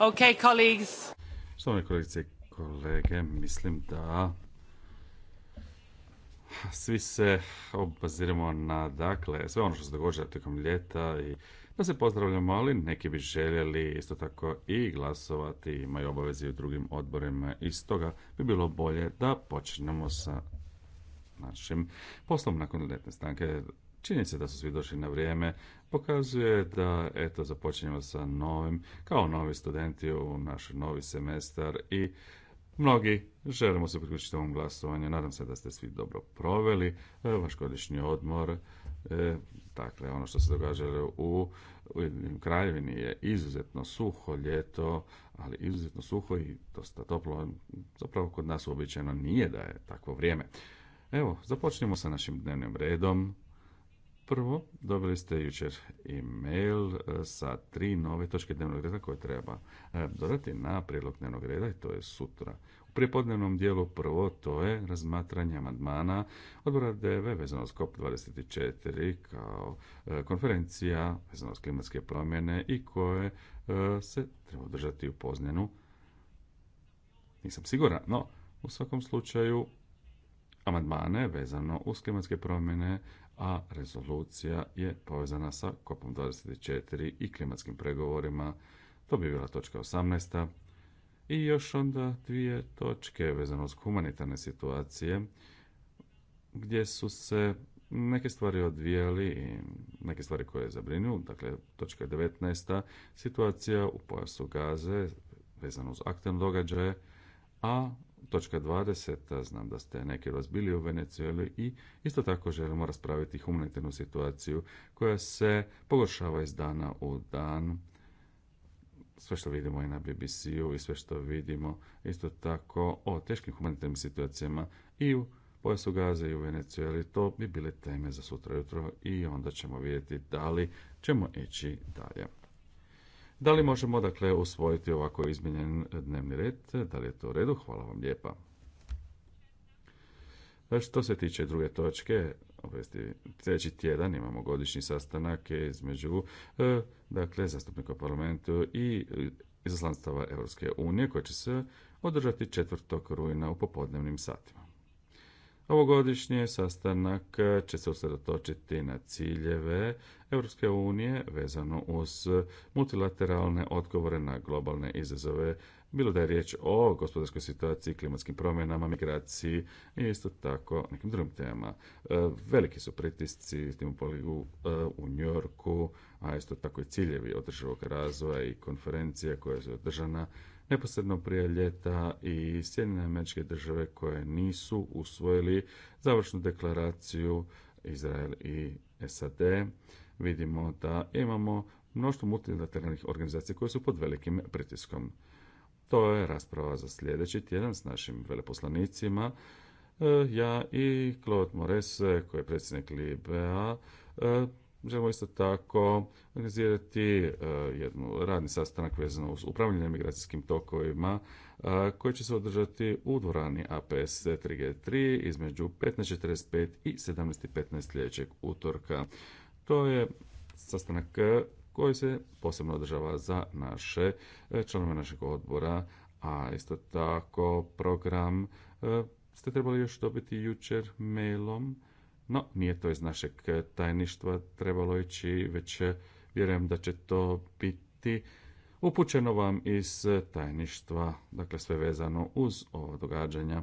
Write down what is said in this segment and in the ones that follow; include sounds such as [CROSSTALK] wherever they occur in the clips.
Okay, colleagues. Štovane kolegice i kolege, mislim da svi se obaziramo na dakle sve ono što se događa tijekom ljeta i da se pozdravljamo, ali neki bi željeli isto tako i glasovati, imaju obaveze i u drugim odborima i stoga bi bilo bolje da počnemo sa našim poslom nakon ljetne stanke Činjenica da su svi došli na vrijeme, pokazuje da eto započinjemo sa novim, kao novi studenti u naš novi semestar i Mnogi želimo se priključiti ovom glasovanju. Nadam se da ste svi dobro proveli e, vaš godišnji odmor. E, dakle, ono što se događalo u Kraljevini je izuzetno suho ljeto, ali izuzetno suho i dosta toplo. Zapravo kod nas uobičajeno nije da je takvo vrijeme. Evo, započnemo sa našim dnevnim redom. Prvo, dobili ste jučer e-mail e, sa tri nove točke dnevnog reda koje treba e, dodati na prijedlog dnevnog reda i to je sutra. U prijepodnevnom dijelu prvo to je razmatranje amandmana odbora DV vezano s COP24 kao e, konferencija vezano s klimatske promjene i koje se treba održati u Poznjenu. Nisam siguran, no u svakom slučaju amandmane vezano uz klimatske promjene a rezolucija je povezana sa kopom 24 i klimatskim pregovorima. To bi bila točka 18. I još onda dvije točke vezano uz humanitarne situacije gdje su se neke stvari odvijali i neke stvari koje je zabrinu. Dakle, točka 19. situacija u pojasu gaze vezano uz aktivne događaje, a Točka 20. Znam da ste neki vas bili u Venezueli i isto tako želimo raspraviti humanitarnu situaciju koja se pogoršava iz dana u dan. Sve što vidimo i na BBC-u i sve što vidimo isto tako o teškim humanitarnim situacijama i u pojasu Gaze i u Venezueli, to bi bile teme za sutra jutro i onda ćemo vidjeti da li ćemo ići dalje. Da li možemo dakle usvojiti ovako izmijenjen dnevni red? Da li je to u redu? Hvala vam lijepa. E, što se tiče druge točke, obvesti sljedeći tjedan imamo godišnji sastanak između e, dakle zastupnika u parlamentu i izaslanstava Europske unije koje će se održati 4. rujna u popodnevnim satima. Ovogodišnji sastanak e, će se usredotočiti na ciljeve Europske unije vezano uz multilateralne odgovore na globalne izazove bilo da je riječ o gospodarskoj situaciji, klimatskim promjenama, migraciji i isto tako nekim drugim temama. E, veliki su pritisci u e, u Njorku, a isto tako i ciljevi održivog razvoja i konferencija koja je održana neposredno prije ljeta i Sjedinjene američke države koje nisu usvojili završnu deklaraciju Izrael i SAD. Vidimo da imamo mnoštvo multilateralnih organizacija koje su pod velikim pritiskom. To je rasprava za sljedeći tjedan s našim veleposlanicima. E, ja i Claude Morese, koji je predsjednik Libea, e, želimo isto tako organizirati e, jednu radni sastanak vezano uz upravljanje migracijskim tokovima e, koji će se održati u dvorani APS 3G3 između 15.45 i 17.15 sljedećeg utorka. To je sastanak e, koji se posebno održava za naše članove našeg odbora, a isto tako program ste trebali još dobiti jučer mailom no, nije to iz našeg e, tajništva trebalo ići, već e, vjerujem da će to biti upućeno vam iz e, tajništva, dakle sve vezano uz ova događanja.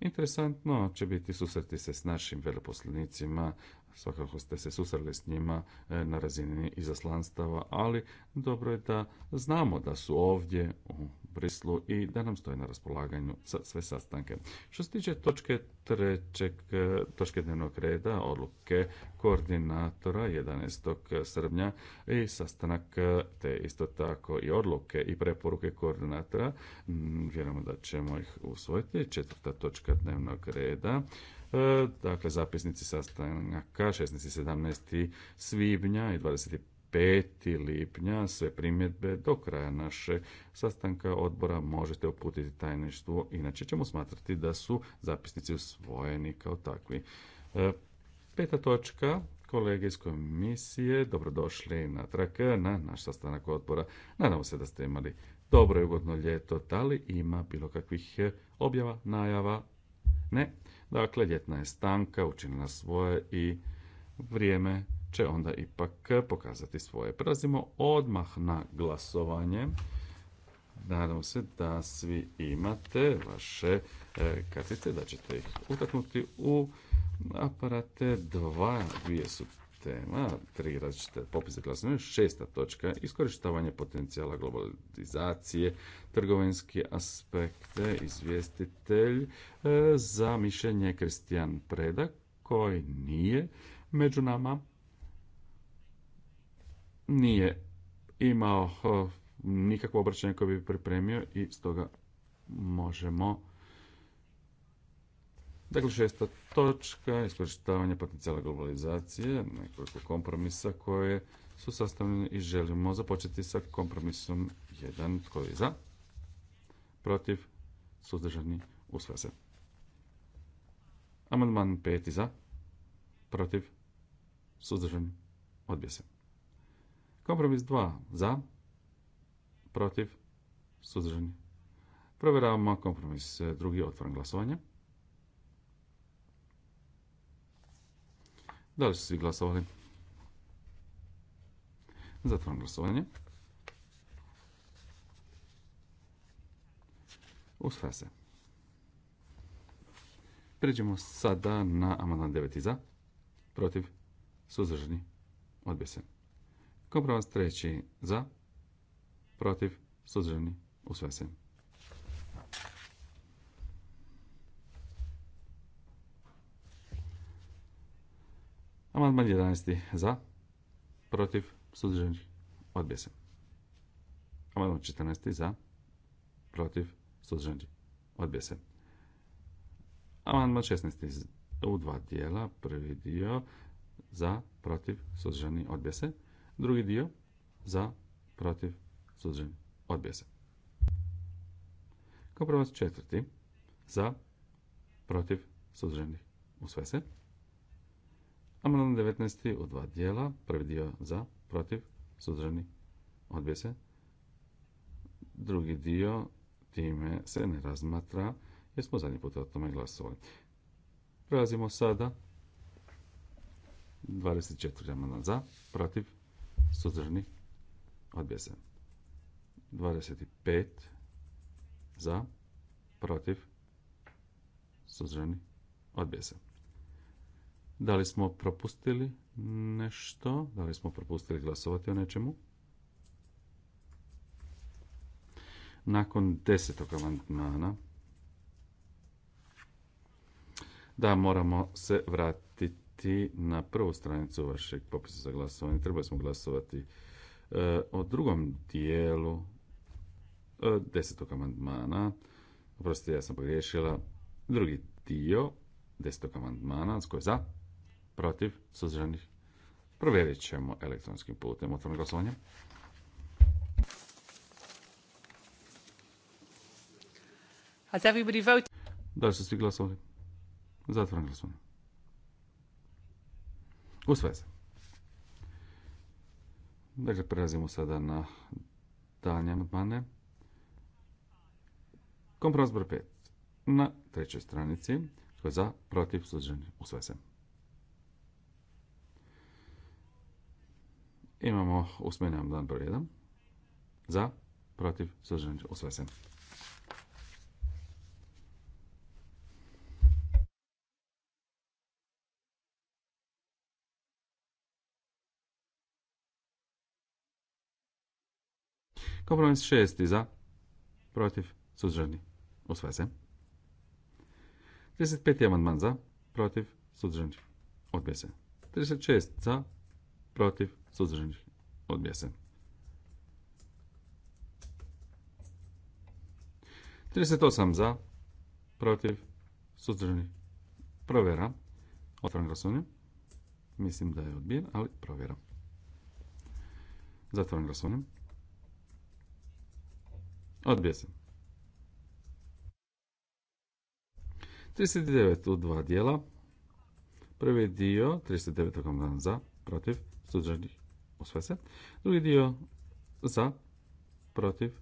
Interesantno će biti susreti se s našim veleposlenicima, svakako ste se susreli s njima na razini izaslanstava, ali dobro je da znamo da su ovdje u Brislu i da nam stoje na raspolaganju za sve sastanke. Što se tiče točke trećeg, e, točke dnevnog reda, odluke koordinatora 11. srpnja i sastanak e, te isto tako i odluke i preporuke koordinatora, vjerujemo da ćemo ih usvojiti. Četvrta točka dnevnog reda, e, dakle zapisnici sastanaka 16. i 17. svibnja i 25 5. lipnja sve primjedbe do kraja naše sastanka odbora možete uputiti tajništvu, inače ćemo smatrati da su zapisnici usvojeni kao takvi. E, peta točka, kolege iz komisije, dobrodošli trak na naš sastanak odbora. Nadamo se da ste imali dobro i ugodno ljeto. Da li ima bilo kakvih e, objava, najava? Ne. Dakle, ljetna je stanka, učinila svoje i vrijeme će onda ipak pokazati svoje. Prelazimo odmah na glasovanje. Nadam se da svi imate vaše e, kartice, da ćete ih utaknuti u aparate. Dva, dvije su tema, tri različite popise glasovanja, šesta točka, iskorištavanje potencijala globalizacije, trgovinski aspekte, izvjestitelj e, za mišljenje Kristijan Preda, koji nije među nama, nije imao eh, nikakvo obraćanje koje bi pripremio i stoga možemo Dakle, šesta točka, iskorištavanje potencijala globalizacije, nekoliko kompromisa koje su sastavljene i želimo započeti sa kompromisom 1, tko je za, protiv, suzdržani, usvaja se. Amandman 5 za, protiv, suzdržani, odbija se. Kompromis 2 za, protiv, suzdržani. Provjeravamo kompromis drugi otvoren glasovanje. Da li su svi glasovali? Zatvoram glasovanje. Usvaja se. Pređemo sada na amandman 9 za, protiv, suzdržani, odbije se vas treći za, protiv, suzdržani, sve se. Amandman 11. za, protiv, suzdržanih, odbija se. Amandman 14. za, protiv, suzdržanih, odbija se. Amandman 16. u dva dijela, prvi dio za, protiv, suzdržani, odbija se. Drugi dio za, protiv, suzdržani odbija se. Kompromis četvrti za, protiv, u usve se. Amandman 19. u dva dijela. Prvi dio za, protiv, suzdržani, odbije se. Drugi dio time se ne razmatra jer smo zadnji put o tome glasovali. Prelazimo sada 24. amandman za, protiv, suzdržani, odbija 25 za, protiv, suzdržani, odbija se. Da li smo propustili nešto? Da li smo propustili glasovati o nečemu? Nakon desetog amandmana da moramo se vratiti ti na prvu stranicu vašeg popisa za glasovanje. Trebali smo glasovati e, o drugom dijelu e, desetog amandmana. Oprostite, ja sam pogriješila. Drugi dio desetog amandmana. Tko je za? Protiv? Suzdržanih? Provjerit ćemo elektronskim putem. Otvorno glasovanje. everybody Da li su svi glasovali? Zatvorno glasovanje. U se. Dakle, prelazimo sada na daljnje amandmane. Kompromis broj 5. Na trećoj stranici, tko je za, protiv, suzdržani, U sveze. Imamo usmeni dan broj 1. Za, protiv, suzdržani, U se. Kompromis šesti za, protiv, suzdržani, usvaja se. 35. amandman za, protiv, suzdržani, odbija se. 36. za, protiv, suzdržani, odbija se. 38 za, protiv, suzdržani, provjera. Otvaram glasovanje. Mislim da je odbijen, ali provjeram. Zatvaram glasovanje. Odbija se. 39 u dva dijela. Prvi dio, 39. komandan za, protiv, suđenih, Usve se. Drugi dio, za, protiv,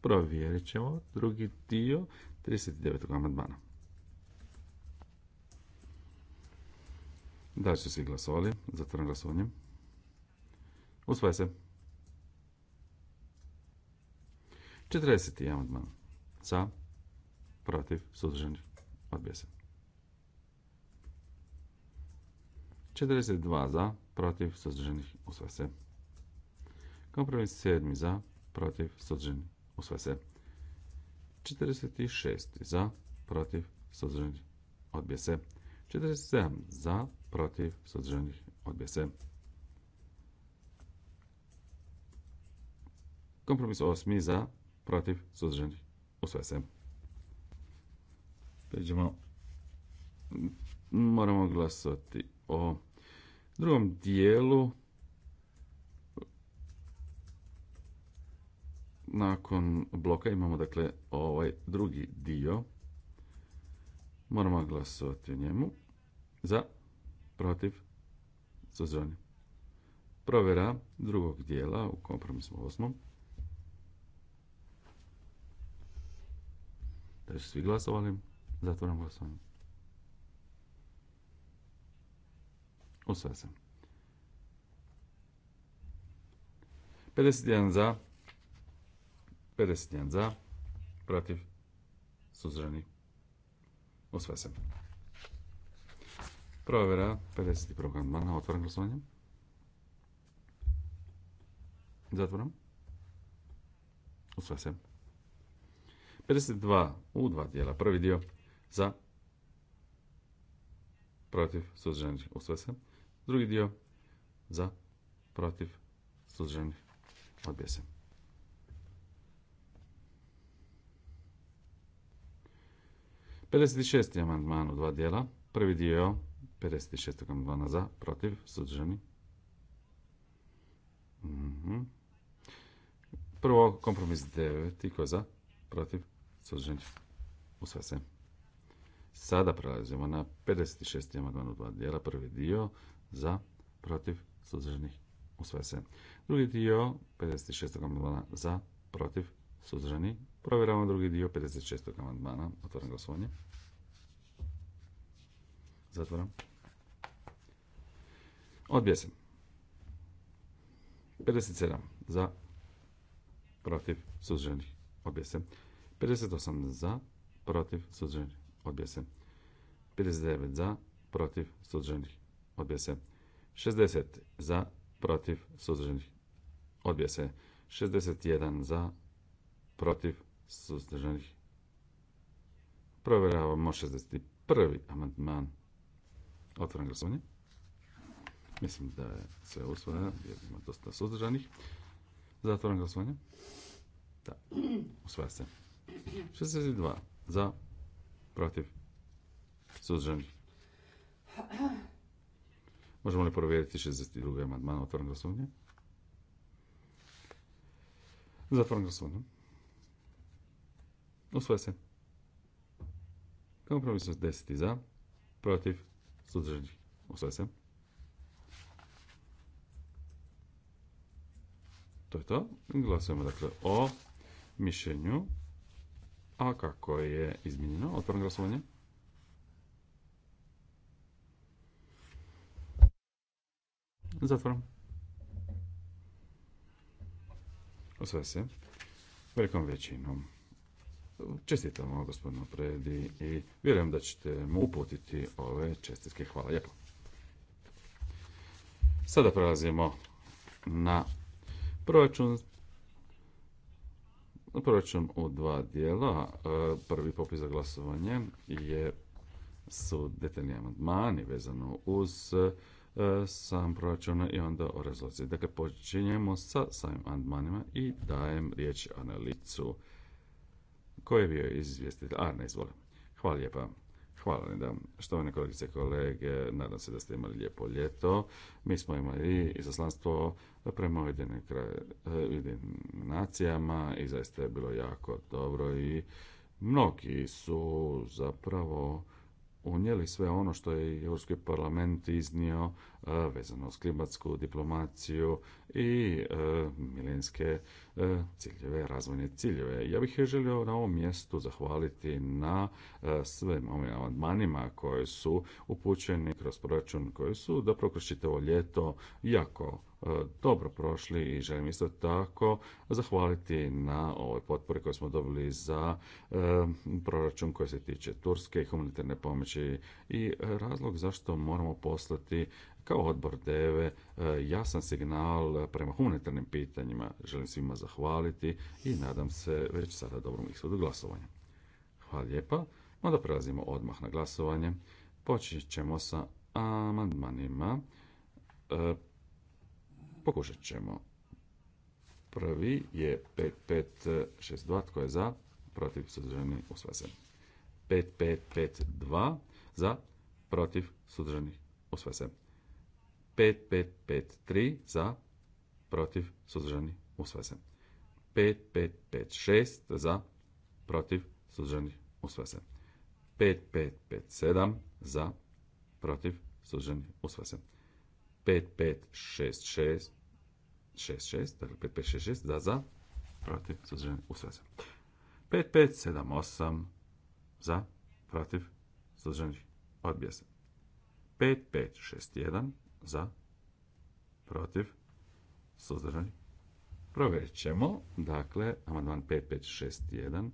provjerit ćemo. Drugi dio, 39. amandmana. Da li su svi glasovali? Zatvoren glasovanjem. Usvaj se. 40. amandman. Za, protiv, suzdržani, odbija se. 42 za, protiv, suzdržanih, usvaja se. Kompromis 7 za, protiv, suzdržanih, usvaja se. 46 za, protiv, suzdržanih, odbija se. 47 za, protiv, suzdržanih, odbija se. Kompromis 8 za, protiv, suzdržani, sve se. moramo glasovati o drugom dijelu nakon bloka imamo dakle ovaj drugi dio. Moramo glasovati o njemu. Za, protiv, suzdržani. Provjera drugog dijela u kompromisu osmom. Da su svi glasovali? Zatvoram glasovanje. Osvaja se. 51 za. 51 za. Protiv. Suzrani. Osvaja se. Provjera 51. amandmana. Otvaram glasovanje. Zatvaram. Usvaja se. 52 u dva dijela. Prvi dio za protiv suzdržanih usvaja Drugi dio za protiv suzdržanih odbija 56 amandman u dva dijela. Prvi dio 56. amandmana za, protiv, suzdržani. Mhm. Prvo kompromis 9. Ko je za, protiv, Suzdržani? Usvaja se. Sada prelazimo na 56. amandman u dva dijela. Prvi dio za, protiv, suzdržanih, sve se. Drugi dio 56. amandmana za, protiv, suzdržani. Provjeravamo drugi dio 56. amandmana. Otvaram glasovanje. Zatvoram. Odbija se. 57 za, protiv, suzdržanih, odbija 58 za, protiv, suđenih, odbija se. 59 za, protiv, suđenih, odbija se. 60 za, protiv, suzdržanih, odbija se. 61 za, protiv, suzdržanih. Provjeravamo 61. amandman. Otvoren glasovanje. Mislim da je sve usvojeno, jer ima dosta suzdržanih. Zatvoren glasovanje. Da, usvaja se. 62 za, protiv, suzdržani. Možemo li provjeriti 62. amandman, otvoren Za Zatvoren glasovanje. Usvoje se. Kompromisno 10 za, protiv, suzdržani. Usvoje se. To je to. Glasujemo dakle o mišljenju a kako je izmijenjeno? Otvoreno glasovanje. Zatvorom. Osvaja se velikom većinom. Čestitamo gospodinu Predi i vjerujem da ćete mu uputiti ove čestitke. Hvala lijepo. Sada prelazimo na proračun proračun u dva dijela. E, prvi popis za glasovanje je su detaljni amandmani vezano uz e, sam proračun i onda o rezoluciji. Dakle, počinjemo sa samim amandmanima i dajem riječ analicu koji je bio izvjestitelj. Arne, izvoli. Hvala lijepa. Hvala da štovane kolegice i kolege, nadam se da ste imali lijepo ljeto. Mi smo imali izaslanstvo prema Ujedinim eh, nacijama i zaista je bilo jako dobro i mnogi su zapravo unijeli sve ono što je Europski parlament iznio e, vezano uz klimatsku diplomaciju i e, milenske e, ciljeve, razvojne ciljeve. Ja bih je želio na ovom mjestu zahvaliti na svim ovim amandmanima koji su upućeni kroz proračun koji su da kroz ovo ljeto jako E, dobro prošli i želim isto tako zahvaliti na ovoj potpori koju smo dobili za e, proračun koji se tiče Turske i humanitarne pomoći i razlog zašto moramo poslati kao odbor DEVE e, jasan signal prema humanitarnim pitanjima. Želim svima zahvaliti i nadam se već sada dobrom ishodu glasovanja. Hvala lijepa. Onda prelazimo odmah na glasovanje. Počet ćemo sa amandmanima Pokušat ćemo. Prvi je 5562, tko je za, protiv, suzdržani, 5552, za, protiv, suzdržanih, 5553, za, protiv, suzdržani, usvaja 5556, za, protiv, suzdržani, 5557, za, protiv, suzdržani, 5566, 6-6, dakle 5 da za, protiv, suzdržani, u 5 za, protiv, suzdržani, odbija se. 5 za, protiv, suzdržani, Provjerit ćemo, dakle, amandman 5561,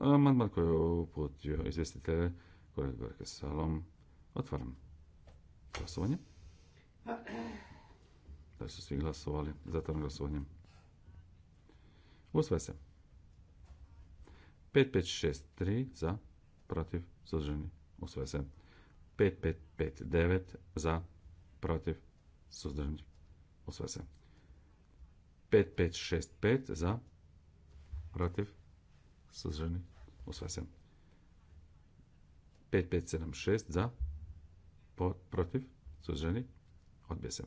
amandman koji je uputio izvjestitelj kolega Gorka Salom, otvaram glasovanje. Pa, eh, da su svi glasovali za tajno glasovanje? Usvaja se. 5563 za, protiv, suzdržani. Usvaja se. 5559 za, protiv, suzdržani. Usvaja se. 5565 za, protiv, suzdržani. Usvaja se. 5576 za, protiv, suzdržani. Odbije se.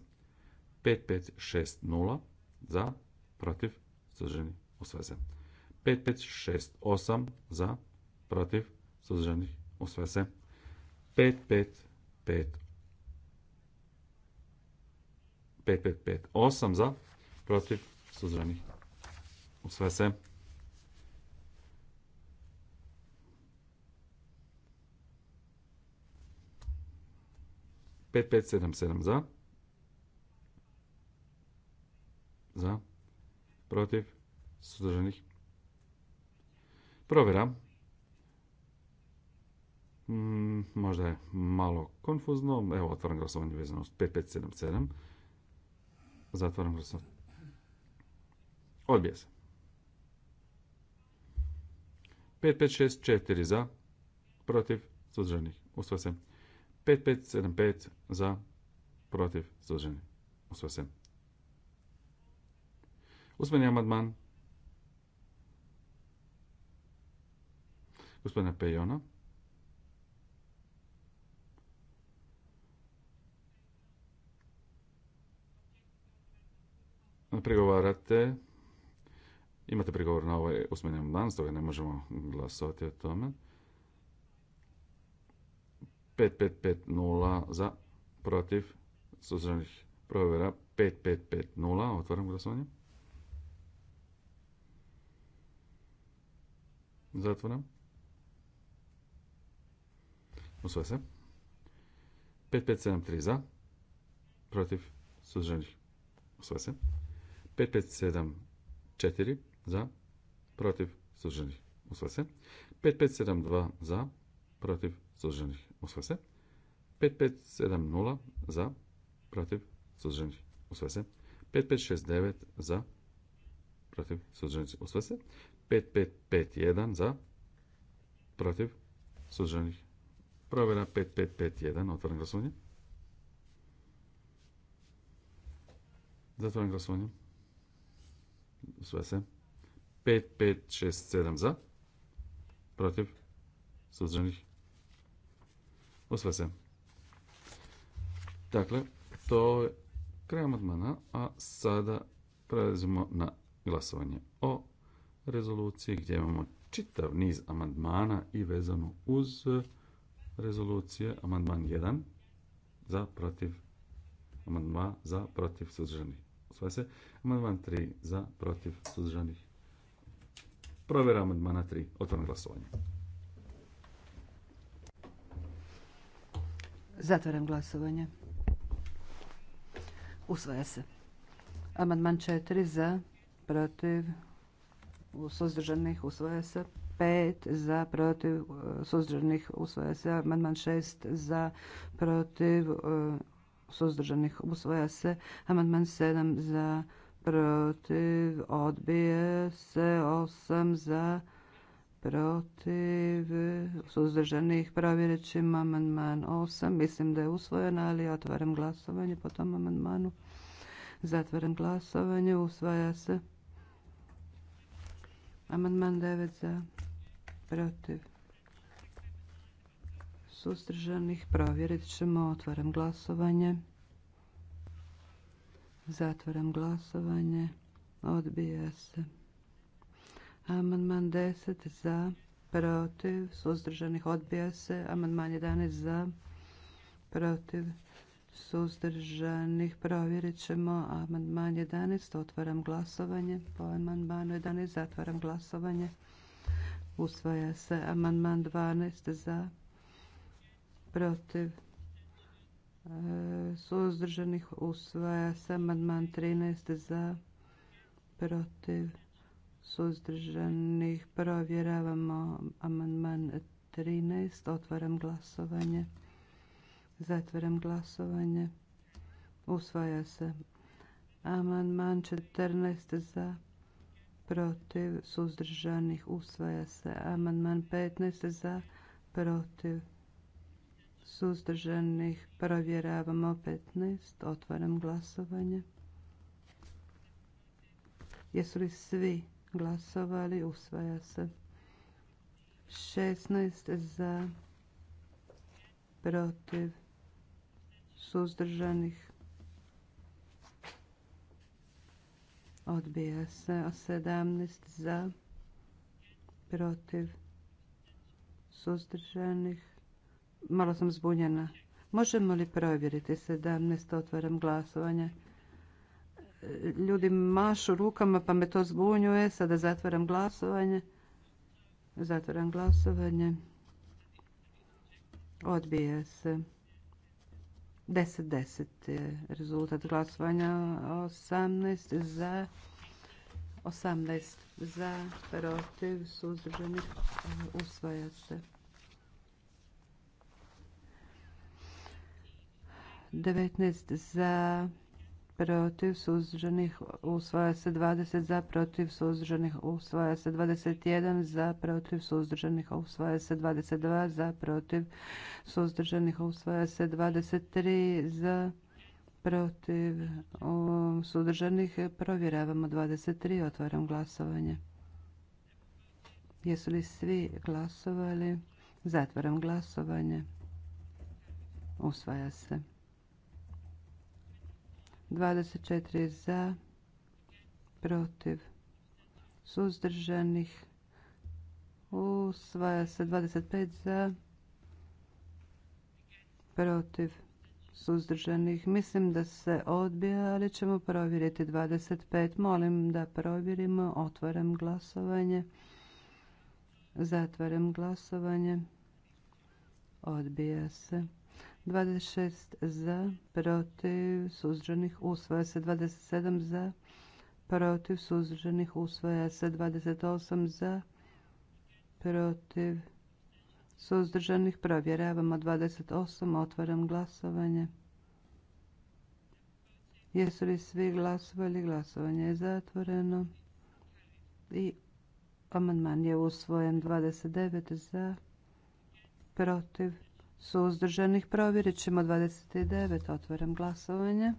5560 za, protiv, suzdržani, usvaja se. 5568 za, protiv, suzdržani, usvaja se. 5558 5558 za, protiv, suzdržani, osvese. 5577 za Za? Protiv? sudržanih. Provjera. Mm, možda je malo konfuzno. Evo, otvaram glasovanje vezano uz 5577. Zatvaram glasovanje. Odbije se. 5564 za, protiv, sudržanih. Usvoje se. 5575 za, protiv, suzdržanih. Usvoje se. Usmeni Amadman. Gospodina Pejona. Prigovarate. Imate prigovor na ovaj usmeni amandman, stoga ne možemo glasovati o tome. 5550 za protiv suzranih provjera 5550. Otvaram glasovanje. Zatvoram. Usvoje se. 5573 za. Protiv suzdržanih. Usvoje se. 5574 za. Protiv suzdržanih. Usvoje se. 5572 za. Protiv suzdržanih. Usvoje se. 5570 za. Protiv suzdržanih. Usvoje se. 5569 za. Protiv suzdržanih. Usvoje se. 5551 za, protiv, suđenih. Provjera 5551, otvoren glasovanje. Zatvoren glasovanje. Sve se. 5567 za, protiv, suđenih. Osve se. Dakle, to je krajom odmana, a sada prelazimo na glasovanje o rezoluciji gdje imamo čitav niz amandmana i vezano uz rezolucije amandman 1 za protiv amandman 2 za protiv suzdržanih usvaja se amandman 3 za protiv suzdržanih provjera amandmana 3 otvoreno glasovanje Zatvaram glasovanje. Usvaja se. Amandman 4 za, protiv, suzdržanih usvaja se Pet za protiv e, suzdržanih usvaja se amandman šest za protiv e, suzdržanih usvaja se amandman sedam za protiv odbije se 8 za protiv suzdržanih provjerit ćemo amandman 8 mislim da je usvojena, ali otvaram glasovanje po tom amandmanu zatvaram glasovanje usvaja se Amandman 9 za protiv suzdržanih. Provjerit ćemo. Otvaram glasovanje. Zatvaram glasovanje. Odbija se. Amandman 10 za protiv suzdržanih. Odbija se. Amandman 11 za protiv suzdržanih provjerit ćemo amandman 11. Otvaram glasovanje. Po amandmanu 11 zatvaram glasovanje. Usvaja se amandman 12 za protiv e, suzdržanih. Usvaja se amandman 13 za protiv suzdržanih. Provjeravamo amandman 13. Otvaram glasovanje. Zatvaram glasovanje. Usvaja se. Amandman 14 za, protiv, suzdržanih. Usvaja se. Amandman 15 za, protiv, suzdržanih. Provjeravamo 15. Otvaram glasovanje. Jesu li svi glasovali? Usvaja se. 16 za, protiv, suzdržanih odbija se 17 za protiv suzdržanih malo sam zbunjena možemo li provjeriti 17 otvaram glasovanje ljudi mašu rukama pa me to zbunjuje sada zatvaram glasovanje zatvaram glasovanje odbija se 10-10 rezultat glasovanja, 18 za, 18 za, protiv, suzdržanih, usvaja se. 19 za, protiv suzdržanih usvaja se 20 za protiv suzdržanih usvaja se 21 za protiv suzdržanih usvaja se 22 za protiv suzdržanih usvaja se 23 za protiv suzdržanih provjeravamo 23 otvaram glasovanje jesu li svi glasovali zatvaram glasovanje usvaja se 24 za, protiv, suzdržanih, usvaja se 25 za, protiv, suzdržanih. Mislim da se odbija, ali ćemo provjeriti 25. Molim da provjerimo, otvaram glasovanje, zatvaram glasovanje, odbija se. 26 za, protiv, suzdržanih, usvoja se 27 za, protiv, suzdržanih, usvoja se 28 za, protiv, suzdržanih, provjeravamo 28, otvaram glasovanje. Jesu li svi glasovali? Glasovanje je zatvoreno. I amandman je usvojen 29 za, protiv, suzdržanih provjerit ćemo 29. Otvaram glasovanje.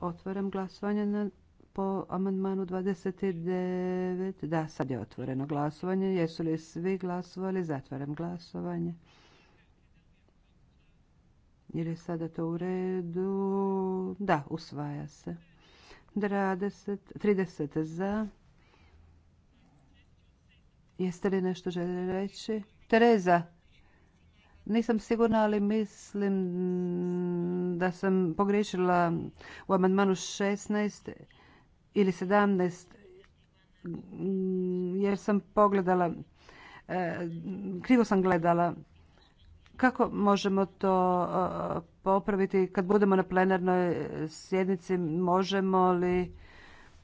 Otvaram glasovanje po amandmanu 29. Da, sad je otvoreno glasovanje. Jesu li svi glasovali? Zatvaram glasovanje. Jer je sada to u redu. Da, usvaja se. 30 za. Jeste li nešto želi reći? Tereza, nisam sigurna, ali mislim da sam pogriješila u amandmanu 16 ili 17 mm, jer sam pogledala, e, krivo sam gledala. Kako možemo to e, popraviti kad budemo na plenarnoj sjednici? Možemo li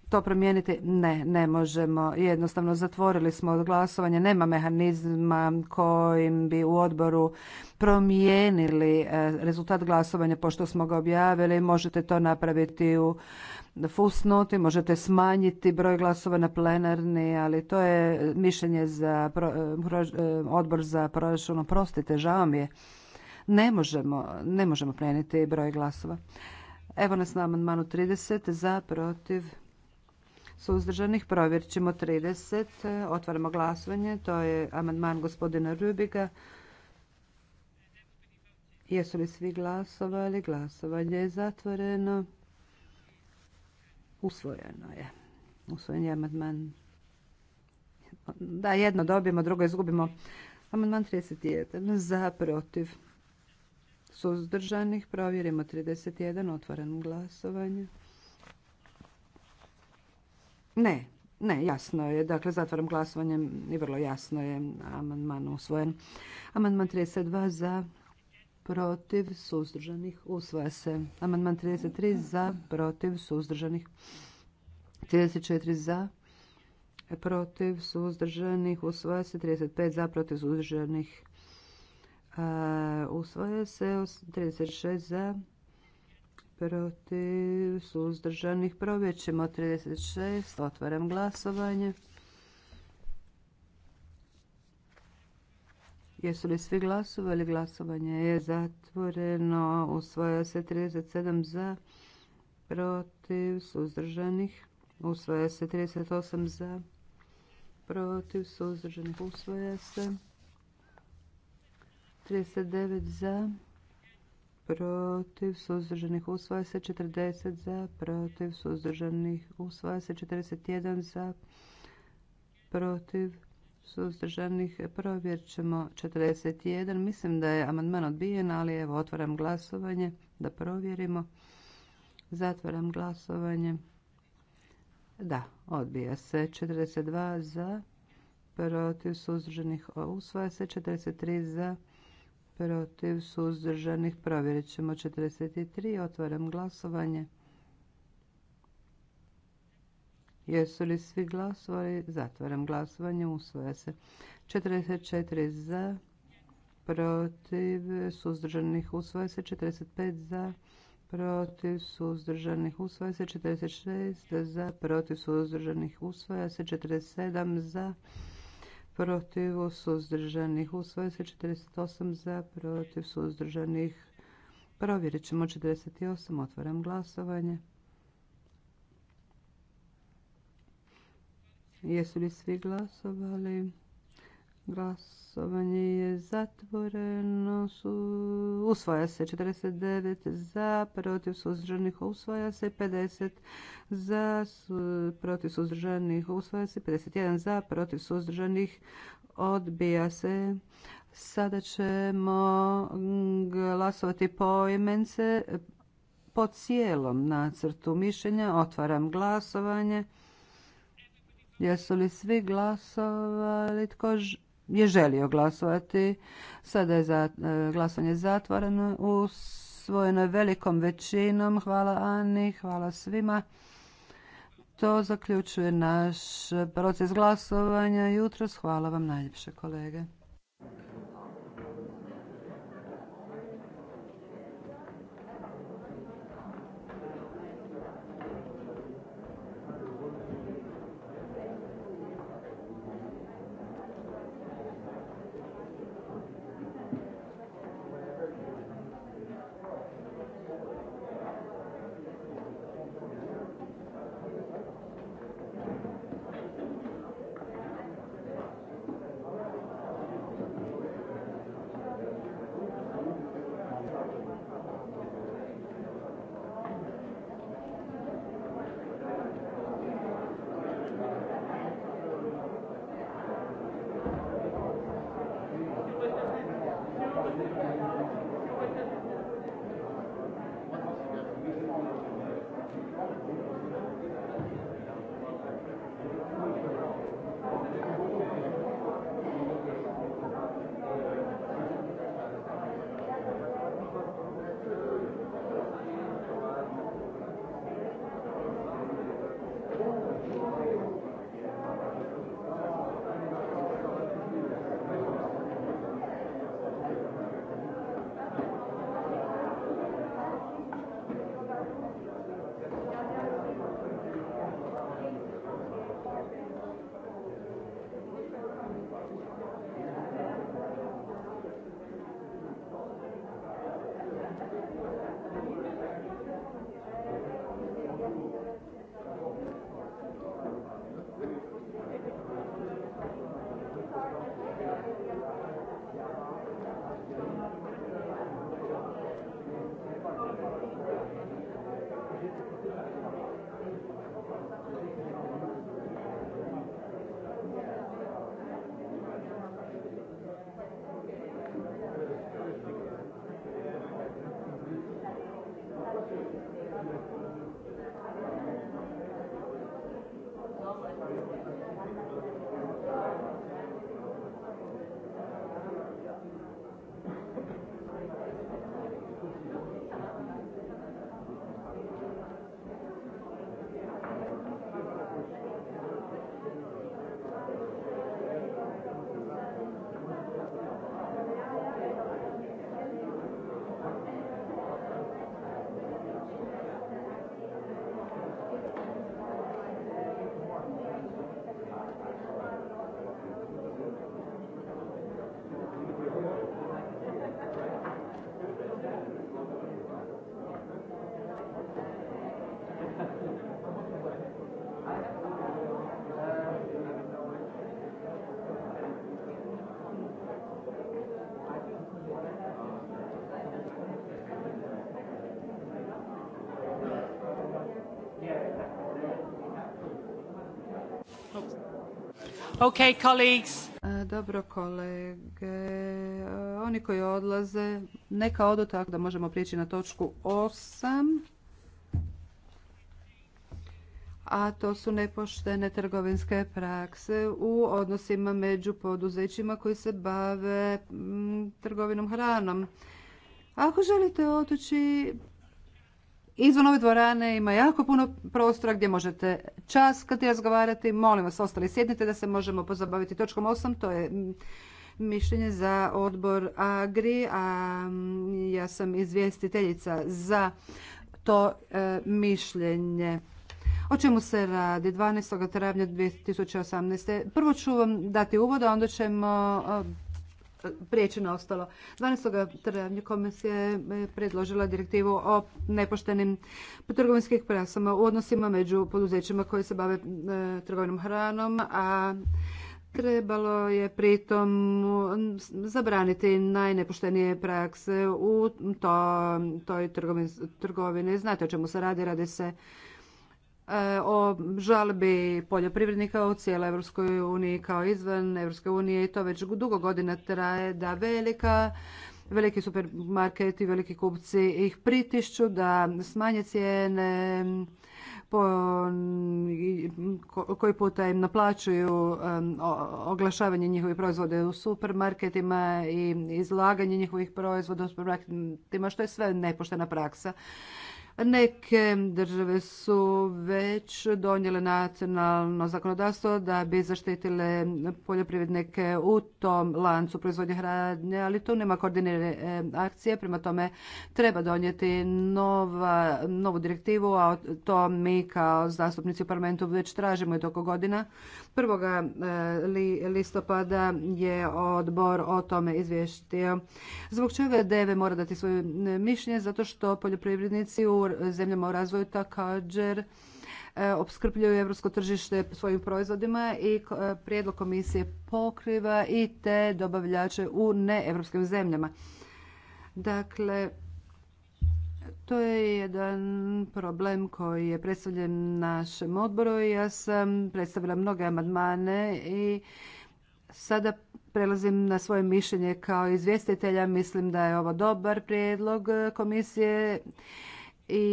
to promijeniti? Ne, ne možemo. Jednostavno zatvorili smo od glasovanja. Nema mehanizma kojim bi u odboru promijenili e, rezultat glasovanja pošto smo ga objavili. Možete to napraviti u fusnoti, možete smanjiti broj glasova na plenarni, ali to je mišljenje za e, e, odbor za proračun. Prostite, žao mi je. Ne možemo, ne možemo promijeniti broj glasova. Evo nas na amandmanu 30 za protiv suzdržanih. Provjerit ćemo 30. E, otvaramo glasovanje. To je amandman gospodina Rubiga. Jesu li svi glasovali? Glasovanje je zatvoreno. Usvojeno je. Usvojen je amandman. Da, jedno dobijemo, drugo izgubimo. Amandman 31. Za, protiv. Suzdržanih provjerimo 31. Otvaram glasovanje. Ne, ne, jasno je. Dakle, zatvaram glasovanje i vrlo jasno je amandman usvojen. Amandman 32 za protiv suzdržanih usvaja se. Amandman 33 za protiv suzdržanih. 34 za protiv suzdržanih usvaja se. 35 za protiv suzdržanih usvaja se. 36 za protiv, suzdržanih. Provjet ćemo 36. Otvaram glasovanje. Jesu li svi glasovali? Glasovanje je zatvoreno. Usvaja se 37 za, protiv, suzdržanih. Usvaja se 38 za, protiv, suzdržanih. Usvaja se 39 za, protiv suzdržanih usvaja se 40 za protiv suzdržanih usvaja se 41 za protiv suzdržanih provjerit ćemo 41 mislim da je amandman odbijen ali evo otvaram glasovanje da provjerimo zatvaram glasovanje da odbija se 42 za protiv suzdržanih usvaja se 43 za protiv, suzdržanih. Provjerit ćemo 43. Otvaram glasovanje. Jesu li svi glasovali? Zatvaram glasovanje. Usvoja se. 44 za, protiv, suzdržanih. Usvoja se. 45 za, protiv, suzdržanih. Usvoja se. 46 za, protiv, suzdržanih. Usvoja se. 47 za, protiv suzdržanih. Usvaja se 48 za protiv suzdržanih. Provjerit ćemo 48. Otvaram glasovanje. Jesu li svi glasovali? Glasovanje je zatvoreno. Su... Usvaja se 49 za, protiv suzdržanih usvaja se 50 za, protiv suzdržanih usvaja se 51 za, protiv suzdržanih odbija se. Sada ćemo mm, glasovati po imence po cijelom nacrtu mišljenja. Otvaram glasovanje. Jesu li svi glasovali? Tko ž je želio glasovati. Sada je za, e, glasanje zatvoreno. u svojenoj velikom većinom. Hvala Ani, hvala svima. To zaključuje naš proces glasovanja jutros. Hvala vam najljepše kolege. Okay, colleagues. E, dobro kolege, e, oni koji odlaze, neka odu tako da možemo prijeći na točku 8. A to su nepoštene trgovinske prakse u odnosima među poduzećima koji se bave trgovinom hranom. Ako želite otići, Izvan ove dvorane ima jako puno prostora gdje možete časkati, razgovarati. Molim vas, ostali sjednite da se možemo pozabaviti točkom 8. To je mm, mišljenje za odbor Agri, a mm, ja sam izvjestiteljica za to e, mišljenje. O čemu se radi? 12. travnja 2018. Prvo ću vam dati uvod, a onda ćemo e, na ostalo. 12. travnja komisija je e, predložila direktivu o nepoštenim trgovinskih praksama u odnosima među poduzećima koji se bave e, trgovinom hranom, a Trebalo je pritom zabraniti najnepoštenije prakse u toj trgovini. Znate o čemu se radi? Radi se E, o žalbi poljoprivrednika u cijeloj Evropskoj uniji kao izvan Evropske unije i to već dugo godina traje da velika veliki supermarketi, veliki kupci ih pritišću da smanje cijene, po, koji puta im naplaćuju oglašavanje njihovih proizvode u supermarketima i izlaganje njihovih proizvoda u supermarketima, što je sve nepoštena praksa. Neke države su već donijele nacionalno zakonodavstvo da bi zaštitile poljoprivrednike u tom lancu proizvodnje hrane, ali tu nema koordinirane e, akcije, prema tome treba donijeti nova, novu direktivu, a to mi kao zastupnici u parlamentu već tražimo i toko godina. 1. E, listopada je odbor o tome izvještio. Zbog čega DEVE mora dati svoje e, mišljenje? Zato što poljoprivrednici u zemljama u razvoju također e, opskrbljuju europsko tržište svojim proizvodima i prijedlog komisije pokriva i te dobavljače u neevropskim zemljama. Dakle, to je jedan problem koji je predstavljen našem odboru. Ja sam predstavila mnoge amandmane i sada prelazim na svoje mišljenje kao izvjestitelja. Mislim da je ovo dobar prijedlog komisije i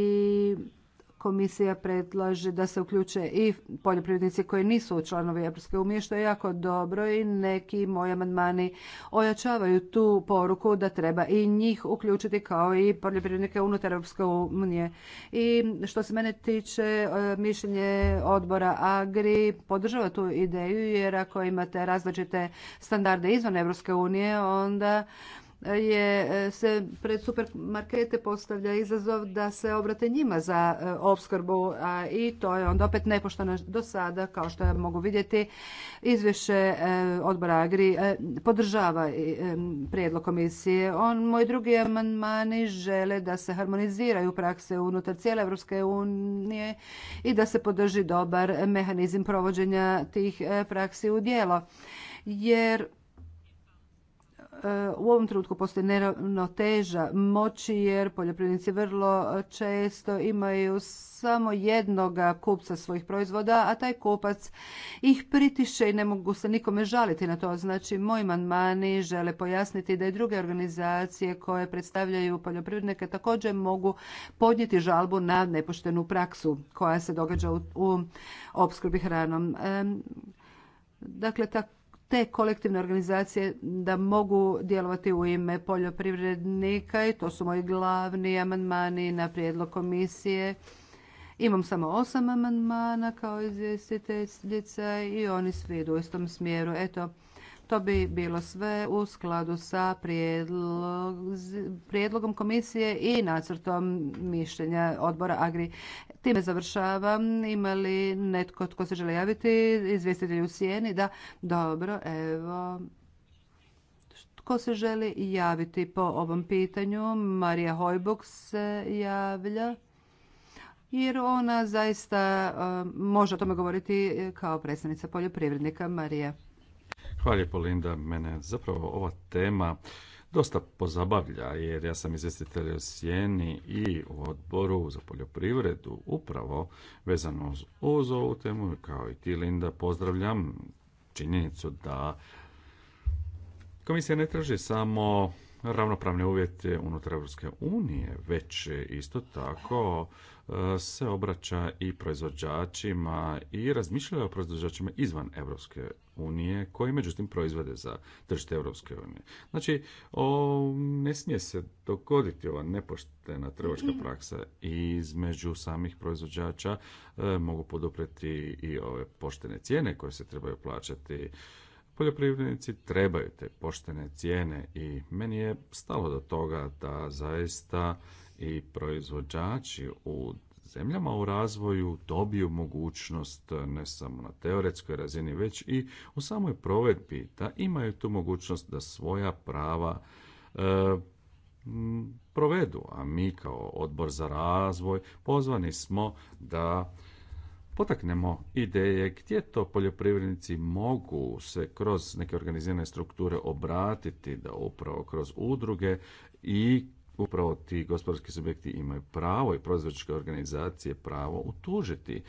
komisija predlaže da se uključe i poljoprivrednici koji nisu članovi Europske unije, što je jako dobro i neki moji amandmani ojačavaju tu poruku da treba i njih uključiti kao i poljoprivrednike unutar Europske unije. I što se mene tiče, e, mišljenje odbora AGRI podržava tu ideju jer ako imate različite standarde izvan Europske unije, onda je, e, se pred supermarkete postavlja izazov da se obrate njima za e, opskrbu i to je onda opet nepošteno do sada kao što ja mogu vidjeti izvješće e, odbora Agri podržava prijedlog komisije. On, moji drugi amandmani žele da se harmoniziraju prakse unutar cijele Evropske unije i da se podrži dobar mehanizam provođenja tih praksi u djelo. Jer u ovom trenutku postoji neravnoteža moći jer poljoprivrednici vrlo često imaju samo jednoga kupca svojih proizvoda, a taj kupac ih pritiše i ne mogu se nikome žaliti na to. Znači, moji manmani žele pojasniti da i druge organizacije koje predstavljaju poljoprivrednike također mogu podnijeti žalbu na nepoštenu praksu koja se događa u opskrbi hranom. Dakle, tako te kolektivne organizacije da mogu djelovati u ime poljoprivrednika i to su moji glavni amandmani na prijedlog komisije. Imam samo osam amandmana kao izvjestiteljica i oni svi idu u istom smjeru. Eto, to bi bilo sve u skladu sa prijedlogom komisije i nacrtom mišljenja odbora Agri. Time završavam. Ima li netko tko se želi javiti? Izvjestitelj u sjeni? Da. Dobro, evo. Tko se želi javiti po ovom pitanju? Marija Hojbuk se javlja jer ona zaista e, može o tome govoriti kao predstavnica poljoprivrednika Marija. Hvala lijepo Linda, mene zapravo ova tema dosta pozabavlja, jer ja sam izvjestitelj u Sjeni i u odboru za poljoprivredu upravo vezano uz ovu temu, kao i ti Linda, pozdravljam činjenicu da komisija ne traži samo ravnopravne uvjete unutar Europske unije, već isto tako se obraća i proizvođačima i razmišlja o proizvođačima izvan Europske unije, koji međutim proizvode za tržište Europske unije. Znači, ne smije se dogoditi ova nepoštena trgovačka [CLEARS THROAT] praksa između samih proizvođača. E, mogu poduprijeti i ove poštene cijene koje se trebaju plaćati poljoprivrednici trebaju te poštene cijene i meni je stalo do toga da zaista i proizvođači u zemljama u razvoju dobiju mogućnost ne samo na teoretskoj razini, već i u samoj provedbi da imaju tu mogućnost da svoja prava e, provedu. A mi kao odbor za razvoj pozvani smo da potaknemo ideje gdje to poljoprivrednici mogu se kroz neke organizirane strukture obratiti, da upravo kroz udruge i upravo ti gospodarski subjekti imaju pravo i proizvođačke organizacije pravo utužiti.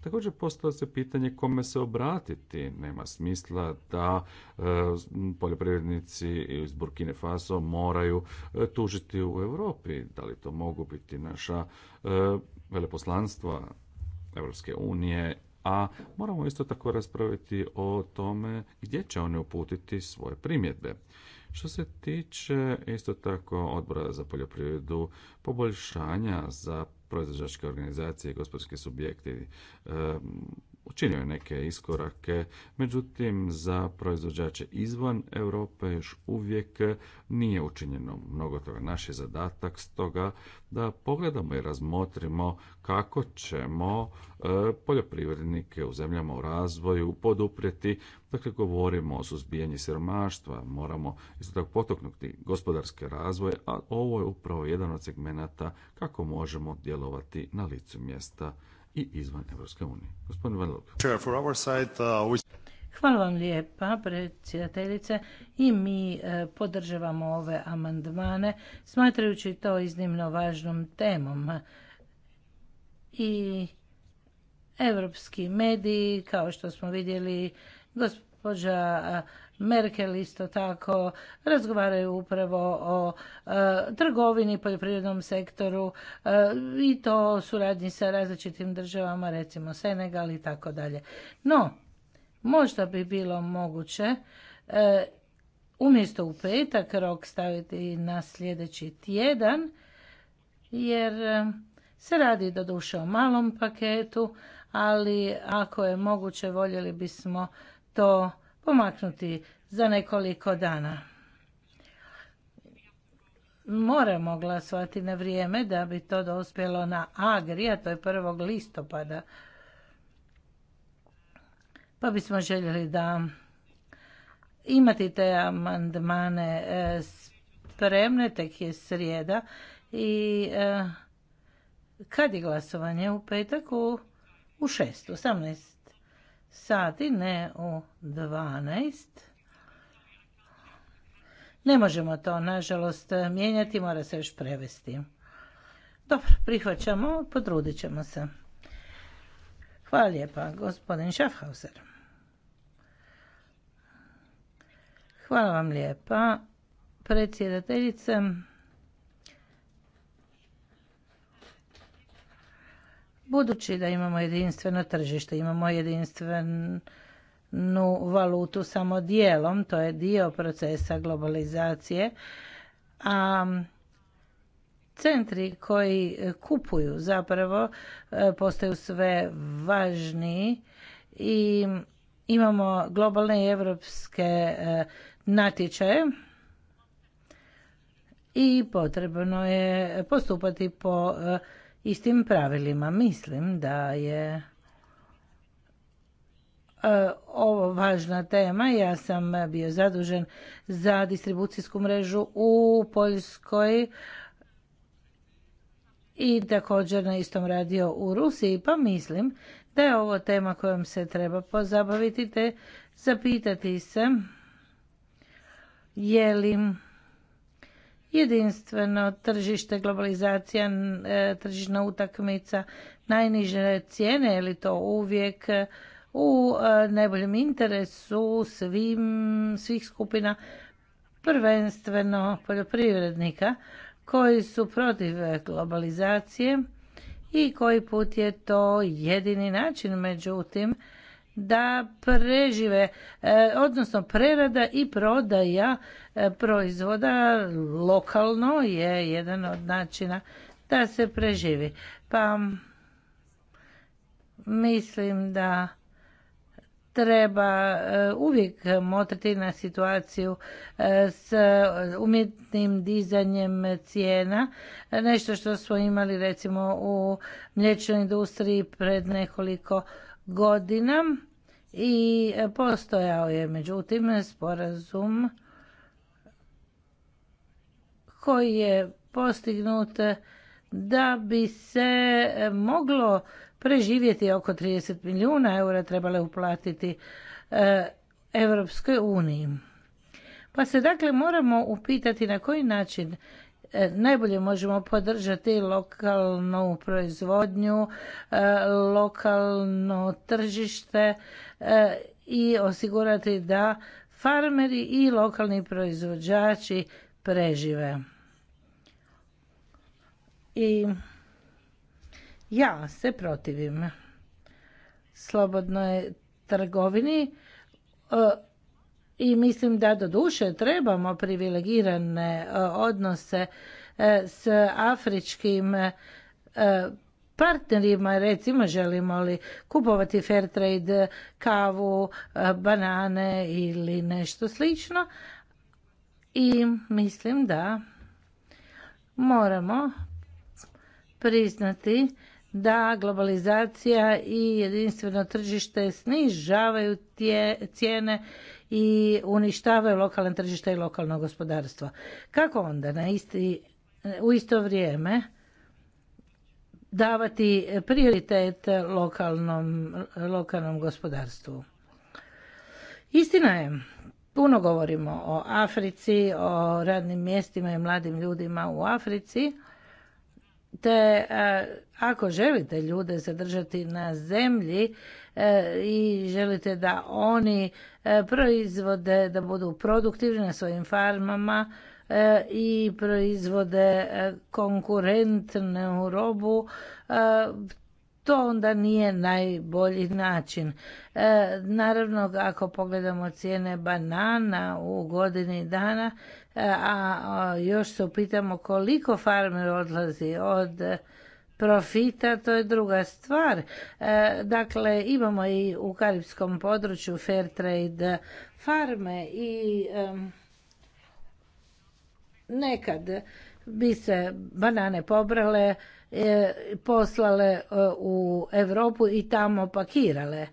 Također postavlja se pitanje kome se obratiti. Nema smisla da e, poljoprivrednici iz Burkine Faso moraju e, tužiti u Europi. Da li to mogu biti naša e, veleposlanstva Europske unije a moramo isto tako raspraviti o tome gdje će oni uputiti svoje primjedbe. Što se tiče isto tako odbora za poljoprivredu, poboljšanja za proizvođačke organizacije i gospodarske subjekte. E, učinio je neke iskorake, međutim za proizvođače izvan Europe još uvijek nije učinjeno mnogo toga. Naš je zadatak stoga da pogledamo i razmotrimo kako ćemo e, poljoprivrednike u zemljama u razvoju poduprijeti. Dakle, govorimo o suzbijanju siromaštva, moramo isto tako potoknuti gospodarske razvoje, a ovo je upravo jedan od segmenata kako možemo djelovati na licu mjesta i izvan Europske unije. Gospodin uh, Hvala vam lijepa, predsjedateljice. I mi e, podržavamo ove amandmane, smatrajući to iznimno važnom temom. I evropski mediji, kao što smo vidjeli, gospođa Merkel isto tako razgovaraju upravo o e, trgovini, poljoprivrednom sektoru e, i to suradnji sa različitim državama, recimo Senegal i tako dalje. No, možda bi bilo moguće e, umjesto u petak rok staviti na sljedeći tjedan, jer se radi doduše o malom paketu, ali ako je moguće voljeli bismo to pomaknuti za nekoliko dana. Moramo glasovati na vrijeme da bi to dospjelo na Agri, a to je 1. listopada. Pa bismo željeli da imati te amandmane e, spremne, tek je srijeda. I e, kad je glasovanje u petak? U, u 6, sati, ne u 12. Ne možemo to, nažalost, mijenjati, mora se još prevesti. Dobro, prihvaćamo, potrudit ćemo se. Hvala lijepa, gospodin Schaffhauser. Hvala vam lijepa, predsjedateljice. Budući da imamo jedinstveno tržište, imamo jedinstvenu valutu samo dijelom, to je dio procesa globalizacije, a centri koji kupuju zapravo e, postaju sve važniji i imamo globalne i evropske e, natječaje i potrebno je postupati po e, istim pravilima. Mislim da je e, ovo važna tema. Ja sam bio zadužen za distribucijsku mrežu u Poljskoj i također na istom radio u Rusiji, pa mislim da je ovo tema kojom se treba pozabaviti te zapitati se je li jedinstveno tržište, globalizacija, e, tržišna utakmica, najniže cijene, je li to uvijek e, u e, najboljem interesu svim, svih skupina, prvenstveno poljoprivrednika koji su protiv globalizacije i koji put je to jedini način. Međutim, da prežive, e, odnosno prerada i prodaja e, proizvoda lokalno je jedan od načina da se preživi. Pa mislim da treba e, uvijek motriti na situaciju s umjetnim dizanjem cijena. Nešto što smo imali recimo u mliječnoj industriji pred nekoliko godina i e, postojao je međutim sporazum koji je postignut da bi se e, moglo preživjeti oko 30 milijuna eura trebale uplatiti Europskoj uniji. Pa se dakle moramo upitati na koji način E, najbolje možemo podržati lokalnu proizvodnju, e, lokalno tržište e, i osigurati da farmeri i lokalni proizvođači prežive. I ja se protivim slobodnoj trgovini i mislim da duše trebamo privilegirane e, odnose e, s afričkim e, partnerima, recimo želimo li kupovati fair trade kavu, banane ili nešto slično. I mislim da moramo priznati da globalizacija i jedinstveno tržište snižavaju cijene i uništavaju lokalne tržište i lokalno gospodarstvo. Kako onda na isti, u isto vrijeme davati prioritet lokalnom, lokalnom gospodarstvu? Istina je, puno govorimo o Africi, o radnim mjestima i mladim ljudima u Africi, te ako želite ljude zadržati na zemlji E, i želite da oni e, proizvode, da budu produktivni na svojim farmama e, i proizvode konkurentnu robu, to onda nije najbolji način. Naravno, ako pogledamo cijene banana u godini dana, a još se upitamo koliko farmer odlazi od profita, to je druga stvar. E, dakle, imamo i u karibskom području fair trade farme i nekad bi se banane pobrale, e, poslale e, u Europu i tamo pakirale.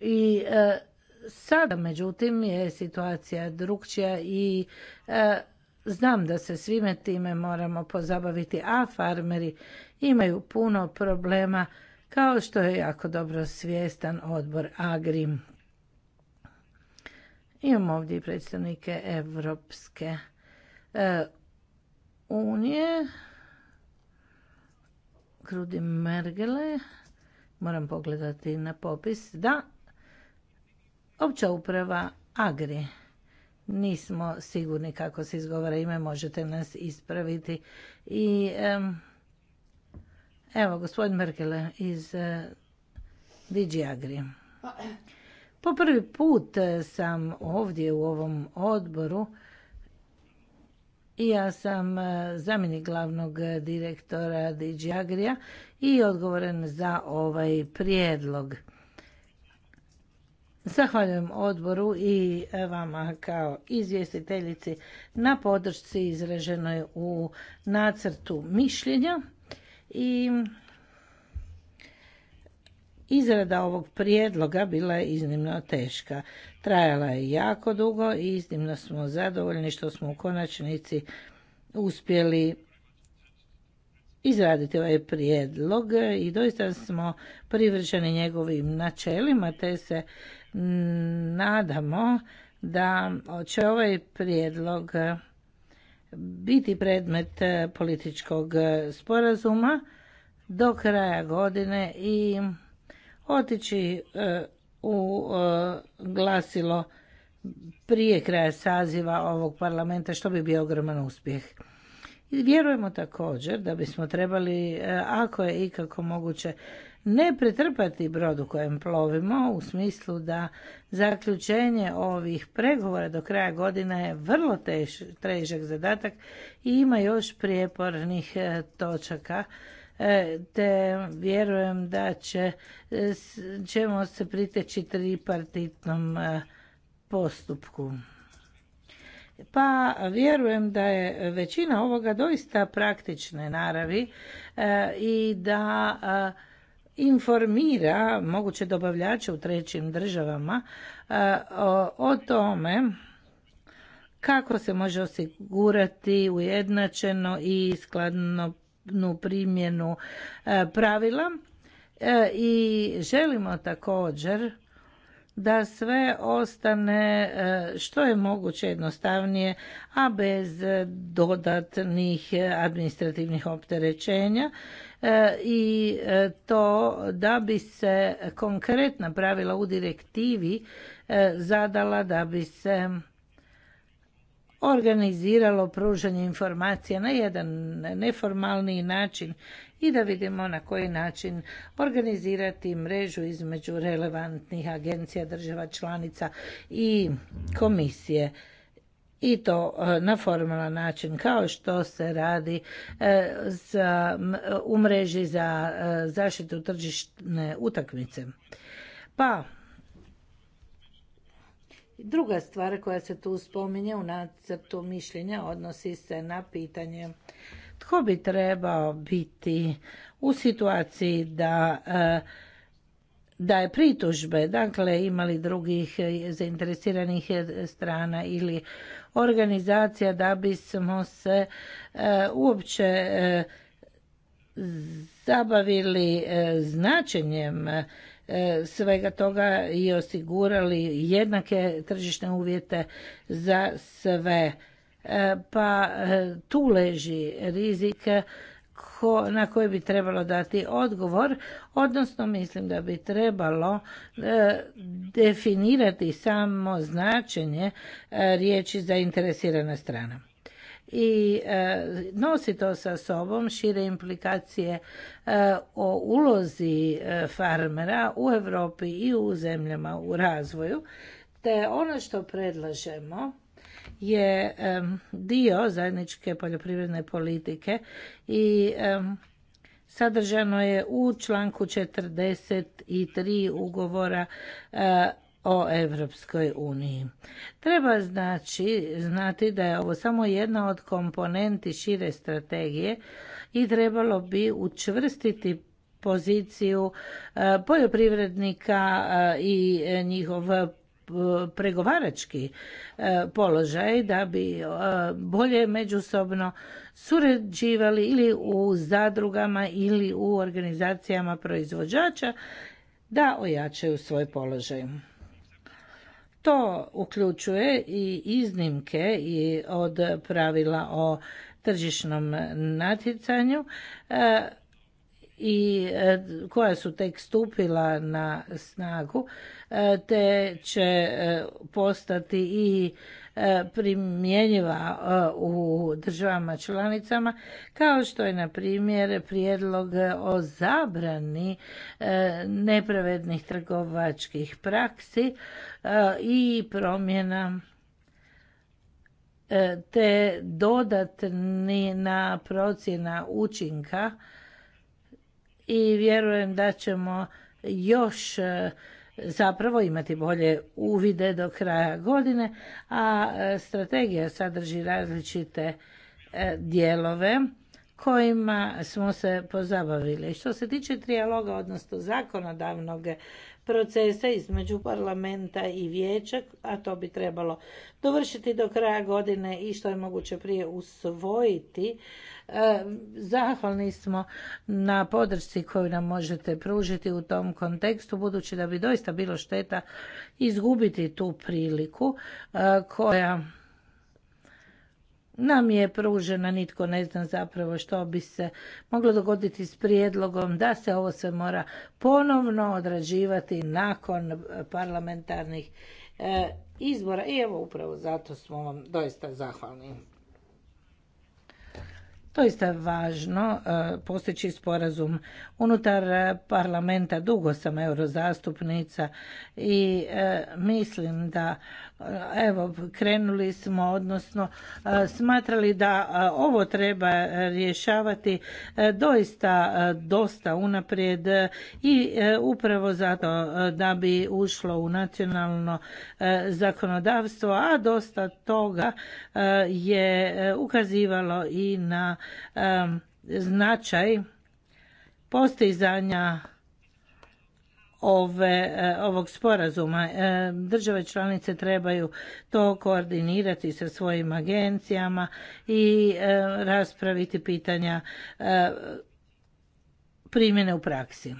I sada, međutim, je situacija drugčija i znam da se svime time moramo pozabaviti, a farmeri imaju puno problema kao što je jako dobro svjestan odbor Agri. Imamo ovdje predstavnike Evropske e, unije. Krudi Mergele, moram pogledati na popis, da, opća uprava Agri. Nismo sigurni kako se izgovara ime, možete nas ispraviti. I Evo, gospodin Merkele iz eh, Digi Agri. Po prvi put eh, sam ovdje u ovom odboru i ja sam eh, zamjenik glavnog direktora Digi Agrija i odgovoren za ovaj prijedlog. Zahvaljujem odboru i vama kao izvjestiteljici na podršci izraženoj u nacrtu mišljenja i Izrada ovog prijedloga bila je iznimno teška. Trajala je jako dugo i iznimno smo zadovoljni što smo u konačnici uspjeli izraditi ovaj prijedlog i doista smo privrženi njegovim načelima te se nadamo da će ovaj prijedlog biti predmet e, političkog e, sporazuma do kraja godine i otići e, u glasilo prije kraja saziva ovog parlamenta, što bi bio ogroman uspjeh. Vjerujemo također da bismo trebali, ako je ikako moguće, ne pretrpati brodu kojem plovimo u smislu da zaključenje ovih pregovora do kraja godine je vrlo težak zadatak i ima još prijepornih e, točaka e, te vjerujem da e, ćemo se priteći tripartitnom postupku. Pa vjerujem da je većina ovoga doista praktične naravi i da informira moguće dobavljače u trećim državama e, o tome kako se može osigurati ujednačeno i skladnu primjenu e, pravila e, i želimo također da sve ostane e, što je moguće jednostavnije, a bez dodatnih administrativnih opterećenja e, i e, to da bi se konkretna pravila u direktivi zadala da bi se organiziralo pružanje informacija na jedan neformalniji način i da vidimo na koji način organizirati mrežu između relevantnih agencija država članica i komisije i to e, na formalan način kao što se radi e, u mreži za e, zaštitu tržišne utakmice. Pa, druga stvar koja se tu spominje u nacrtu mišljenja odnosi se na pitanje tko bi trebao biti u situaciji da e, je pritužbe, dakle imali drugih zainteresiranih strana ili organizacija da bismo se e, uopće e, zabavili značenjem svega toga i osigurali jednake tržišne uvjete za sve E, pa e, tu leži rizik e, na koji bi trebalo dati odgovor, odnosno mislim da bi trebalo definirati samo značenje riječi zainteresirana strana. I nosi to sa sobom šire implikacije o ulozi farmera u Europi i u zemljama u razvoju, te ono što predlažemo je dio zajedničke poljoprivredne politike i sadržano je u članku 43 ugovora e, o Evropskoj uniji. Treba znači znati da je ovo samo jedna od komponenti šire strategije i trebalo bi učvrstiti poziciju e, poljoprivrednika e, i njihov pregovarački e, položaj da bi e, bolje međusobno surađivali ili u zadrugama ili u organizacijama proizvođača da ojačaju svoj položaj. To uključuje i iznimke i od pravila o tržišnom natjecanju e, i e, koja su tek stupila na snagu, e, te će e, postati i primjenjiva u državama članicama, kao što je na primjer prijedlog o zabrani nepravednih trgovačkih praksi i promjena te dodatni na procjena učinka i vjerujem da ćemo još e, zapravo imati bolje uvide do kraja godine, a e, strategija sadrži različite e, dijelove kojima smo se pozabavili. Što se tiče trijaloga, odnosno zakonodavnog procesa između parlamenta i vijeća, a to bi trebalo dovršiti do kraja godine i što je moguće prije usvojiti E, zahvalni smo na podršci koju nam možete pružiti u tom kontekstu, budući da bi doista bilo šteta izgubiti tu priliku e, koja nam je pružena, nitko ne zna zapravo što bi se moglo dogoditi s prijedlogom da se ovo sve mora ponovno odrađivati nakon parlamentarnih e, izbora. I evo upravo zato smo vam doista zahvalni doista važno e, postići sporazum unutar parlamenta. Dugo sam eurozastupnica i e, mislim da evo krenuli smo odnosno e, smatrali da e, ovo treba rješavati e, doista dosta unaprijed i upravo zato da bi ušlo u nacionalno zakonodavstvo a dosta toga je ukazivalo i na značaj postizanja E, ovog sporazuma. E, države članice trebaju to koordinirati sa svojim agencijama i e, raspraviti pitanja primjene u praksi.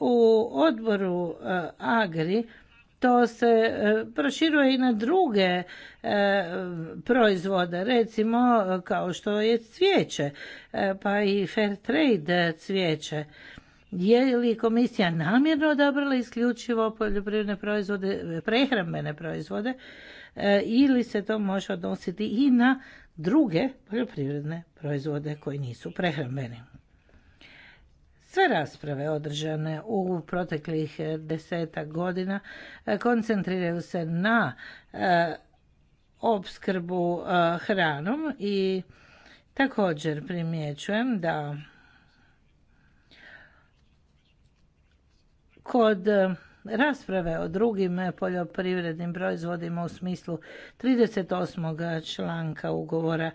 U odboru Agri to se e, proširuje i na druge e, proizvode, recimo kao što je cvijeće, e, pa i fair trade cvijeće. Je li komisija namjerno odabrala isključivo poljoprivredne proizvode, prehrambene proizvode ili se to može odnositi i na druge poljoprivredne proizvode koji nisu prehrambeni? Sve rasprave održane u proteklih desetak godina e, koncentriraju se na e, opskrbu e, hranom i također primjećujem da kod rasprave o drugim poljoprivrednim proizvodima u smislu 38. članka ugovora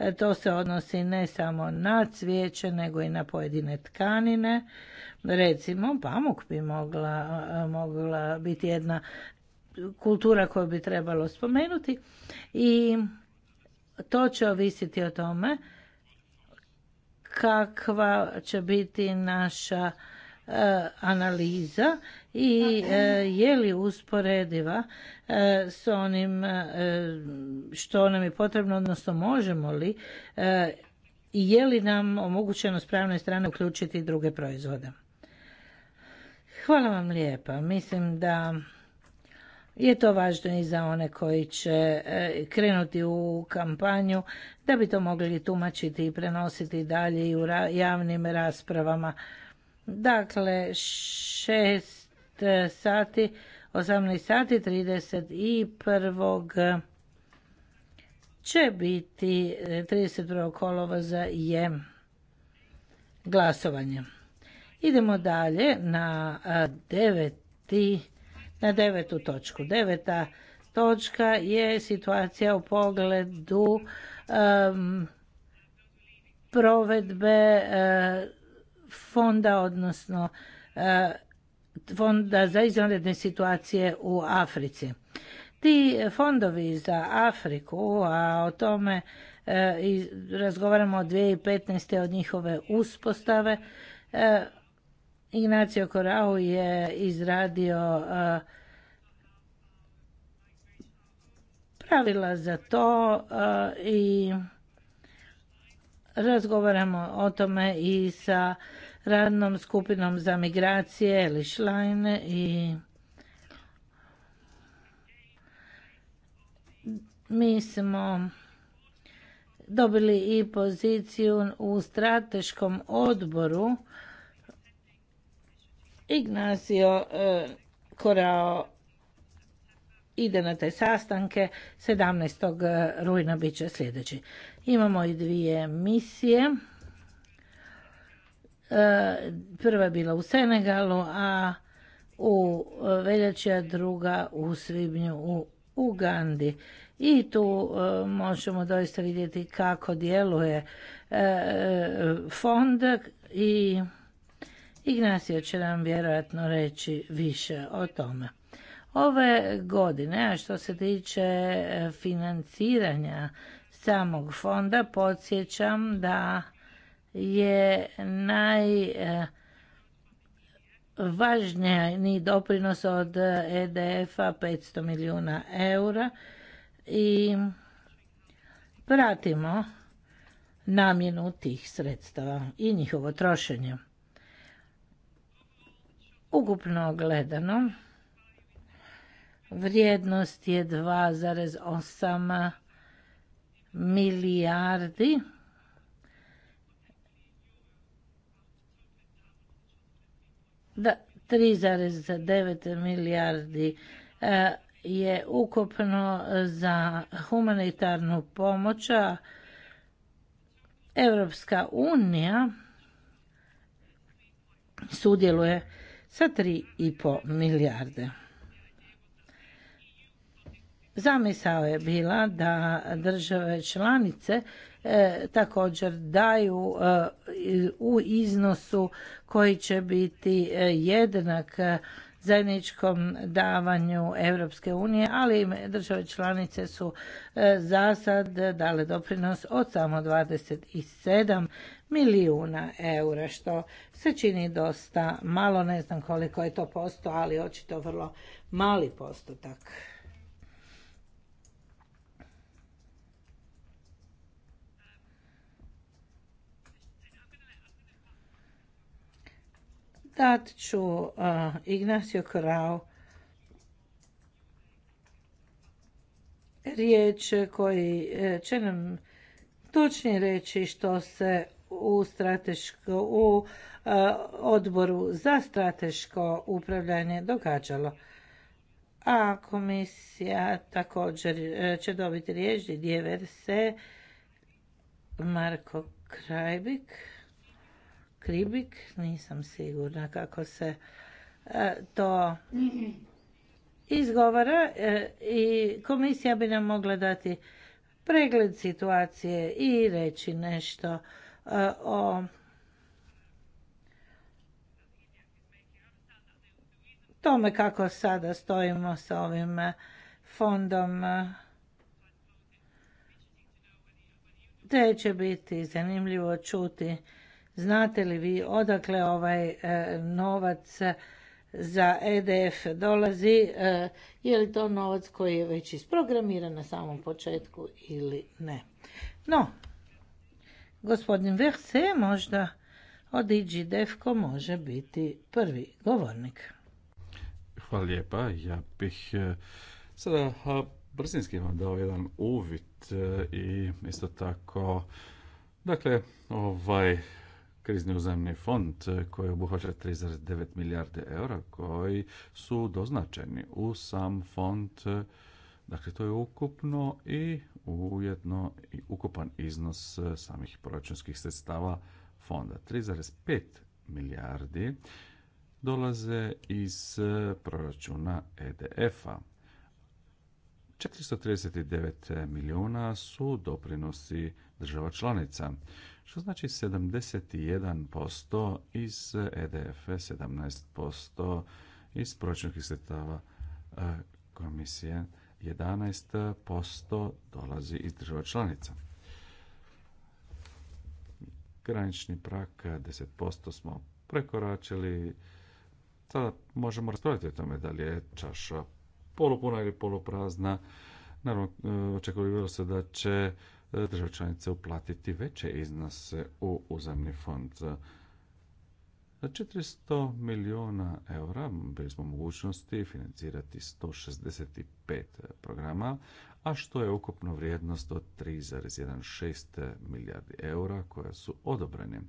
E, to se odnosi ne samo na cvijeće, nego i na pojedine tkanine. Recimo, pamuk bi mogla, e, mogla biti jedna kultura koju bi trebalo spomenuti i to će ovisiti o tome kakva će biti naša E, analiza i e, je li usporediva e, s onim što nam je potrebno, odnosno možemo li i je li nam omogućeno s pravne strane uključiti druge proizvode. Hvala vam lijepa. Mislim da je to važno i za one koji će krenuti u kampanju, da bi to mogli tumačiti i prenositi dalje i u javnim raspravama. Dakle, 6 e, sati, 18 sati 30 i 1. će biti 31. E, kolova za je glasovanje. Idemo dalje na e, deveti, na devetu točku. Deveta točka je situacija u pogledu um, provedbe uh, fonda, odnosno e, fonda za izvanredne situacije u Africi. Ti fondovi za Afriku, a o tome e, razgovaramo od 2015. od njihove uspostave, e, Ignacio Korau je izradio pravila za to i Razgovaramo o tome i sa radnom skupinom za migracije Eli i mi smo dobili i poziciju u strateškom odboru Ignacio e, Korao ide na te sastanke, 17. E, rujna bit će sljedeći. Imamo i dvije misije. E, prva je bila u Senegalu, a u veljači, druga u svibnju u Ugandi. I tu e, možemo doista vidjeti kako djeluje e, fond i Ignacio će nam vjerojatno reći više o tome. Ove godine, a što se tiče financiranja samog fonda podsjećam da je najvažniji eh, doprinos od EDF-a eh, e 500 milijuna eura i pratimo namjenu tih sredstava i njihovo trošenje. Ukupno gledano, vrijednost je 2,8 milijardi da 3,9 milijardi e, je ukupno za humanitarnu pomoć Evropska unija sudjeluje sa 3,5 milijarde. Zamisao je bila da države članice e, također daju e, u iznosu koji će biti e, jednak zajedničkom davanju Europske unije, ali države članice su za sad dale doprinos od samo 27 milijuna eura, što se čini dosta malo, ne znam koliko je to posto, ali očito vrlo mali postotak. dat ću uh, Ignacio Korao riječ koji uh, će nam točnije reći što se u strateško u uh, odboru za strateško upravljanje događalo. A komisija također će dobiti riječ djever se Marko Krajbik. Kribik, nisam sigurna kako se e, to izgovara e, i komisija bi nam mogla dati pregled situacije i reći nešto e, o tome kako sada stojimo sa ovim fondom te će biti zanimljivo čuti Znate li vi odakle ovaj e, novac za EDF dolazi? E, je li to novac koji je već isprogramiran na samom početku ili ne? No, gospodin Verce možda od Iđi može biti prvi govornik. Hvala lijepa, ja bih e, sada brzinski vam dao jedan uvid i isto tako Dakle, ovaj krizni uzajemni fond e, koji obuhvaća 3,9 milijarde eura koji su doznačeni u sam fond. E, dakle, to je ukupno i ujedno i ukupan iznos e, samih proračunskih sredstava fonda. 3,5 milijardi dolaze iz proračuna EDF-a. 439 milijuna su doprinosi država članica što znači 71% iz e edf 17% iz proračunskih sredstava komisije, 11% dolazi iz država članica. Granični prak 10% smo prekoračili. Sada možemo raspraviti o tome da li je čaša polupuna ili poluprazna. Naravno, očekivalo se da će država članice uplatiti veće iznose u uzemni fond. Za 400 milijuna eura bili mogućnosti financirati 165 programa, a što je ukupno vrijednost od 3,16 milijardi eura koja su odobrene.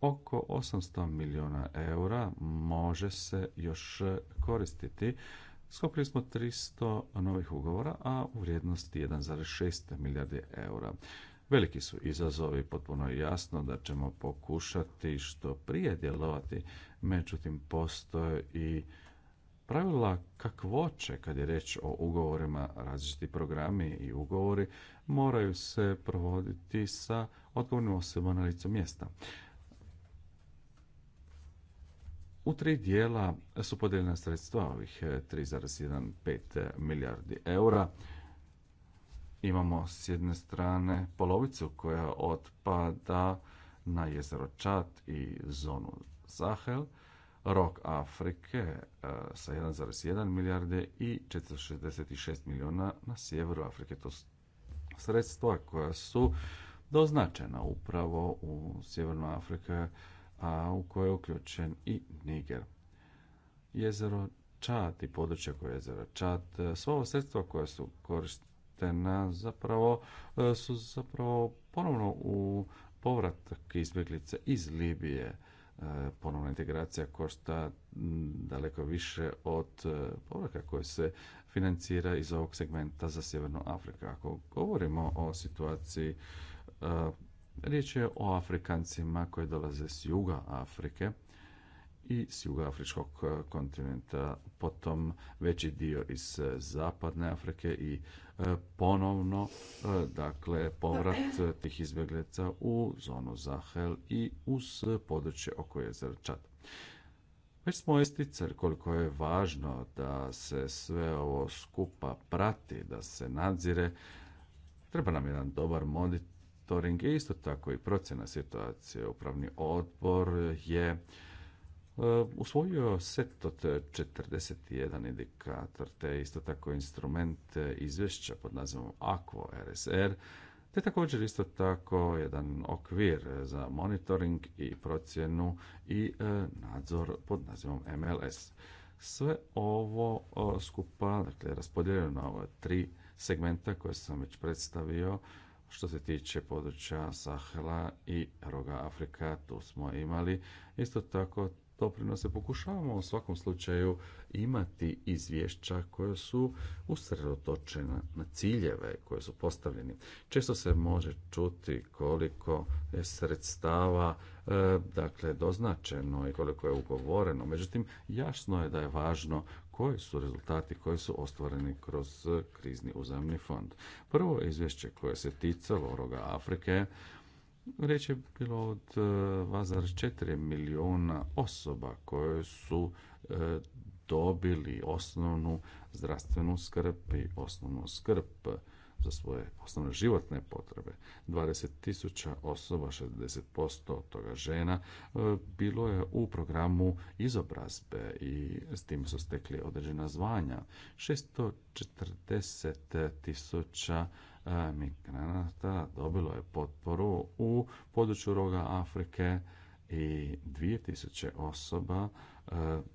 Oko 800 milijuna eura može se još koristiti Sklopili smo 300 novih ugovora, a u vrijednosti 1,6 milijarde eura. Veliki su izazovi, potpuno je jasno da ćemo pokušati što prije djelovati, međutim postoje i pravila kakvoće kad je reč o ugovorima, različiti programi i ugovori moraju se provoditi sa odgovornim osobama na licu mjesta. U tri dijela su podijeljena sredstva ovih 3,15 e, e, milijardi eura. Imamo s jedne strane polovicu koja otpada na jezero i zonu Sahel, rok Afrike e, sa 1,1 milijarde i 466 milijuna na sjeveru Afrike. To su sredstva koja su doznačena upravo u Sjevernoj Afrike a u koje je uključen i Niger. Jezero Čad i područje koje je jezero Čad, e, sva ova sredstva koja su korištena zapravo e, su zapravo ponovno u povratak izbjeglice iz Libije e, ponovna integracija košta daleko više od povraka koje se financira iz ovog segmenta za Sjevernu Afriku. Ako govorimo o situaciji Riječ je o Afrikancima koji dolaze s juga Afrike i s Afričkog e, kontinenta, potom veći dio iz e, zapadne Afrike i e, ponovno dakle povrat tih izbjeglica u zonu Zahel i uz područje oko jezera Čad. Već smo isticali koliko je važno da se sve ovo skupa prati, da se nadzire. Treba nam jedan dobar monitoring je isto tako i procjena situacije. Upravni odbor je e, usvojio set od 41 indikator, te isto tako instrument izvješća pod nazivom Aquo RSR, te također isto tako jedan okvir za monitoring i procjenu i e, nadzor pod nazivom MLS. Sve ovo e, skupa, dakle, raspodijeljeno na ova tri segmenta koje sam već predstavio, što se tiče područja Sahela i roga Afrika, tu smo imali isto tako doprinose. Pokušavamo u svakom slučaju imati izvješća koje su usredotočene na ciljeve koje su postavljeni. Često se može čuti koliko je sredstava e, dakle doznačeno i koliko je ugovoreno. Međutim, jasno je da je važno koji su rezultati koji su ostvareni kroz krizni uzemni fond. Prvo izvješće koje se ticalo roga Afrike Riječ je bilo od 2,4 e, milijuna osoba koje su e, dobili osnovnu zdravstvenu skrb i osnovnu skrb za svoje osnovne životne potrebe. 20.000 osoba, 60% toga žena, e, bilo je u programu izobrazbe i s tim su stekli određena zvanja. 640.000 e, migranata dobilo je potporu u području roga Afrike i 2000 osoba e,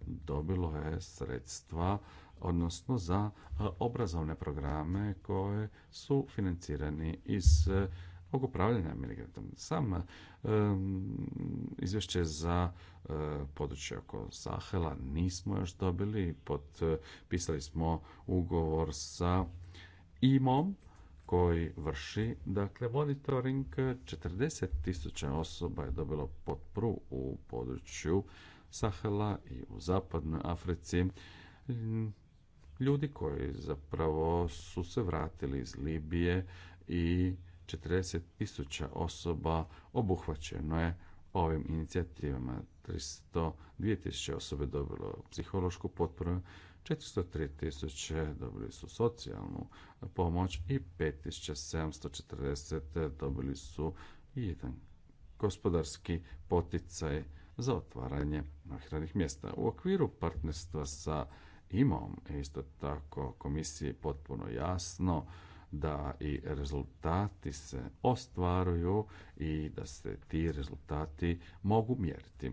dobilo je sredstva odnosno za e, obrazovne programe koje su financirani iz e, ovog upravljanja migrantom. Sam e, izvješće za područje oko Sahela nismo još dobili. Potpisali smo ugovor sa IMOM koji vrši dakle monitoring 40.000 osoba je dobilo potporu u području Sahela i u zapadnoj Africi ljudi koji zapravo su se vratili iz Libije i 40 tisuća osoba obuhvaćeno je ovim inicijativama. 302.000 tisuće osobe dobilo psihološku potporu, 403 tisuće dobili su socijalnu pomoć i 5740 dobili su jedan gospodarski poticaj za otvaranje radnih mjesta. U okviru partnerstva sa imao isto tako komisiji potpuno jasno da i rezultati se ostvaruju i da se ti rezultati mogu mjeriti.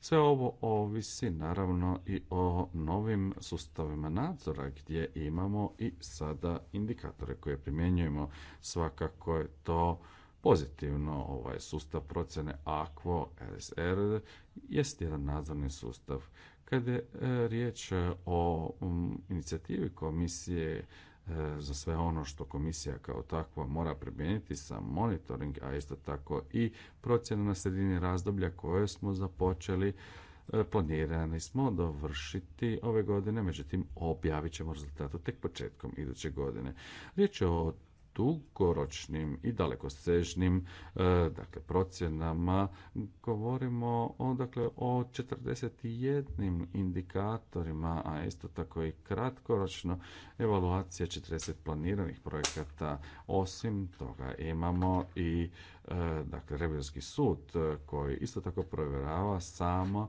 Sve ovo ovisi naravno i o novim sustavima nadzora gdje imamo i sada indikatore koje primjenjujemo. Svakako je to pozitivno ovaj sustav procjene Aquo RSR jest jedan nadzorni sustav kada je e, riječ e, o inicijativi komisije e, za sve ono što komisija kao takva mora primijeniti sa monitoring, a isto tako i procjena na sredini razdoblja koje smo započeli, planirani smo dovršiti ove godine, međutim objavit ćemo rezultatu tek početkom iduće godine. Riječ je o dugoročnim i dalekosežnim e, dakle, procjenama govorimo o, dakle, o 41 indikatorima, a isto tako i kratkoročno evaluacija 40 planiranih projekata. Osim toga imamo i e, dakle, revizorski sud e, koji isto tako provjerava samo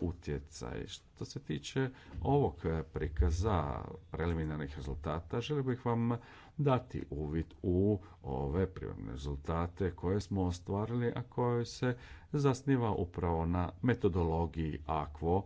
utjecaj. Što se tiče ovog prikaza preliminarnih rezultata, želio bih vam dati uvid u ove privredne rezultate koje smo ostvarili, a koje se zasniva upravo na metodologiji AQUO,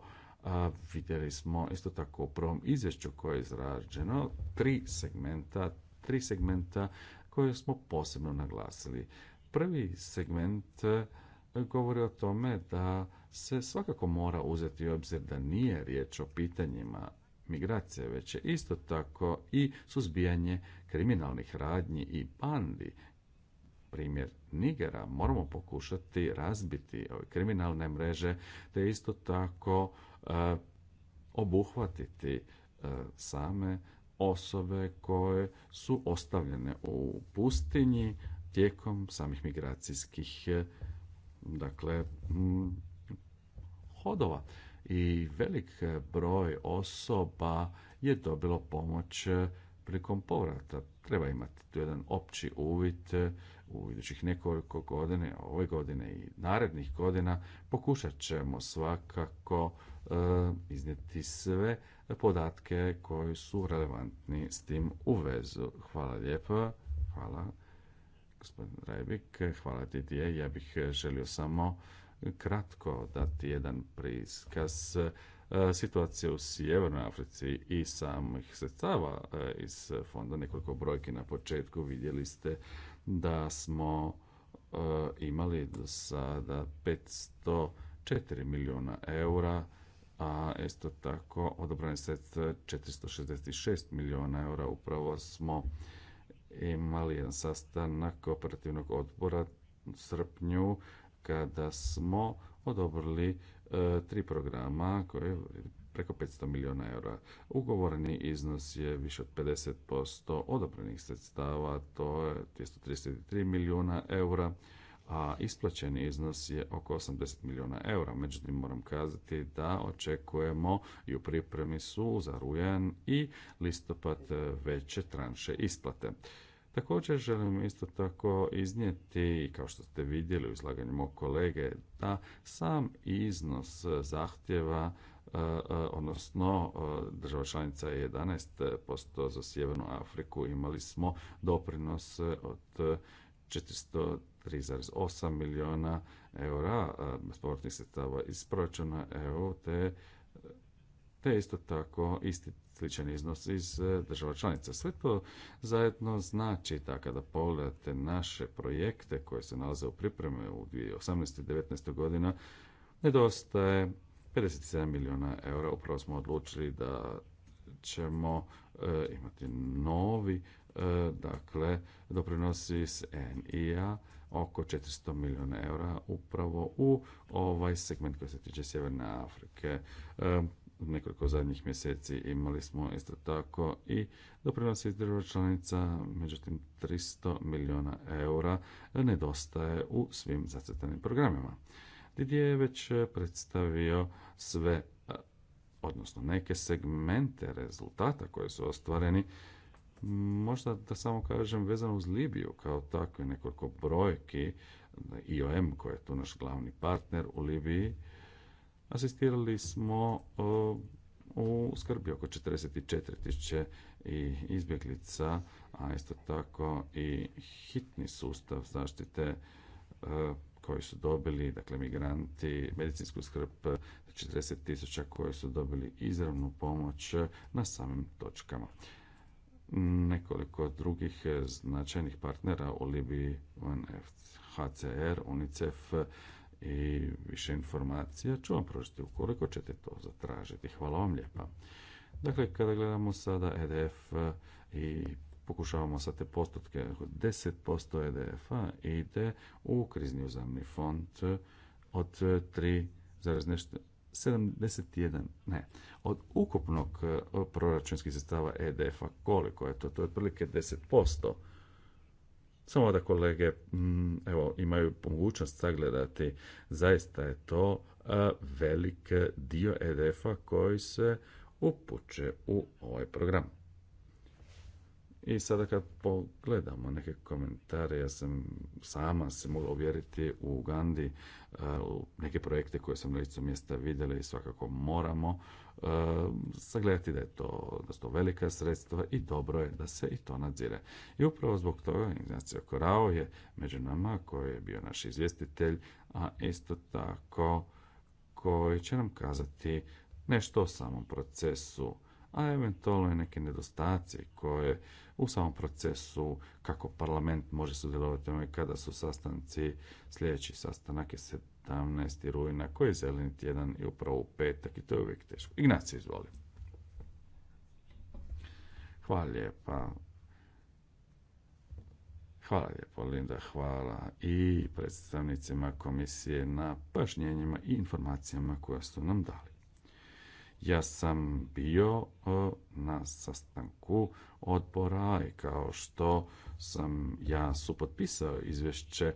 vidjeli smo isto tako u prvom izvješću koje je izrađeno tri segmenta, tri segmenta koje smo posebno naglasili. Prvi segment e, govori o tome da se svakako mora uzeti u obzir da nije riječ o pitanjima migracije već je isto tako i suzbijanje kriminalnih radnji i bandi. Primjer Nigera moramo pokušati razbiti ove kriminalne mreže, te isto tako e, obuhvatiti e, same osobe koje su ostavljene u pustinji tijekom samih migracijskih e, dakle, hodova i velik e, broj osoba je dobilo pomoć e, prilikom povrata. Treba imati tu jedan opći uvid e, u idućih nekoliko godine, ove godine i narednih godina, pokušat ćemo svakako e, iznijeti sve podatke koji su relevantni s tim u vezu. Hvala lijepo. Hvala gospodin Rajbik, hvala ti Ja bih želio samo kratko dati jedan priskaz e, situacije u Sjevernoj Africi i samih sredstava e, iz fonda. Nekoliko brojki na početku vidjeli ste da smo e, imali do sada 504 milijuna eura, a isto tako odobrane sredstva 466 milijuna eura. Upravo smo imali jedan sastanak kooperativnog odbora u srpnju kada smo odobrili e, tri programa koje preko 500 milijuna eura. Ugovoreni iznos je više od 50% odobrenih sredstava, to je 233 milijuna eura, a isplaćeni iznos je oko 80 milijuna eura. Međutim, moram kazati da očekujemo i u pripremi su za rujan i listopad veće tranše isplate. Također želim isto tako iznijeti, kao što ste vidjeli u izlaganju mog kolege, da sam iznos zahtjeva e, e, odnosno e, država članica je 11% za Sjevernu Afriku, imali smo doprinos od 403,8 milijuna eura sportnih sredstava iz proračuna EU, te, te isto tako isti sličan iznos iz e, država članica. Sve to zajedno znači da kada pogledate naše projekte koje se nalaze u pripreme u 2018. i 2019. godina, nedostaje 57 milijuna eura. Upravo smo odlučili da ćemo e, imati novi e, dakle doprinosi s NIA oko 400 milijuna eura upravo u ovaj segment koji se tiče Sjeverne Afrike. E, nekoliko zadnjih mjeseci imali smo isto tako i doprinose iz država članica, međutim 300 milijuna eura nedostaje u svim zacrtanim programima. Didier je već predstavio sve, odnosno neke segmente rezultata koje su ostvareni, možda da samo kažem vezano uz Libiju kao takve nekoliko brojki, IOM koji je tu naš glavni partner u Libiji, asistirali smo e, u skrbi oko 44.000 i izbjeglica, a isto tako i hitni sustav zaštite e, koji su dobili, dakle migranti, medicinsku skrb 40.000 znači koji su dobili izravnu pomoć na samim točkama. Nekoliko drugih značajnih partnera u Libiji, HCR, UNICEF, i više informacija ću vam pročiti ukoliko ćete to zatražiti. Hvala vam lijepa. Dakle, kada gledamo sada EDF e, i pokušavamo sa te postotke, 10% EDF-a ide u krizni uzemni fond e, od 3, 71, ne, od ukupnog e, proračunskih sredstava EDF-a, koliko je to? To je otprilike 10%. Samo da kolege mm, evo, imaju mogućnost sagledati, zaista je to e, velik dio EDF-a koji se upuče u ovaj program. I sada kad pogledamo neke komentare, ja sam sama se mogla uvjeriti u Ugandi e, neke projekte koje sam na licu mjesta vidjeli i svakako moramo E, sagledati da je to da velika sredstva i dobro je da se i to nadzire. I upravo zbog toga Ignacio Korao je među nama koji je bio naš izvjestitelj, a isto tako koji će nam kazati nešto o samom procesu, a eventualno i neke nedostaci koje u samom procesu kako parlament može sudjelovati kada su sastanci, sljedeći sastanak je 17. rujna, koji je zeleni tjedan i upravo u petak i to je uvijek teško. Ignacija, izvoli. Hvala lijepa. Hvala lijepo, Linda, hvala i predstavnicima komisije na pažnjenjima i informacijama koje su nam dali. Ja sam bio e, na sastanku odbora i kao što sam ja potpisao izvješće e,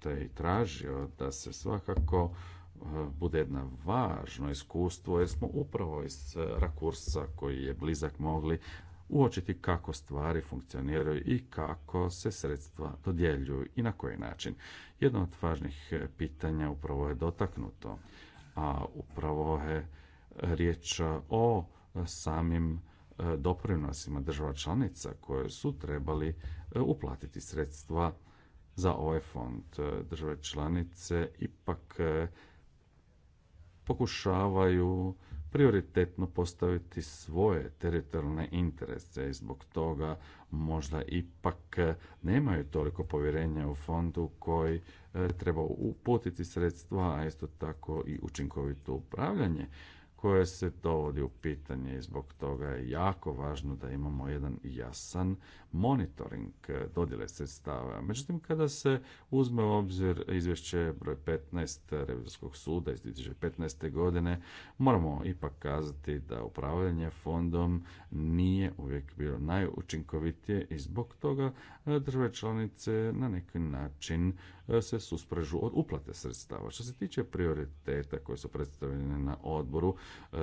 te i tražio da se svakako e, bude jedno važno iskustvo jer smo upravo iz rakursa koji je blizak mogli uočiti kako stvari funkcioniraju i kako se sredstva dodjeljuju i na koji način. Jedno od važnih pitanja upravo je dotaknuto, a upravo je riječ o samim e, doprinosima država članica koje su trebali e, uplatiti sredstva za ovaj fond. E, države članice ipak pokušavaju prioritetno postaviti svoje teritorijalne interese i zbog toga možda ipak nemaju toliko povjerenja u fondu koji treba uputiti sredstva, a isto tako i učinkovito upravljanje koje se dovodi u pitanje i zbog toga je jako važno da imamo jedan jasan monitoring e, dodjele sredstava. Međutim, kada se uzme u obzir izvješće broj 15 Revizorskog suda iz 2015. godine, moramo ipak kazati da upravljanje fondom nije uvijek bilo najučinkovitije i zbog toga e, države članice na neki način E, se susprežu od uplate sredstava. Što se tiče prioriteta koje su predstavljene na odboru, e,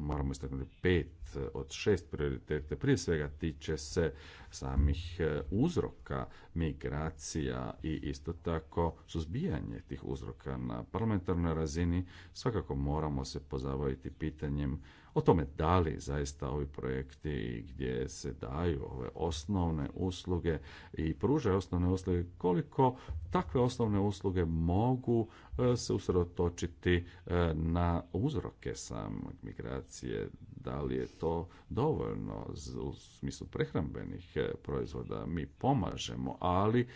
moramo istaknuti pet od šest prioriteta. Prije svega tiče se samih e, uzroka migracija i isto tako suzbijanje tih uzroka na parlamentarnoj razini. Svakako moramo se pozabaviti pitanjem o tome da li zaista ovi projekti gdje se daju ove osnovne usluge i pružaju osnovne usluge, koliko takve osnovne usluge mogu e, se usredotočiti e, na uzroke samog migracije, da li je to dovoljno u smislu prehrambenih e, proizvoda, mi pomažemo, ali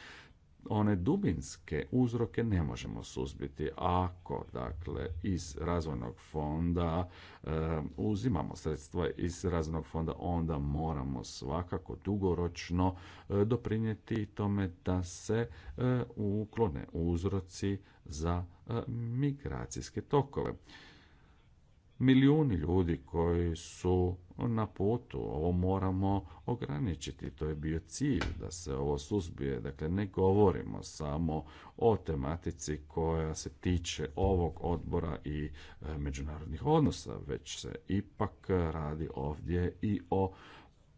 one dubinske uzroke ne možemo suzbiti ako dakle iz razvojnog fonda e, uzimamo sredstva iz razvojnog fonda onda moramo svakako dugoročno e, doprinijeti tome da se e, uklone uzroci za e, migracijske tokove milijuni ljudi koji su na putu. Ovo moramo ograničiti. To je bio cilj da se ovo suzbije. Dakle, ne govorimo samo o tematici koja se tiče ovog odbora i e, međunarodnih odnosa, već se ipak radi ovdje i o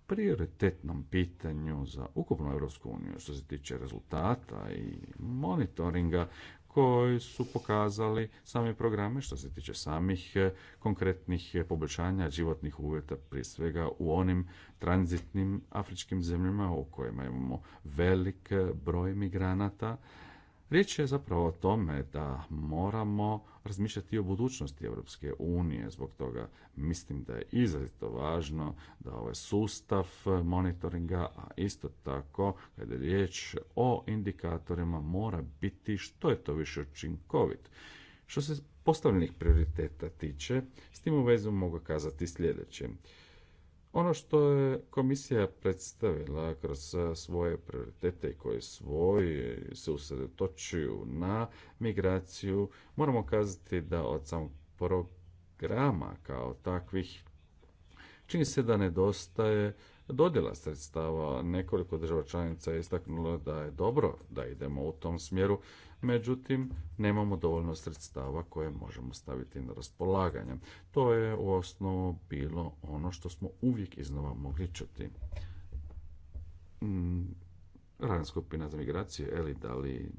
prioritetnom pitanju za ukupnu Europsku uniju što se tiče rezultata i monitoringa koji su pokazali sami programe što se tiče samih e, konkretnih poboljšanja životnih uvjeta, prije svega u onim tranzitnim afričkim zemljama u kojima imamo velik broj migranata Riječ je zapravo o tome da moramo razmišljati o budućnosti Europske unije. Zbog toga mislim da je izrazito važno da ovaj sustav monitoringa, a isto tako kada je riječ o indikatorima, mora biti što je to više učinkovit. Što se postavljenih prioriteta tiče, s tim u vezi mogu kazati sljedeće. Ono što je komisija predstavila kroz e, svoje prioritete i koje svoje se usredotočuju na migraciju, moramo kazati da od samog programa kao takvih čini se da nedostaje dodjela sredstava. Nekoliko država članica je istaknulo da je dobro da idemo u tom smjeru, međutim nemamo dovoljno sredstava koje možemo staviti na raspolaganje. To je u osnovu bilo ono što smo uvijek iznova mogli čuti. Mm, Radna skupina za migracije, Eli, da li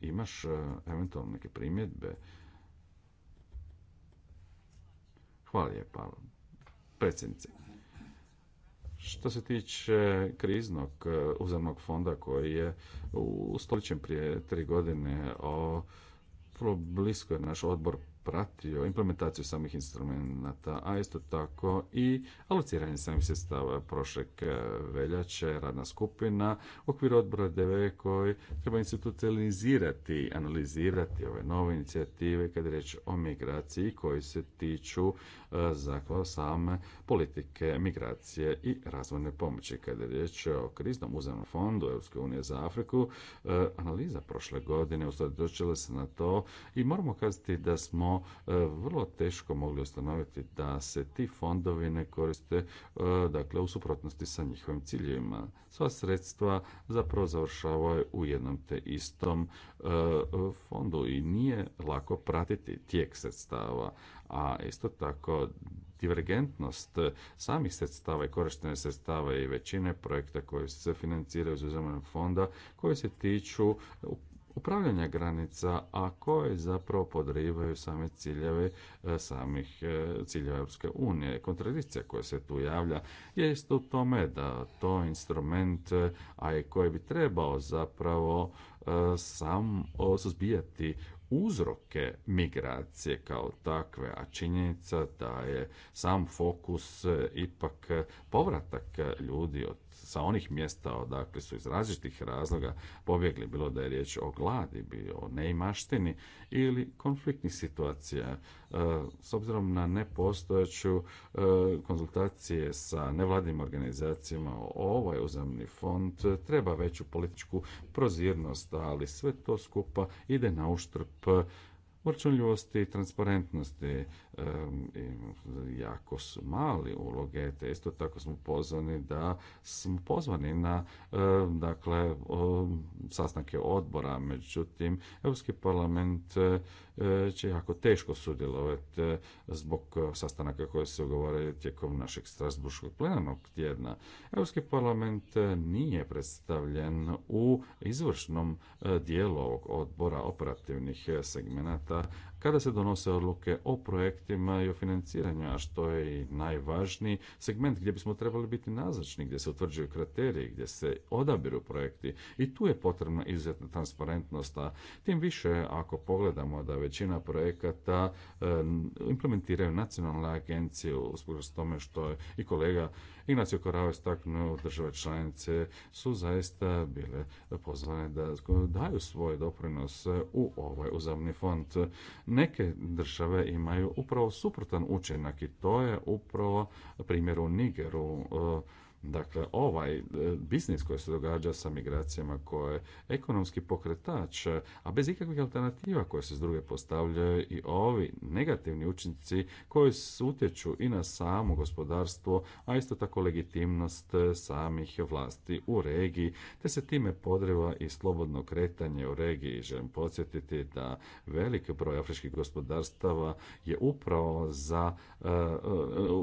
imaš e, eventualno neke primjedbe? Hvala lijepa, predsjednici. Što se tiče kriznog e, uzemnog fonda koji je u ustočen prije tri godine, o, vrlo blisko je naš odbor pratio implementaciju samih instrumenta, a isto tako i alociranje samih sredstava prošlog e, veljače, radna skupina u okviru odbora DV koji treba institucionalizirati, analizirati ove nove inicijative kad je reč o migraciji koji se tiču E, zakon same politike migracije i razvojne pomoći. Kada je riječ o kriznom uzemnom fondu Europske unije za Afriku, e, analiza prošle godine usredotočila se na to i moramo kazati da smo e, vrlo teško mogli ustanoviti da se ti fondovi ne koriste dakle, u suprotnosti sa njihovim ciljevima. Sva sredstva zapravo završavaju u jednom te istom fondu i nije lako pratiti tijek sredstava a isto tako divergentnost samih sredstava i korištenja sredstava i većine projekta koji se financiraju iz uzemnog fonda koji se tiču upravljanja granica, a koje zapravo podrivaju same ciljeve e, samih e, ciljeva Europske unije. Kontradikcija koja se tu javlja je isto u tome da to instrument, e, a koji bi trebao zapravo sam suzbijati uzroke migracije kao takve, a činjenica da je sam fokus e, ipak e, povratak e, ljudi od sa onih mjesta odakle su iz različitih razloga pobjegli, bilo da je riječ o gladi, bilo o neimaštini ili konfliktnih situacija. E, s obzirom na nepostojeću e, konzultacije sa nevladnim organizacijama, ovaj uzemni fond treba veću političku prozirnost, ali sve to skupa ide na uštrb Určunljivosti i transparentnosti e, jako su mali uloge, te isto tako smo pozvani da smo pozvani na dakle sastanke odbora, međutim Europski parlament će jako teško sudjelovati zbog sastanaka koje se ugovore tijekom našeg Strasburškog plenarnog tjedna. Europski parlament nije predstavljen u izvršnom dijelu ovog odbora operativnih segmenata a kada se donose odluke o projektima i o financiranju, a što je i najvažniji segment gdje bismo trebali biti nazočni, gdje se utvrđuju kriteriji, gdje se odabiru projekti i tu je potrebna izuzetna transparentnost, a tim više ako pogledamo da većina projekata e, implementiraju nacionalne agencije s tome što je i kolega Ignacio Korao istaknuo države članice su zaista bile pozvane da daju svoj doprinos u ovaj uzavni fond. Neke države imaju upravo suprotan učinak i to je upravo primjer u Nigeru Dakle, ovaj e, biznis koji se događa sa migracijama koje je ekonomski pokretač, e, a bez ikakvih alternativa koje se s druge postavljaju i ovi negativni učinci koji utječu i na samo gospodarstvo, a isto tako legitimnost e, samih vlasti u regiji, te se time podreva i slobodno kretanje u regiji. Želim podsjetiti da velik broj afričkih gospodarstava je upravo za,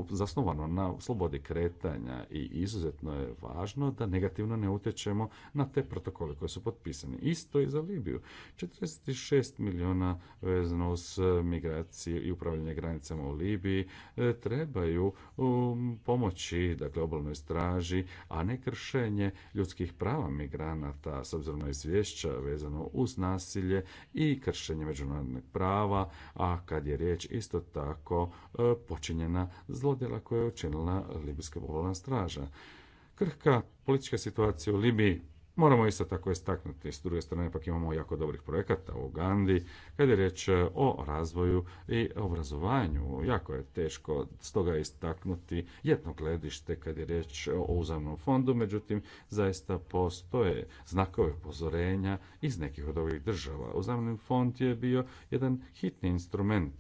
zasnovano na slobodi kretanja i iz izuzetno je važno da negativno ne utječemo na te protokole koje su potpisani. Isto i za Libiju. 46 milijuna vezano uz e, migracije i upravljanje granicama u Libiji e, trebaju um, pomoći dakle, obalnoj straži, a ne kršenje ljudskih prava migranata s obzirom na izvješća vezano uz nasilje i kršenje međunarodnog prava, a kad je riječ isto tako e, počinjena zlodjela koje je učinila Libijska obalna straža krhka politička situacija u Libiji. Moramo isto tako istaknuti, s druge strane pak imamo jako dobrih projekata u Ugandi, kada je riječ e, o razvoju i obrazovanju, jako je teško stoga istaknuti jedno gledište kada je riječ e, o uzavnom fondu, međutim zaista postoje znakove upozorenja iz nekih od ovih država. Uzamni fond je bio jedan hitni instrument,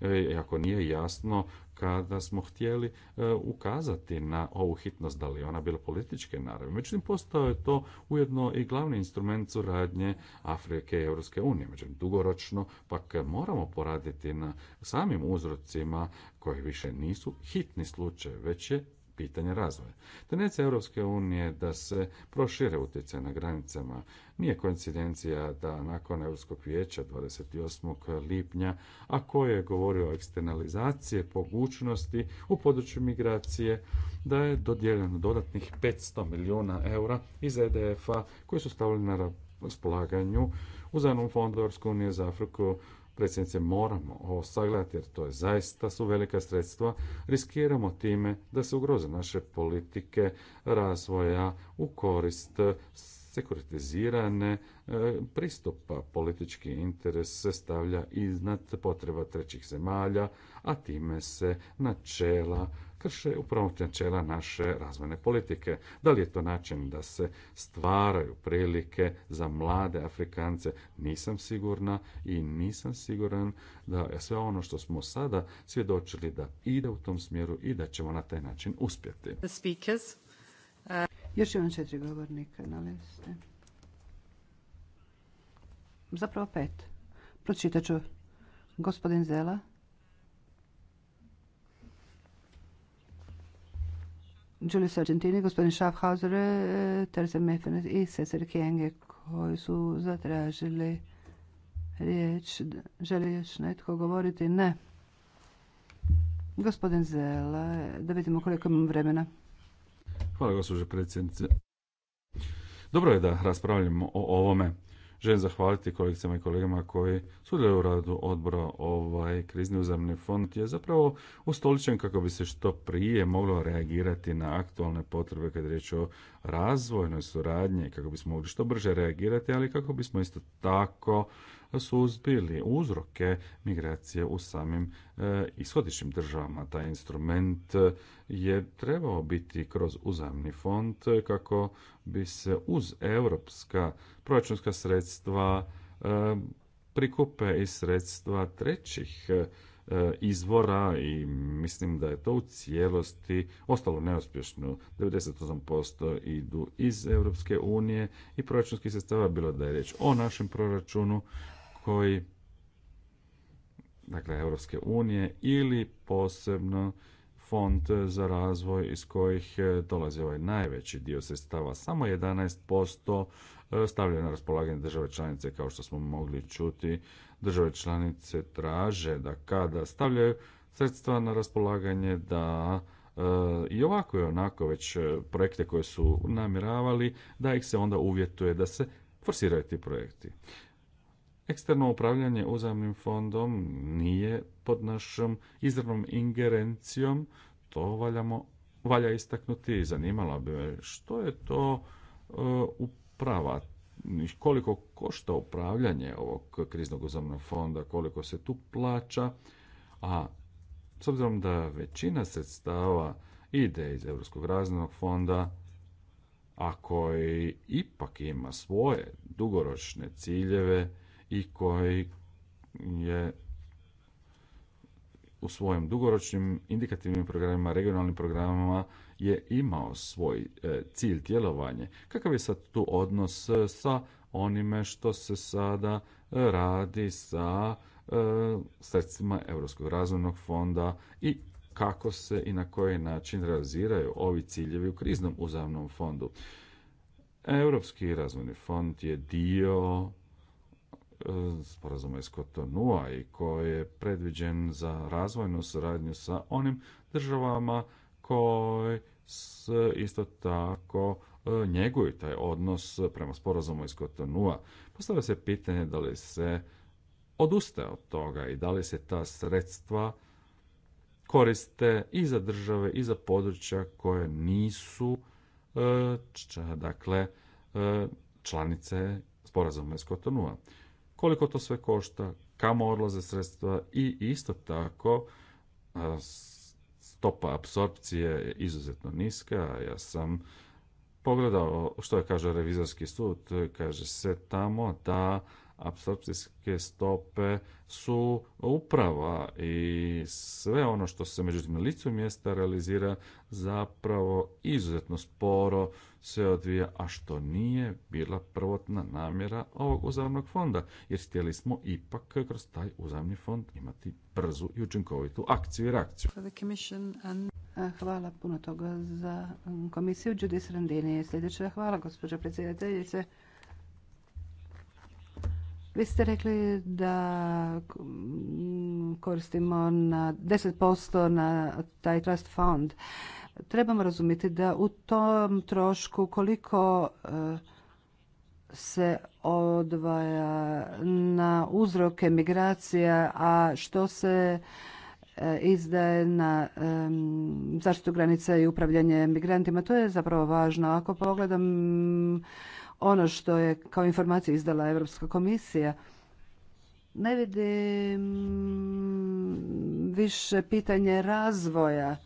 e, iako ako nije jasno kada smo htjeli e, ukazati na ovu hitnost, da li ona bila političke naravi. Međutim, postao je to ujedno i glavni instrument suradnje Afrike i Europske unije. Međutim, dugoročno pak moramo poraditi na samim uzrocima koji više nisu hitni slučaj, već je pitanje razvoja. Tendencija Europske unije da se prošire utjecaj na granicama nije koincidencija da nakon Europskog vijeća 28. lipnja, a koje je govorio o eksternalizacije pogućnosti u području migracije, da je dodijeljeno dodatnih 500 milijuna eura iz EDF-a koji su stavljeni na raspolaganju u zanom fondu Europske unije za Afriku predsjednice, moramo ovo sagledati jer to je zaista su velika sredstva. Riskiramo time da se ugroze naše politike razvoja u korist sekuritizirane e, pristupa politički interes se stavlja iznad potreba trećih zemalja, a time se načela krše upravo načela naše razvojne politike. Da li je to način da se stvaraju prilike za mlade Afrikance? Nisam sigurna i nisam siguran da sve ono što smo sada svjedočili da ide u tom smjeru i da ćemo na taj način uspjeti. Uh, Još imam četiri govornika na Zapravo pet. Pročitaću gospodin Zela, Julius Argentini, gospodin Schaffhauser, eh, Terza Mefenet i Cesar Kenge koji su zatražili riječ. Želi još netko govoriti? Ne. Gospodin Zela, da vidimo koliko imamo vremena. Hvala, gospođo predsjednice. Dobro je da raspravljamo o ovome. Želim zahvaliti kolegicama i kolegama koji sudjeluju u radu odbora. Ovaj krizni uzemni fond je zapravo ustoličen kako bi se što prije moglo reagirati na aktualne potrebe kad je riječ o razvojnoj suradnji, kako bismo mogli što brže reagirati, ali kako bismo isto tako suzbili uzroke migracije u samim eh, ishodišnim državama. Taj instrument eh, je trebao biti kroz uzajamni fond eh, kako bi se uz europska proračunska sredstva prikupe i sredstva trećih izvora i mislim da je to u cijelosti ostalo neuspješno. 98% idu iz Europske unije i proračunskih sredstava, bilo da je riječ o našem proračunu, koji dakle Europske unije ili posebno fond za razvoj iz kojih e, dolazi ovaj najveći dio sredstava, samo 11% e, stavljaju na raspolaganje države članice, kao što smo mogli čuti. Države članice traže da kada stavljaju sredstva na raspolaganje, da e, i ovako i onako već projekte koje su namjeravali, da ih se onda uvjetuje da se forsiraju ti projekti. Eksterno upravljanje uzajemnim fondom nije pod našom izravnom ingerencijom, to valja istaknuti. i Zanimalo bi me što je to e, uprava, koliko košta upravljanje ovog kriznog uzamnog fonda, koliko se tu plaća, a s obzirom da većina sredstava ide iz Europskog razvojnog fonda, a koji ipak ima svoje dugoročne ciljeve, i koji je u svojim dugoročnim indikativnim programima, regionalnim programima je imao svoj e, cilj djelovanje. Kakav je sad tu odnos sa onime što se sada e, radi sa e, sredstvima Europskog razvojnog fonda i kako se i na koji način realiziraju ovi ciljevi u kriznom uzavnom fondu. Europski razvojni fond je dio sporazuma iz Kotonua i koji je predviđen za razvojnu suradnju sa onim državama koji isto tako e, njeguju taj odnos prema sporazumu iz Kotonua. Postavlja se pitanje da li se odustaje od toga i da li se ta sredstva koriste i za države i za područja koje nisu e, dakle e, članice sporazuma iz Kotonua koliko to sve košta, kamo odlaze sredstva i isto tako stopa apsorpcije je izuzetno niska. Ja sam pogledao što je kaže revizorski sud, kaže se tamo da apsorpcijske stope su uprava i sve ono što se međutim na licu mjesta realizira zapravo izuzetno sporo se odvija, a što nije bila prvotna namjera ovog uzajamnog fonda, jer htjeli smo ipak kroz taj uzajamni fond imati brzu i učinkovitu akciju i reakciju. Hvala puno toga za um, komisiju. Judith Randini je sljedeća. Hvala, gospođo predsjedateljice. Vi ste rekli da um, koristimo na 10% na taj trust fund trebamo razumjeti da u tom trošku koliko e, se odvaja na uzroke migracija, a što se e, izdaje na zaštitu granica i upravljanje migrantima. To je zapravo važno. Ako pogledam mm, ono što je kao informacija izdala Europska komisija, ne vidim mm, više pitanje razvoja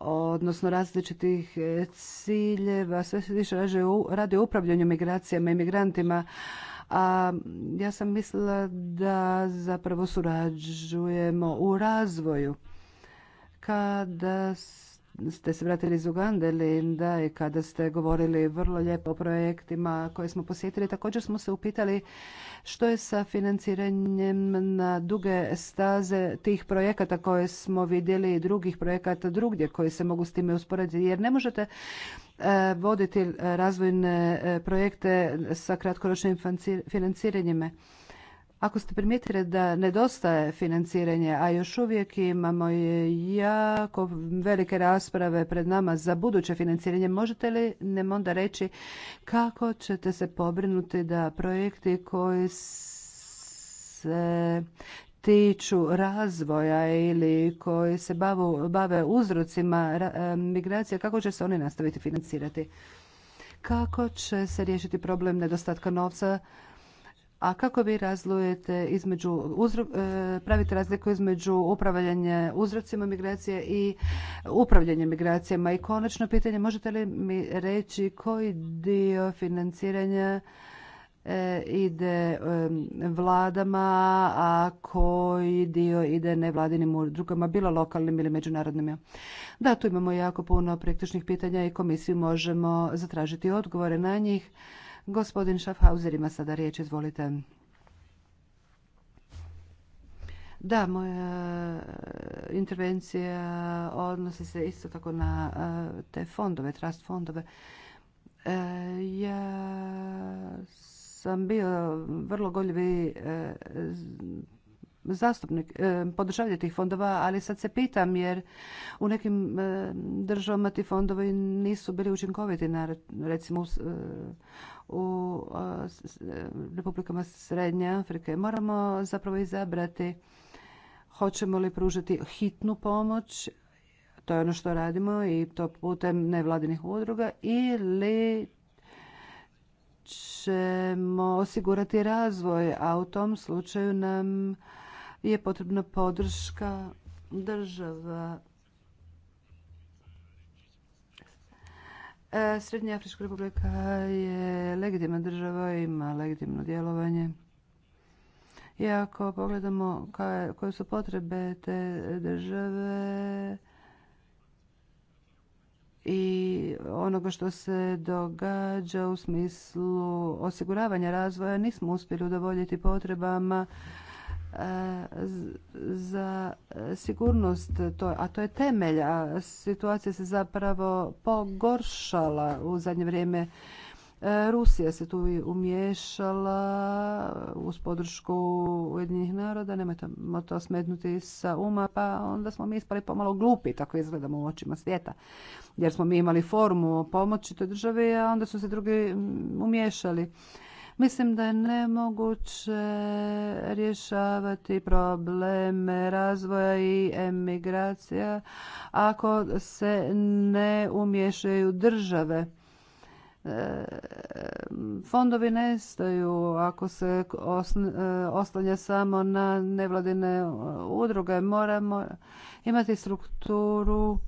odnosno različitih e, ciljeva, sve se više radi o upravljanju migracijama i migrantima. A ja sam mislila da zapravo surađujemo u razvoju. Kada ste se vratili iz Ugande, Linda, i kada ste govorili vrlo lijepo o projektima koje smo posjetili, također smo se upitali što je sa financiranjem na duge staze tih projekata koje smo vidjeli i drugih projekata drugdje koji se mogu s time usporediti, jer ne možete e, voditi razvojne e, projekte sa kratkoročnim financiranjima. Ako ste primijetili da nedostaje financiranje, a još uvijek imamo jako velike rasprave pred nama za buduće financiranje, možete li nam onda reći kako ćete se pobrinuti da projekti koji se tiču razvoja ili koji se bavu, bave uzrocima e, migracija, kako će se oni nastaviti financirati? Kako će se riješiti problem nedostatka novca a kako vi razlujete između, e, pravite razliku između upravljanje uzrocima migracije i upravljanje migracijama? I konačno pitanje, možete li mi reći koji dio financiranja e, ide vladama, a koji dio ide nevladinim udrugama, bilo lokalnim ili međunarodnim. Da, tu imamo jako puno praktičnih pitanja i komisiju možemo zatražiti odgovore na njih. Gospodin Schaffhauser ima sada riječ, izvolite. Da, moja e, intervencija odnosi se isto tako na e, te fondove, trust fondove. E, ja sam bio vrlo goljivi zastupnik, podržavlja tih fondova, ali sad se pitam jer u nekim državama ti fondovi nisu bili učinkoviti na recimo u e, republikama Srednje Afrike. Moramo zapravo izabrati hoćemo li pružati hitnu pomoć, to je ono što radimo i to putem nevladinih udruga, ili ćemo osigurati razvoj, a u tom slučaju nam je potrebna podrška država E, Srednja Afrička republika je legitimna država, ima legitimno djelovanje. I ako pogledamo koje su potrebe te države i onoga što se događa u smislu osiguravanja razvoja, nismo uspjeli udovoljiti potrebama za sigurnost, a to je temelj, a situacija se zapravo pogoršala u zadnje vrijeme. E, Rusija se tu umiješala uz podršku Ujedinjenih naroda, nemojmo to smetnuti sa uma, pa onda smo mi ispali pomalo glupi, tako izgledamo u očima svijeta. Jer smo mi imali formu pomoći toj državi, a onda su se drugi umiješali. Mislim da je nemoguće rješavati probleme razvoja i emigracija ako se ne umješaju države e, fondovi nestaju ako se e, oslanja samo na nevladine e, udruge. Moramo imati strukturu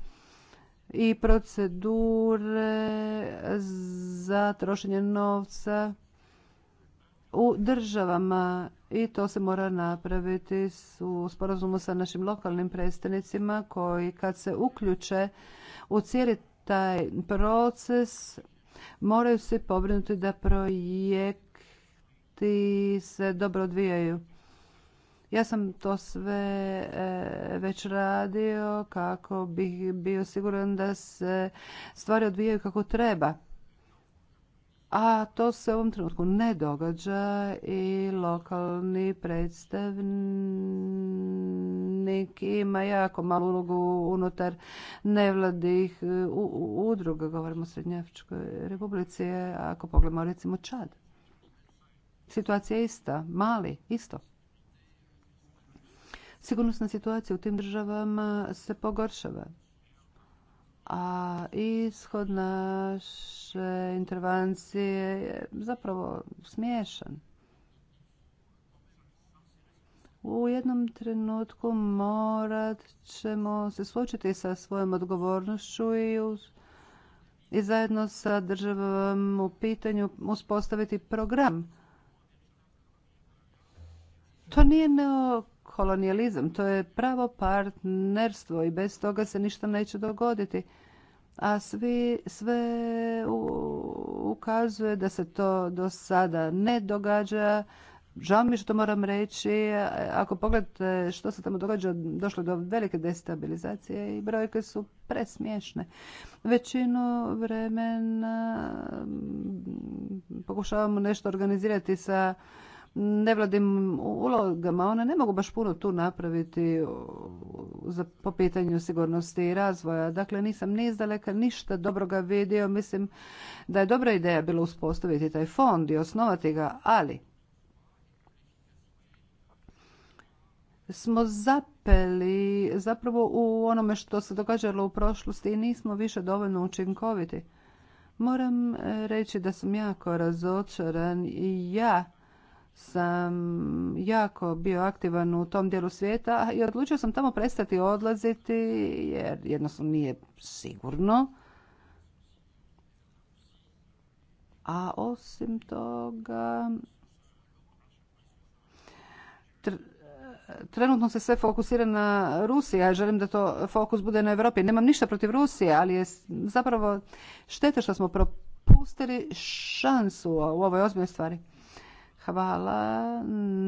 i procedure za trošenje novca u državama i to se mora napraviti u sporazumu sa našim lokalnim predstavnicima koji kad se uključe u cijeli taj proces moraju se pobrinuti da projekti se dobro odvijaju. Ja sam to sve e, već radio kako bih bio siguran da se stvari odvijaju kako treba a to se u ovom trenutku ne događa i lokalni predstavnik ima jako malu ulogu unutar nevladih udruga, govorimo o Srednjačkoj republici, ako pogledamo recimo Čad. Situacija je ista, mali, isto. Sigurnosna situacija u tim državama se pogoršava a ishod naše intervencije je zapravo smiješan. U jednom trenutku morat ćemo se suočiti sa svojom odgovornošću i, i zajedno sa državom u pitanju uspostaviti program. To nije neo kolonijalizam. To je pravo partnerstvo i bez toga se ništa neće dogoditi. A svi, sve ukazuje da se to do sada ne događa. Žao mi što moram reći, ako pogledate što se tamo događa, došlo do velike destabilizacije i brojke su presmiješne. Većinu vremena mm, pokušavamo nešto organizirati sa nevladim ulogama. One ne mogu baš puno tu napraviti uh, za, po pitanju sigurnosti i razvoja. Dakle, nisam ni izdaleka ništa dobroga vidio. Mislim da je dobra ideja bila uspostaviti taj fond i osnovati ga, ali smo zapeli zapravo u onome što se događalo u prošlosti i nismo više dovoljno učinkoviti. Moram eh, reći da sam jako razočaran i ja sam jako bio aktivan u tom dijelu svijeta i odlučio sam tamo prestati odlaziti jer jednostavno nije sigurno. A osim toga, trenutno se sve fokusira na Rusiju. Ja želim da to fokus bude na Europi. Nemam ništa protiv Rusije, ali je zapravo šteta što smo propustili šansu u ovoj ozbiljnoj stvari. Hvala.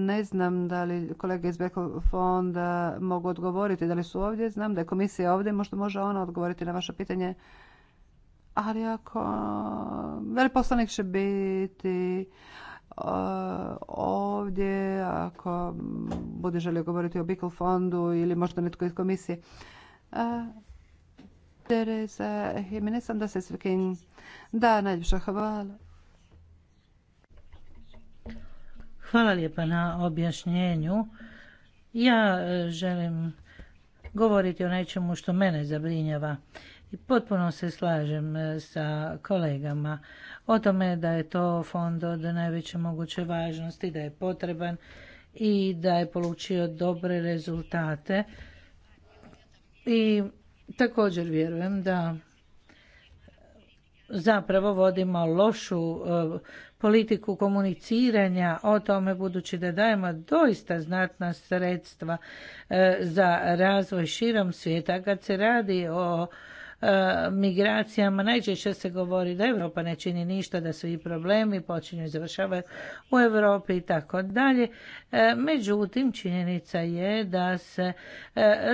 Ne znam da li kolege iz Beko fonda mogu odgovoriti, da li su ovdje. Znam da je komisija ovdje, možda može ona odgovoriti na vaše pitanje. Ali ako veliposlanik će biti e, ovdje, ako bude želio govoriti o Bikl fondu ili možda netko iz komisije. E, Teresa Jimenez, da se svekim. Da, najljepša hvala. Hvala lijepa na objašnjenju. Ja e, želim govoriti o nečemu što mene zabrinjava. I potpuno se slažem e, sa kolegama o tome da je to fond od najveće moguće važnosti, da je potreban i da je polučio dobre rezultate. I također vjerujem da zapravo vodimo lošu e, politiku komuniciranja o tome budući da dajemo doista znatna sredstva e, za razvoj širom svijeta kad se radi o E, migracijama najčešće se govori da Europa ne čini ništa, da svi problemi počinju i završavaju u Europi i tako dalje. E, međutim, činjenica je da se e,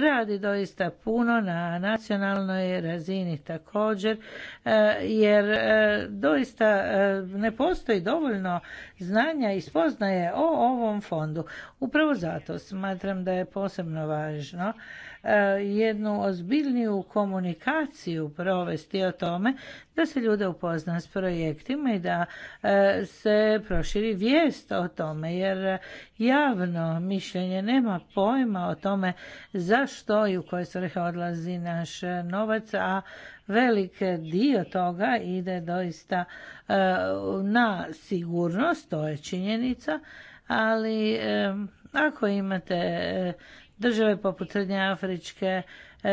radi doista puno na nacionalnoj razini također, jer doista ne postoji dovoljno znanja i spoznaje o ovom fondu. Upravo zato smatram da je posebno važno E, jednu ozbiljniju komunikaciju provesti o tome da se ljude upozna s projektima i da e, se proširi vijest o tome jer javno mišljenje nema pojma o tome zašto i u koje svrhe odlazi naš novac, a velik dio toga ide doista e, na sigurnost, to je činjenica, ali ako imate države poput Srednje Afričke e,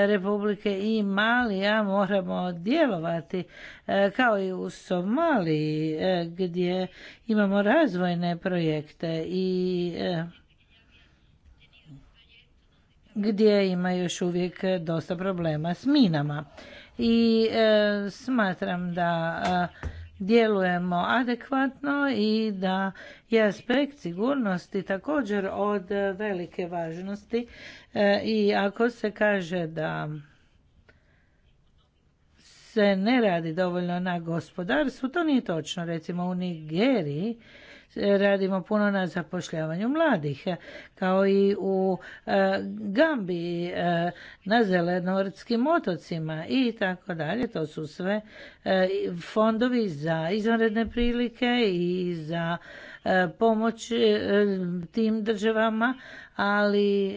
republike i Malija moramo djelovati e, kao i u Somaliji e, gdje imamo razvojne projekte i gdje ima još uvijek dosta problema s minama. I smatram da djelujemo adekvatno i da je aspekt sigurnosti također od velike važnosti e, i ako se kaže da se ne radi dovoljno na gospodarstvu, to nije točno. Recimo u Nigeriji radimo puno na zapošljavanju mladih, kao i u e, Gambiji, e, na Zelenorskim otocima i tako dalje. To su sve e, fondovi za izvanredne prilike i za pomoć tim državama, ali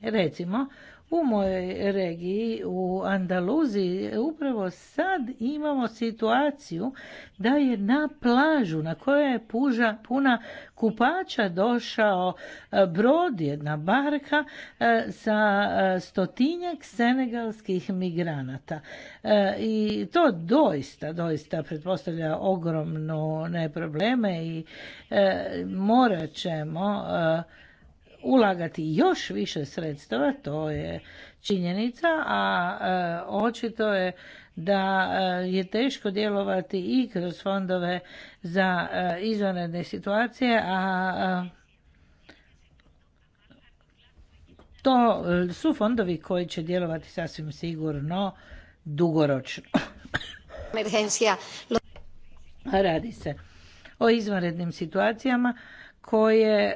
recimo u mojoj regiji, u Andaluziji, upravo sad imamo situaciju da je na plažu na kojoj je puža, puna kupača došao e, brod, jedna barka e, sa e, stotinjak senegalskih migranata. I to doista, doista pretpostavlja ogromno ne probleme i morat ćemo ulagati još više sredstava, to je činjenica, a e, očito je da e, je teško djelovati i kroz fondove za e, izvanredne situacije, a to su fondovi koji će djelovati sasvim sigurno dugoročno. [COUGHS] Radi se o izvanrednim situacijama koje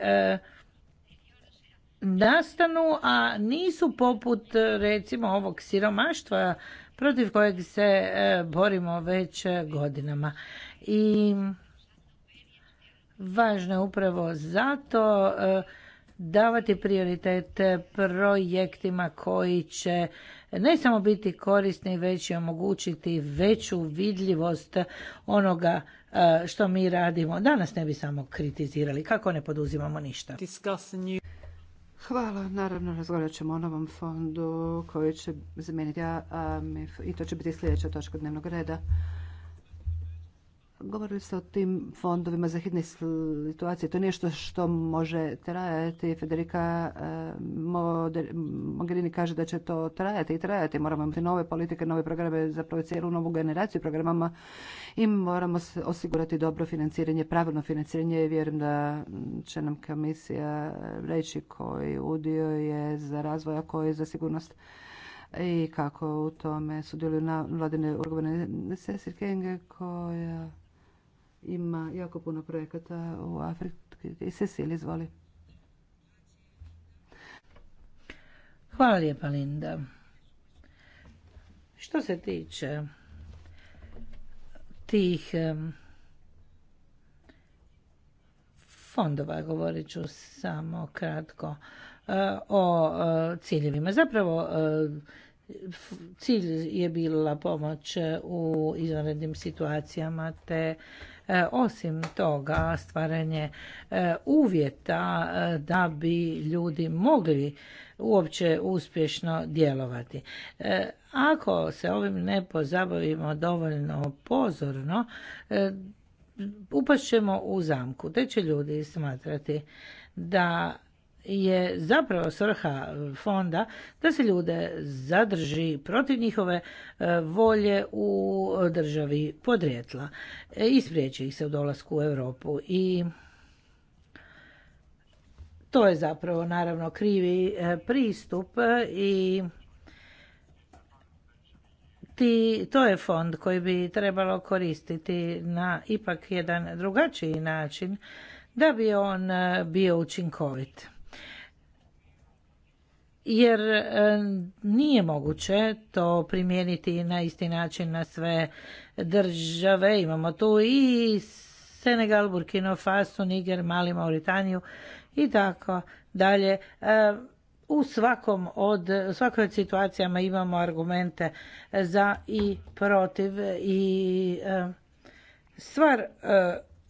nastanu, a nisu poput e, recimo ovog siromaštva protiv kojeg se e, borimo već e, godinama. I važno je upravo zato davati prioritet projektima koji će ne samo biti korisni, već i omogućiti veću vidljivost onoga što mi radimo. Danas ne bi samo kritizirali, kako ne poduzimamo ništa. Hvala. Naravno, razgovarat ćemo o novom fondu koji će zamijeniti AMIF i to će biti sljedeća točka dnevnog reda. Govorili ste o tim fondovima za hitne situacije. To je nešto što može trajati. Federica eh, Mogherini kaže da će to trajati i trajati. Moramo imati nove politike, nove programe, zapravo cijelu novu generaciju programama i moramo osigurati dobro financiranje, pravilno financiranje i vjerujem da će nam komisija reći koji udio je za razvoj, a koji je za sigurnost i kako u tome sudjeluju na vladine organizacije Kenge koja ima jako puno projekata u Africi. Cecil, izvoli. Hvala lijepa, Linda. Što se tiče tih fondova, govorit ću samo kratko e, o e, ciljevima. Zapravo, e, cilj je bila pomoć u izvanrednim situacijama te E, osim toga, stvaranje e, uvjeta e, da bi ljudi mogli uopće uspješno djelovati. Ako se ovim ne pozabavimo dovoljno pozorno, upašćemo u zamku, te će ljudi smatrati da je zapravo svrha e, fonda da se ljude zadrži protiv njihove e, volje u državi podrijetla e, i spriječi ih se u dolasku u Europu i to je zapravo naravno krivi pristup i ti, to je fond koji bi trebalo koristiti na ipak jedan drugačiji način da bi on bio učinkovit jer e, nije moguće to primijeniti na isti način na sve države. Imamo tu i Senegal, Burkino, Faso, Niger, Mali, Mauritaniju i tako dalje. E, u svakom od, svakoj situacijama imamo argumente za i protiv i e, stvar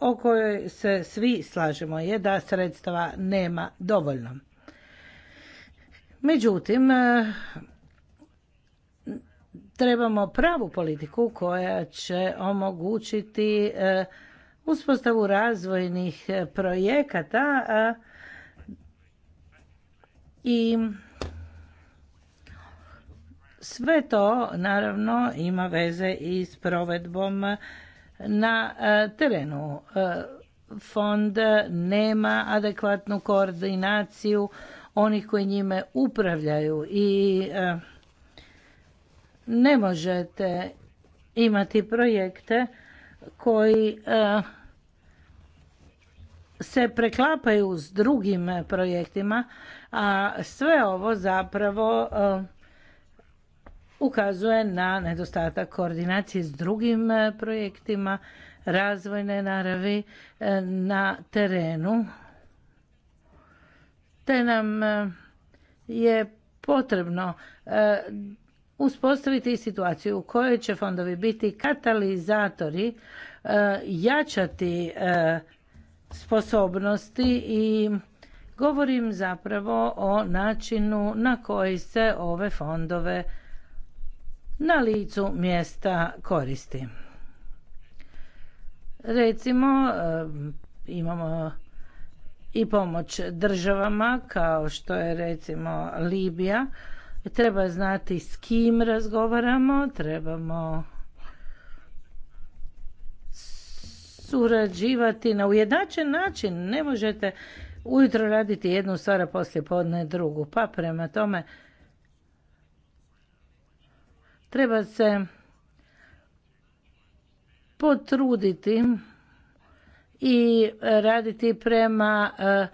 o kojoj se svi slažemo je da sredstava nema dovoljno. Međutim, e, trebamo pravu politiku koja će omogućiti e, uspostavu razvojnih e, projekata i sve to naravno ima veze i s provedbom na terenu. Fond nema adekvatnu koordinaciju onih koji njime upravljaju i e, ne možete imati projekte koji e, se preklapaju s drugim projektima, a sve ovo zapravo e, ukazuje na nedostatak koordinacije s drugim projektima razvojne naravi na terenu te nam e, je potrebno e, uspostaviti situaciju u kojoj će fondovi biti katalizatori, e, jačati sposobnosti i govorim zapravo o načinu na koji se ove fondove na licu mjesta koristi. Recimo, imamo i pomoć državama kao što je recimo Libija. Treba znati s kim razgovaramo, trebamo surađivati na ujednačen način. Ne možete ujutro raditi jednu stvar, a poslije podne drugu. Pa prema tome treba se potruditi i e, raditi prema e,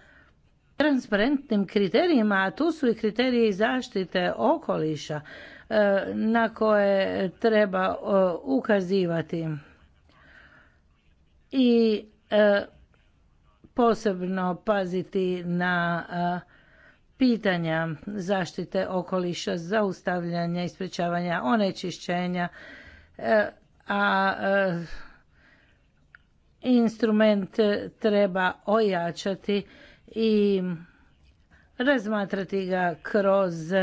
transparentnim kriterijima, a tu su i kriteriji zaštite okoliša e, na koje treba ukazivati. I posebno paziti na pitanja zaštite okoliša, zaustavljanja i onečišćenja, a instrument treba ojačati i razmatrati ga kroz e,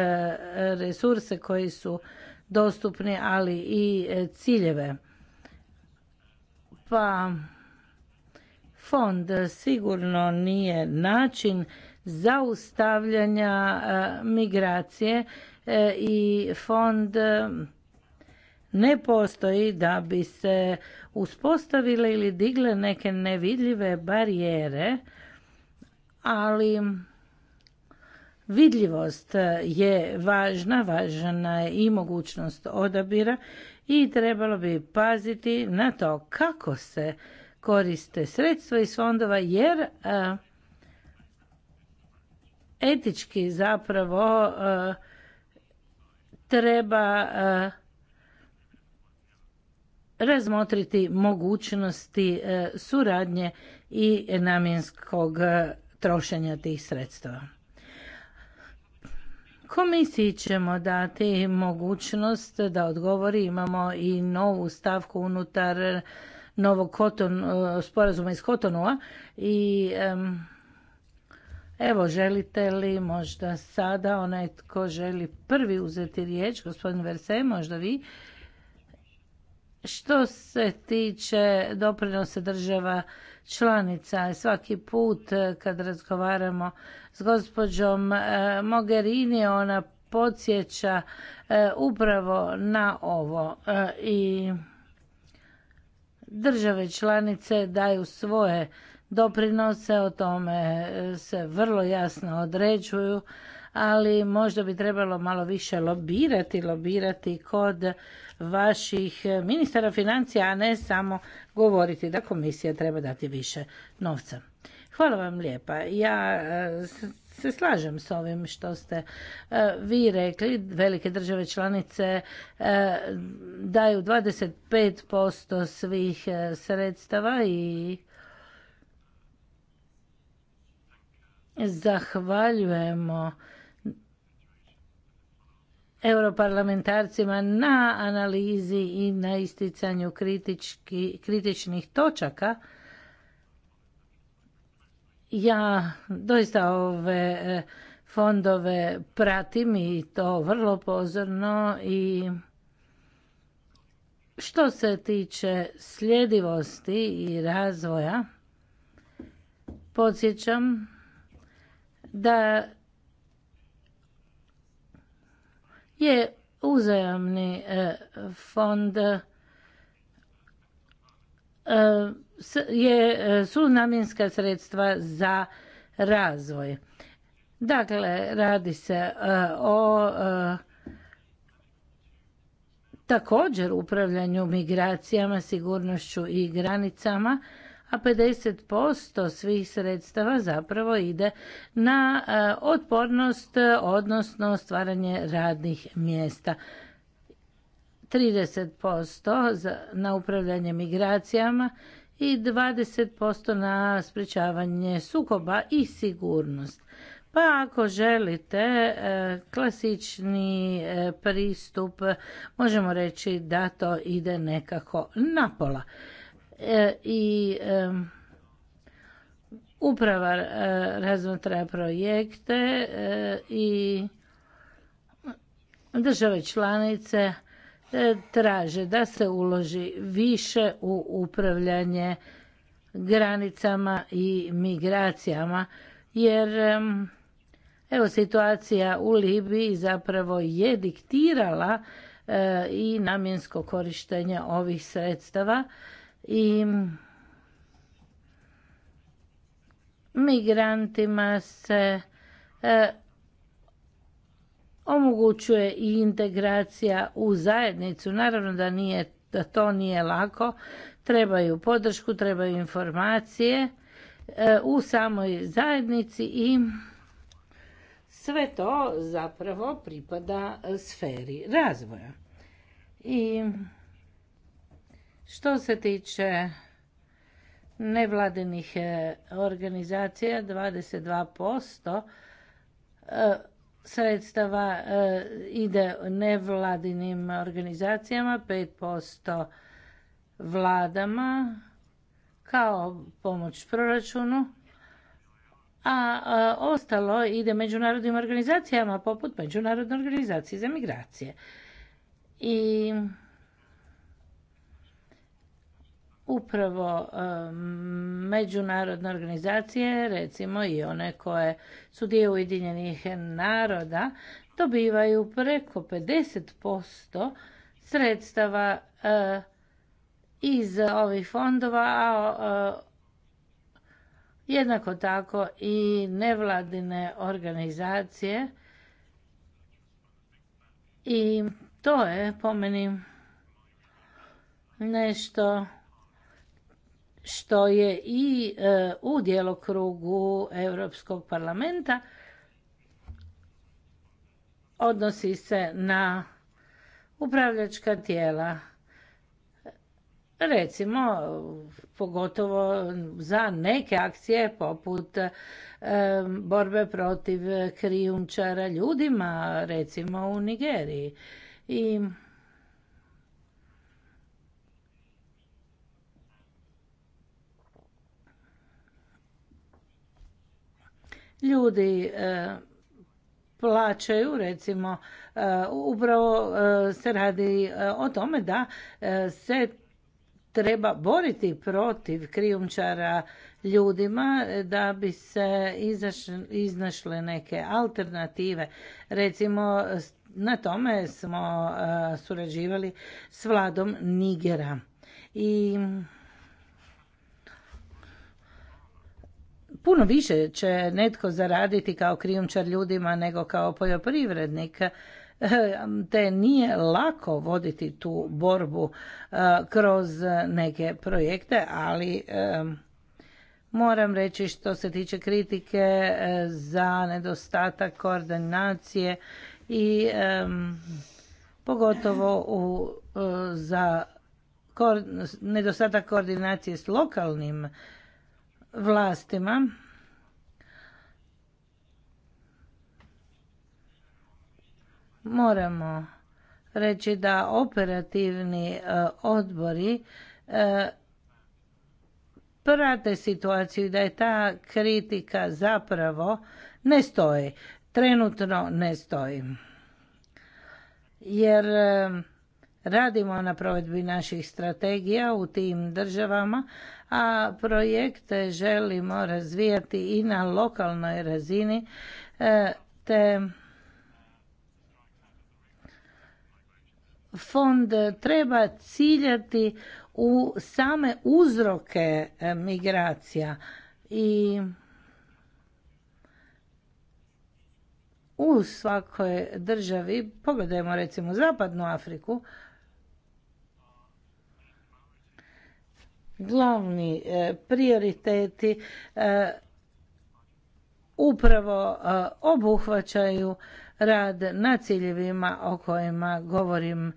resurse koji su dostupni, ali i e, ciljeve. Pa fond sigurno nije način zaustavljanja e, migracije i fond ne postoji da bi se uspostavile ili digle neke nevidljive barijere, ali vidljivost je važna, važna je i mogućnost odabira i trebalo bi paziti na to kako se koriste sredstva iz fondova jer e, etički zapravo e, treba e, razmotriti mogućnosti e, suradnje i namjenskog e, trošenja tih sredstava. Komisiji ćemo dati mogućnost da odgovori. Imamo i novu stavku unutar novog koton, e, sporazuma iz Kotonua i evo želite li možda sada onaj tko želi prvi uzeti riječ, gospodin Verse, možda vi, što se tiče doprinose država članica, svaki put kad razgovaramo s gospođom e, Mogherini, ona podsjeća e, upravo na ovo e, i države članice daju svoje doprinose, o tome se vrlo jasno određuju ali možda bi trebalo malo više lobirati, lobirati kod vaših ministara financija, a ne samo govoriti da komisija treba dati više novca. Hvala vam lijepa. Ja eh, se slažem s ovim što ste eh, vi rekli. Velike države članice eh, daju 25% svih sredstava i zahvaljujemo europarlamentarcima na analizi i na isticanju kritički, kritičnih točaka. Ja doista ove e, fondove pratim i to vrlo pozorno i što se tiče sljedivosti i razvoja, podsjećam da je uzajamni e, fond e, je, e, su namjenska sredstva za razvoj. Dakle, radi se o također upravljanju migracijama, sigurnošću i granicama, a 50% svih sredstava zapravo ide na e, otpornost, odnosno stvaranje radnih mjesta. 30% na upravljanje migracijama i 20% na sprječavanje sukoba i sigurnost. Pa ako želite e, klasični e, pristup, možemo reći da to ide nekako napola. E, i uprava e, razmatra projekte e, i države članice traže da se uloži više u upravljanje granicama i migracijama jer evo situacija u Libiji zapravo je diktirala i namjensko korištenje ovih sredstava i migrantima se e, omogućuje i integracija u zajednicu. Naravno da nije da to nije lako, trebaju podršku, trebaju informacije e, u samoj zajednici i sve to zapravo pripada sferi razvoja. I što se tiče nevladinih e, organizacija, 22% e, sredstava e, ide nevladinim organizacijama, 5% vladama kao pomoć proračunu, a ostalo ide međunarodnim organizacijama poput Međunarodne organizacije za migracije. I upravo međunarodne organizacije, recimo i one koje su dio Ujedinjenih naroda, dobivaju preko 50% sredstava eh, iz ovih fondova, a eh, jednako tako i nevladine organizacije. I to je po meni nešto što je i e, u djelokrugu Europskog parlamenta odnosi se na upravljačka tijela. Recimo, pogotovo za neke akcije poput e, borbe protiv krijumčara ljudima, recimo u Nigeriji. I ljudi e, plaćaju, recimo, e, upravo e, se radi o tome da se treba boriti protiv krijumčara ljudima da bi se iznašle neke alternative. Recimo, na tome smo surađivali s vladom Nigera. I puno više će netko zaraditi kao krijumčar ljudima nego kao poljoprivrednik eh, te nije lako voditi tu borbu eh, kroz neke projekte, ali eh, moram reći što se tiče kritike za nedostatak koordinacije i pogotovo za nedostatak koordinacije s lokalnim vlastima. Moramo reći da operativni e, odbori e, prate situaciju da je ta kritika zapravo ne stoji. Trenutno ne stoji. Jer e, radimo na provedbi naših strategija u tim državama, a projekte želimo razvijati i na lokalnoj razini e, te fond treba ciljati u same uzroke e, migracija i u svakoj državi, pogledajmo recimo zapadnu Afriku, glavni e, prioriteti e, upravo e, obuhvaćaju rad na ciljevima o kojima govorim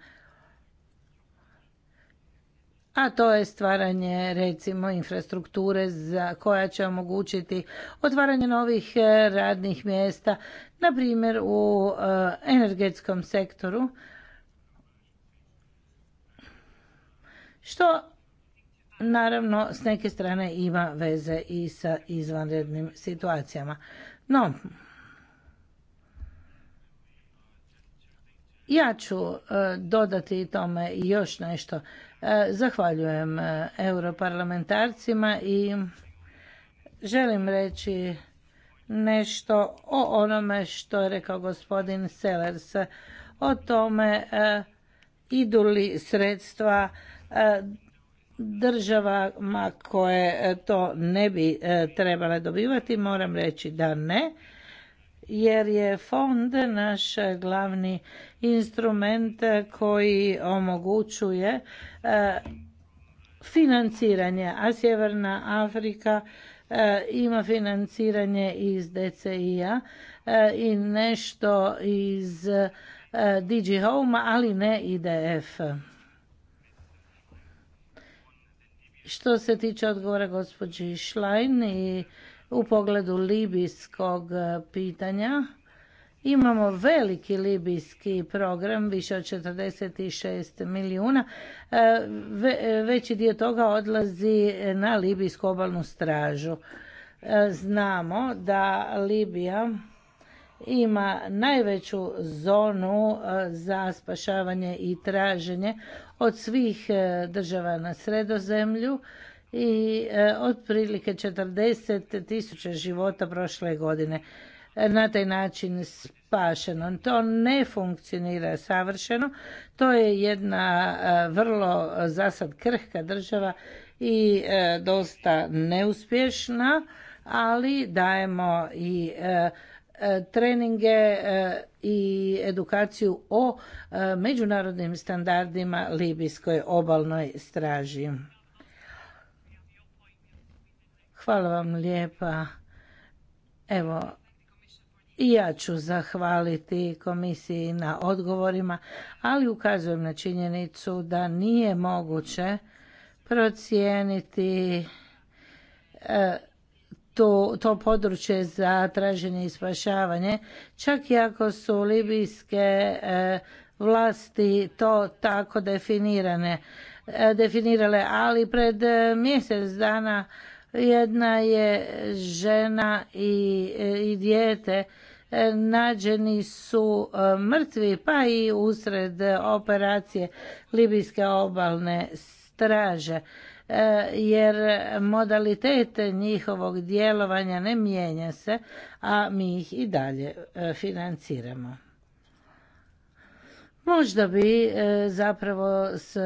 a to je stvaranje recimo infrastrukture za koja će omogućiti otvaranje novih radnih mjesta na primjer u energetskom sektoru što naravno s neke strane ima veze i sa izvanrednim situacijama. No, ja ću e, dodati tome još nešto. E, zahvaljujem e, europarlamentarcima i želim reći nešto o onome što je rekao gospodin Sellers o tome idu li sredstva državama koje e, to ne bi e, trebale dobivati, moram reći da ne, jer je fond naš glavni instrument koji omogućuje e, financiranje, a Sjeverna Afrika ima financiranje iz DCI-a i nešto iz DG Home, ali ne IDF. Što se tiče odgovora gospođi Šlajn i u pogledu libijskog e, pitanja, Imamo veliki libijski program, više od 46 milijuna. E, veći dio toga odlazi na libijsku obalnu stražu. E, znamo da Libija ima najveću zonu e, za spašavanje i traženje od svih e, država na sredozemlju i e, otprilike 40 tisuća života prošle godine na taj način spašeno. To ne funkcionira savršeno, to je jedna vrlo zasad krhka država i dosta neuspješna, ali dajemo i E, treninge e, i edukaciju o e, međunarodnim standardima Libijskoj obalnoj straži. Hvala vam lijepa. Evo, i ja ću zahvaliti komisiji na odgovorima, ali ukazujem na činjenicu da nije moguće procijeniti to, to područje za traženje i spašavanje, čak i ako su libijske e, vlasti to tako definirane, e, definirale, ali pred e, mjesec dana jedna je žena i, i dijete nađeni su mrtvi pa i usred operacije libijske obalne straže E, jer modalitet njihovog djelovanja ne mijenja se, a mi ih i dalje e, financiramo. Možda bi e, zapravo s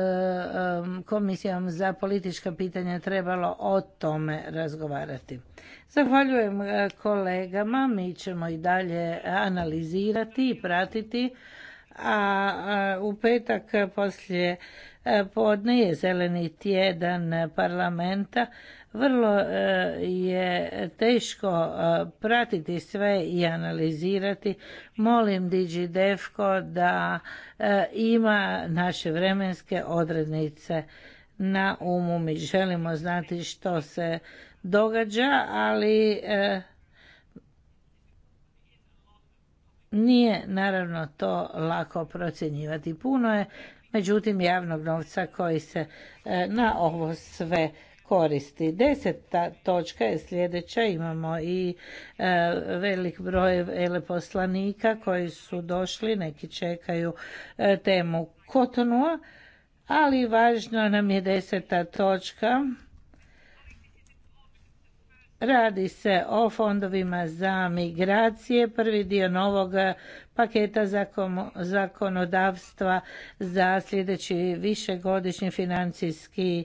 Komisijom za politička pitanja trebalo o tome razgovarati. Zahvaljujem kolegama, mi ćemo i dalje analizirati i pratiti, a u petak poslije E, podne je zeleni tjedan parlamenta. Vrlo e, je teško e, pratiti sve i analizirati. Molim Digi Defko da ima naše vremenske odrednice na umu. Mi želimo znati što se događa, ali nije naravno to lako procjenjivati. Puno je međutim javnog novca koji se e, na ovo sve koristi. Deseta točka je sljedeća, imamo i e, velik broj veleposlanika koji su došli, neki čekaju e, temu Kotonua, ali važno nam je deseta točka. Radi se o fondovima za migracije. Prvi dio novog paketa zakonodavstva za sljedeći višegodišnji financijski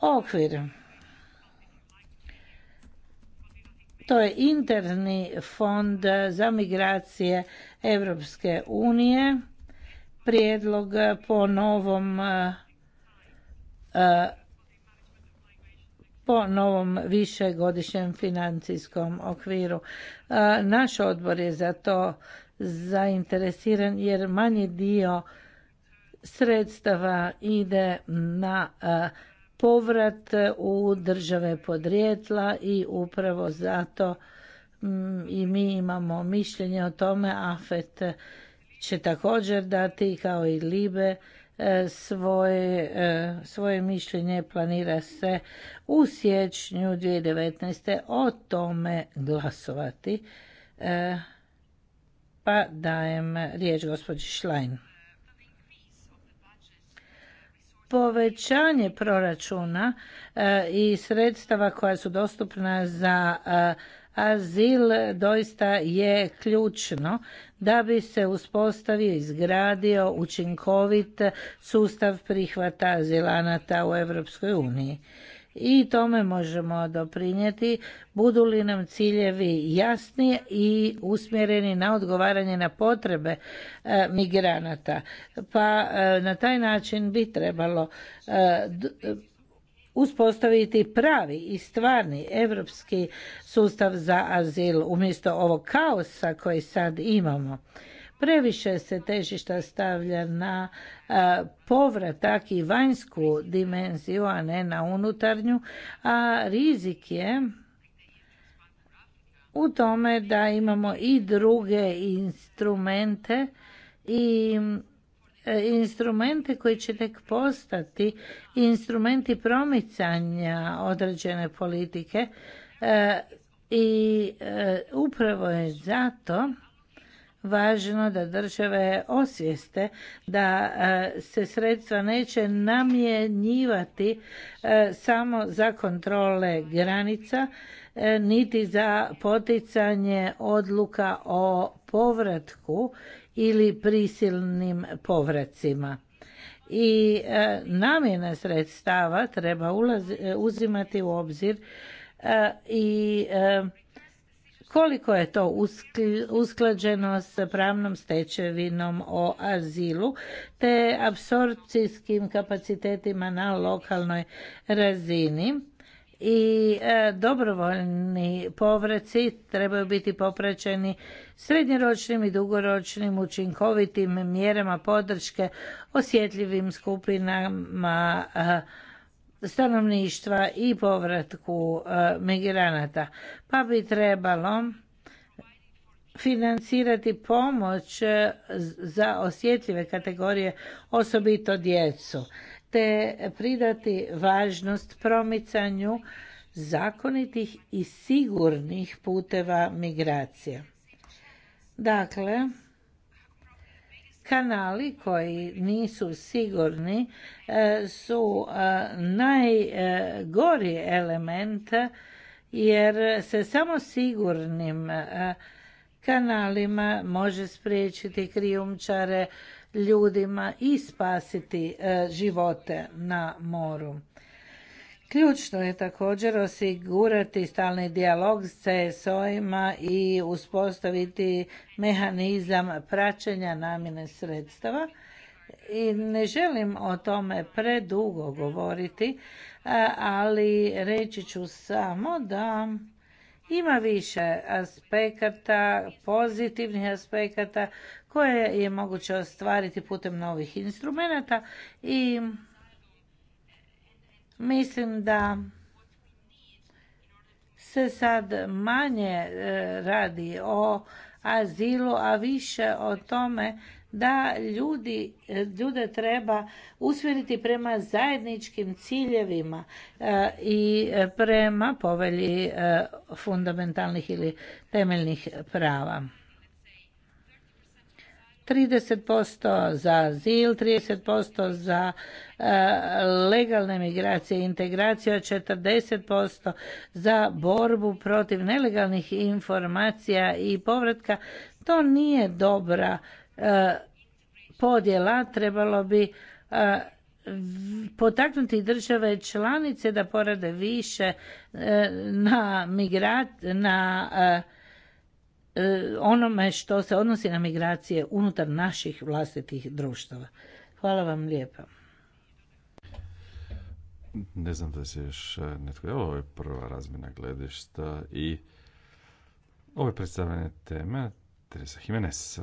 okvir. To je interni fond za migracije Europske unije. Prijedlog po novom eh, po novom višegodišnjem financijskom okviru. Eh, naš odbor je za to zainteresiran jer manji dio sredstava ide na e, povrat u države podrijetla i upravo zato mm, i mi imamo mišljenje o tome AFET će također dati kao i LIBE e, svoje, e, svoje mišljenje planira se u siječnju 2019. o tome glasovati pa dajem riječ gospođi Šlajn. Povećanje proračuna e, i sredstava koja su dostupna za e, azil doista je ključno da bi se uspostavio i izgradio učinkovit sustav prihvata azilanata u Europskoj uniji i tome možemo doprinijeti budu li nam ciljevi jasni i usmjereni na odgovaranje na potrebe e, migranata. Pa e, na taj način bi trebalo e, uspostaviti pravi i stvarni europski sustav za azil umjesto ovog kaosa koji sad imamo. Previše se težišta stavlja na povratak i vanjsku dimenziju, a ne na unutarnju, a rizik je u tome da imamo i druge instrumente i e, instrumente koji će tek postati instrumenti promicanja određene politike e, i e, upravo je zato važno da države osvijeste da e, se sredstva neće namjenjivati e, samo za kontrole granica e, niti za poticanje odluka o povratku ili prisilnim povracima i namjena sredstava treba uzimati u obzir i koliko je to usklađeno s pravnom stečevinom o azilu te apsorpcijskim kapacitetima na lokalnoj razini i e, dobrovoljni povraci trebaju biti popraćeni srednjoročnim i dugoročnim učinkovitim mjerama podrške osjetljivim skupinama e, stanovništva i povratku e, migranata. Pa bi trebalo financirati pomoć e, za osjetljive kategorije, osobito djecu, te pridati važnost promicanju zakonitih i sigurnih puteva migracije. Dakle, kanali koji nisu sigurni e, su e, najgori element jer se samo sigurnim e, kanalima može spriječiti krijumčare ljudima i spasiti živote na moru. Ključno je također osigurati stalni dijalog s CSO-ima i uspostaviti mehanizam praćenja namjene sredstava. I ne želim o tome predugo govoriti, ali reći ću samo da ima više aspekata, pozitivnih aspekata koje je moguće ostvariti putem novih instrumenata i Mislim da se sad manje e, radi o azilu, a više o tome da ljudi, e, ljude treba usmjeriti prema zajedničkim ciljevima e, i prema povelji fundamentalnih ili temeljnih prava. 30% za azil, 30% za e, legalne migracije i integracija, 40% za borbu protiv nelegalnih informacija i povratka. To nije dobra e, podjela, trebalo bi e, potaknuti države članice da porade više na migrat, na E, onome što se odnosi na migracije unutar naših vlastitih društava. Hvala vam lijepa. Ne znam da se još e, netko... Evo je prva razmjena gledišta i je predstavljanje teme Teresa Jimenez.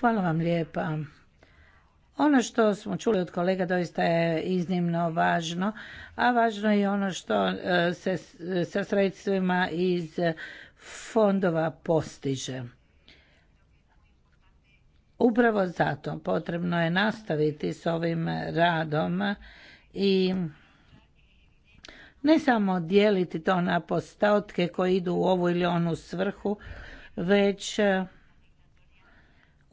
Hvala vam lijepa. Ono što smo čuli od kolega doista je iznimno važno, a važno je ono što e, se sa sredstvima iz fondova postiže. Upravo zato potrebno je nastaviti s ovim radom i ne samo dijeliti to na postotke koji idu u ovu ili onu svrhu, već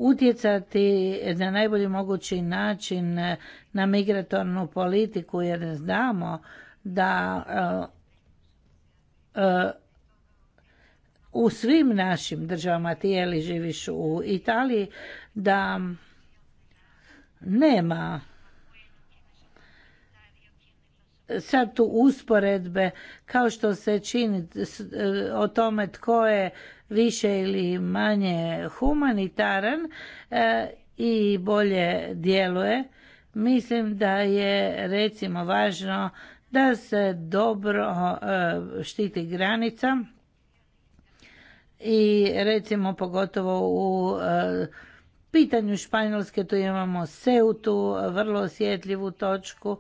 utjecati na najbolji mogući način na migratornu politiku jer znamo da e, e, u svim našim državama ti je živiš u Italiji da nema sad tu usporedbe kao što se čini e, o tome tko je više ili manje humanitaran e, i bolje djeluje mislim da je recimo važno da se dobro e, štiti granica i recimo pogotovo u pitanju Španjolske tu imamo Seutu, vrlo osjetljivu točku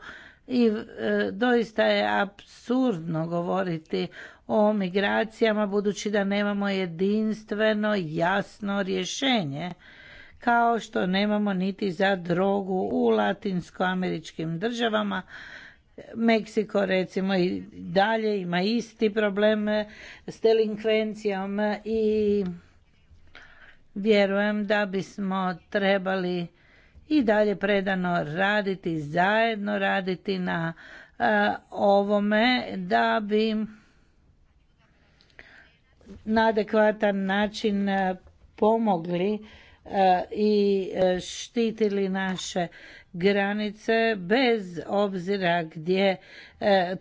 i e, doista je absurdno govoriti o migracijama budući da nemamo jedinstveno jasno rješenje kao što nemamo niti za drogu u latinskoameričkim državama Meksiko recimo i dalje ima isti problem s delinkvencijom i vjerujem da bismo trebali i dalje predano raditi, zajedno raditi na e, ovome da bi na adekvatan način e, pomogli e, i štitili naše granice bez obzira gdje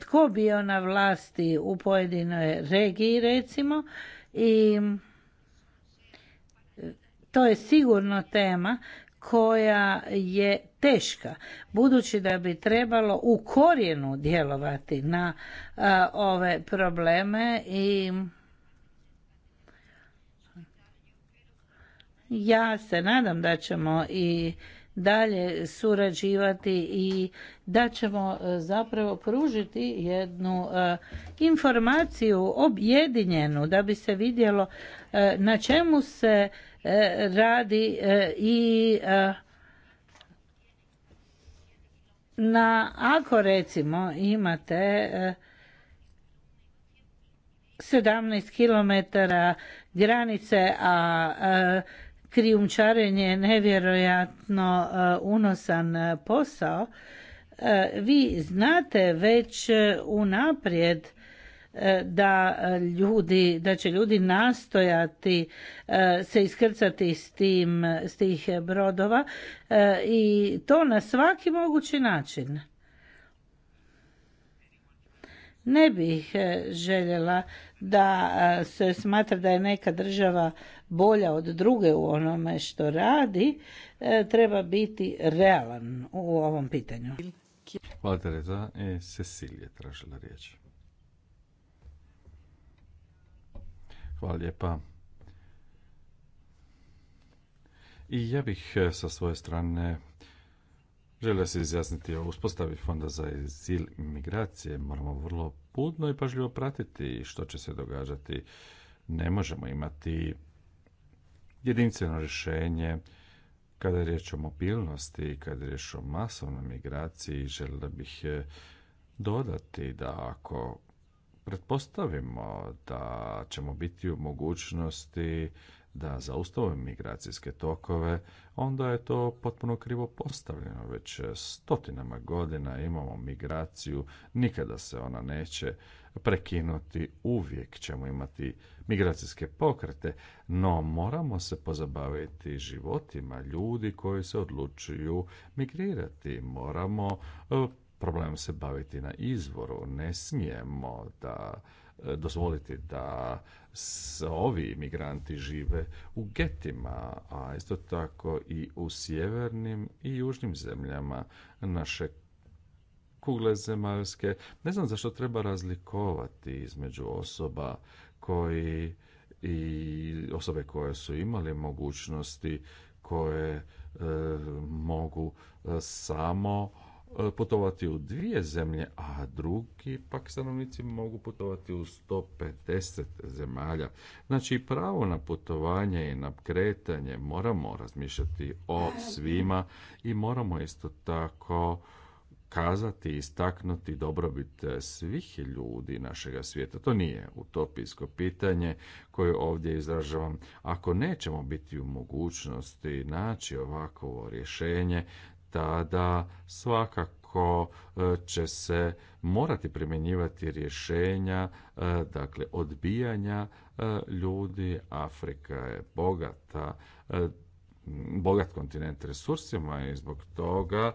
tko bio na vlasti u pojedinoj regiji recimo i to je sigurno tema koja je teška budući da bi trebalo u korijenu djelovati na ove probleme i ja se nadam da ćemo i dalje surađivati i da ćemo e, zapravo pružiti jednu e, informaciju objedinjenu da bi se vidjelo e, na čemu se radi i na ako recimo imate 17 km granice, a krijumčarenje je nevjerojatno e, unosan e, posao. E, vi znate već unaprijed da ljudi, da će ljudi nastojati se iskrcati s tim, s tih brodova i to na svaki mogući način. Ne bih željela da se smatra da je neka država bolja od druge u onome što radi, e, treba biti realan u ovom pitanju. Hvala Tereza. E, Cecilija tražila riječ. Hvala lijepa. I ja bih e, sa svoje strane želio se izjasniti o uspostavi Fonda za izil migracije. Moramo vrlo budno i pažljivo pratiti što će se događati. Ne možemo imati jedinstveno rješenje kada je riječ o mobilnosti, kada je riječ o masovnoj migraciji, želio bih eh, dodati da ako pretpostavimo da ćemo biti u mogućnosti da zaustavimo migracijske tokove, onda je to potpuno krivo postavljeno. Već eh, stotinama godina imamo migraciju, nikada se ona neće prekinuti. Uvijek ćemo imati migracijske pokrete, no moramo se pozabaviti životima ljudi koji se odlučuju migrirati. Moramo e, problem se baviti na izvoru. Ne smijemo da e, dozvoliti da ovi migranti žive u getima, a isto tako i u sjevernim i južnim zemljama naše kugle zemaljske. Ne znam zašto treba razlikovati između osoba koji i osobe koje su imale mogućnosti koje e, mogu e, samo e, putovati u dvije zemlje, a drugi pak stanovnici mogu putovati u 150 zemalja. Znači pravo na putovanje i na kretanje moramo razmišljati o svima i moramo isto tako kazati, i istaknuti dobrobit e, svih ljudi našega svijeta. To nije utopijsko pitanje koje ovdje izražavam. Ako nećemo biti u mogućnosti naći ovakvo rješenje, tada svakako e, će se morati primjenjivati rješenja, e, dakle odbijanja ljudi. Afrika je bogata, bogat kontinent resursima i zbog toga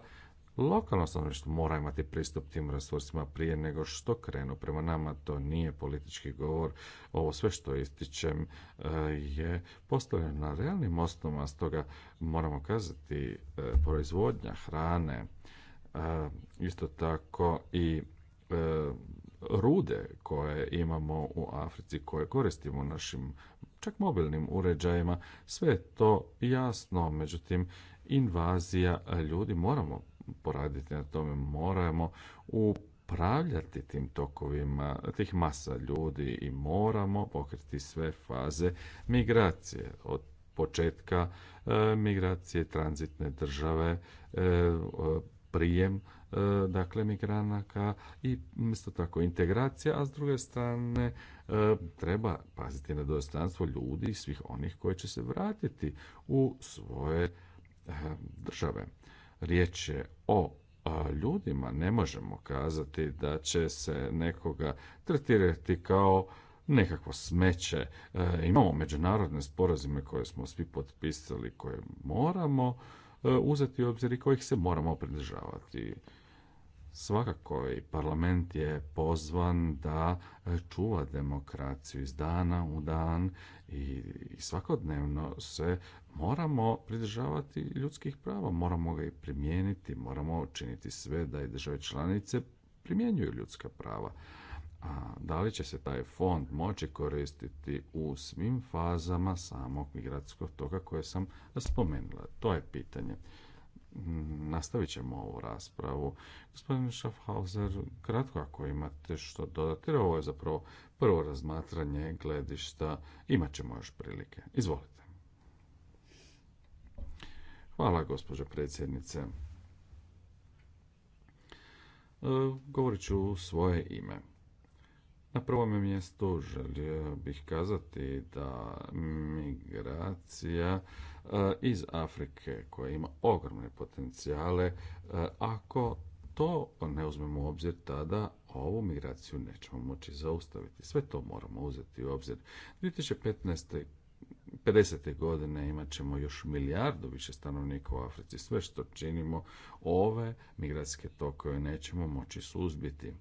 Lokalno stanovništvo mora imati pristup tim resursima prije nego što krenu prema nama. To nije politički govor. Ovo sve što ističem e, je postavljeno na realnim osnovama, stoga moramo kazati e, proizvodnja hrane, e, isto tako i rude koje imamo u Africi, koje koristimo u našim čak mobilnim uređajima, sve je to jasno, međutim invazija ljudi moramo poraditi na tome, moramo upravljati tim tokovima tih masa ljudi i moramo pokriti sve faze migracije od početka e, migracije tranzitne države, e, prijem e, dakle migranaka i isto tako integracija, a s druge strane treba paziti na dostojanstvo ljudi i svih onih koji će se vratiti u svoje države riječ je o ljudima, ne možemo kazati da će se nekoga tretirati kao nekakvo smeće. E, imamo međunarodne sporazume koje smo svi potpisali, koje moramo e, uzeti u obzir i kojih se moramo pridržavati. Svakako i parlament je pozvan da e, čuva demokraciju iz dana u dan i svakodnevno se moramo pridržavati ljudskih prava, moramo ga i primijeniti, moramo učiniti sve da i države članice primjenjuju ljudska prava. A da li će se taj fond moći koristiti u svim fazama samog migracijskog toga koje sam spomenula? To je pitanje. Mm, nastavit ćemo ovu raspravu. Gospodine Schaffhauser, kratko ako imate što dodati, ovo je zapravo prvo razmatranje gledišta, imat ćemo još prilike. Izvolite. Hvala, gospođo predsjednice. E, govorit ću svoje ime. Na prvom mjestu želio bih kazati da migracija e, iz Afrike koja ima ogromne potencijale, e, ako to ne uzmemo u obzir tada ovu migraciju nećemo moći zaustaviti. Sve to moramo uzeti u obzir. 2015. 50. godine imat ćemo još milijardu više stanovnika u Africi. Sve što činimo, ove migracijske tokove nećemo moći suzbiti.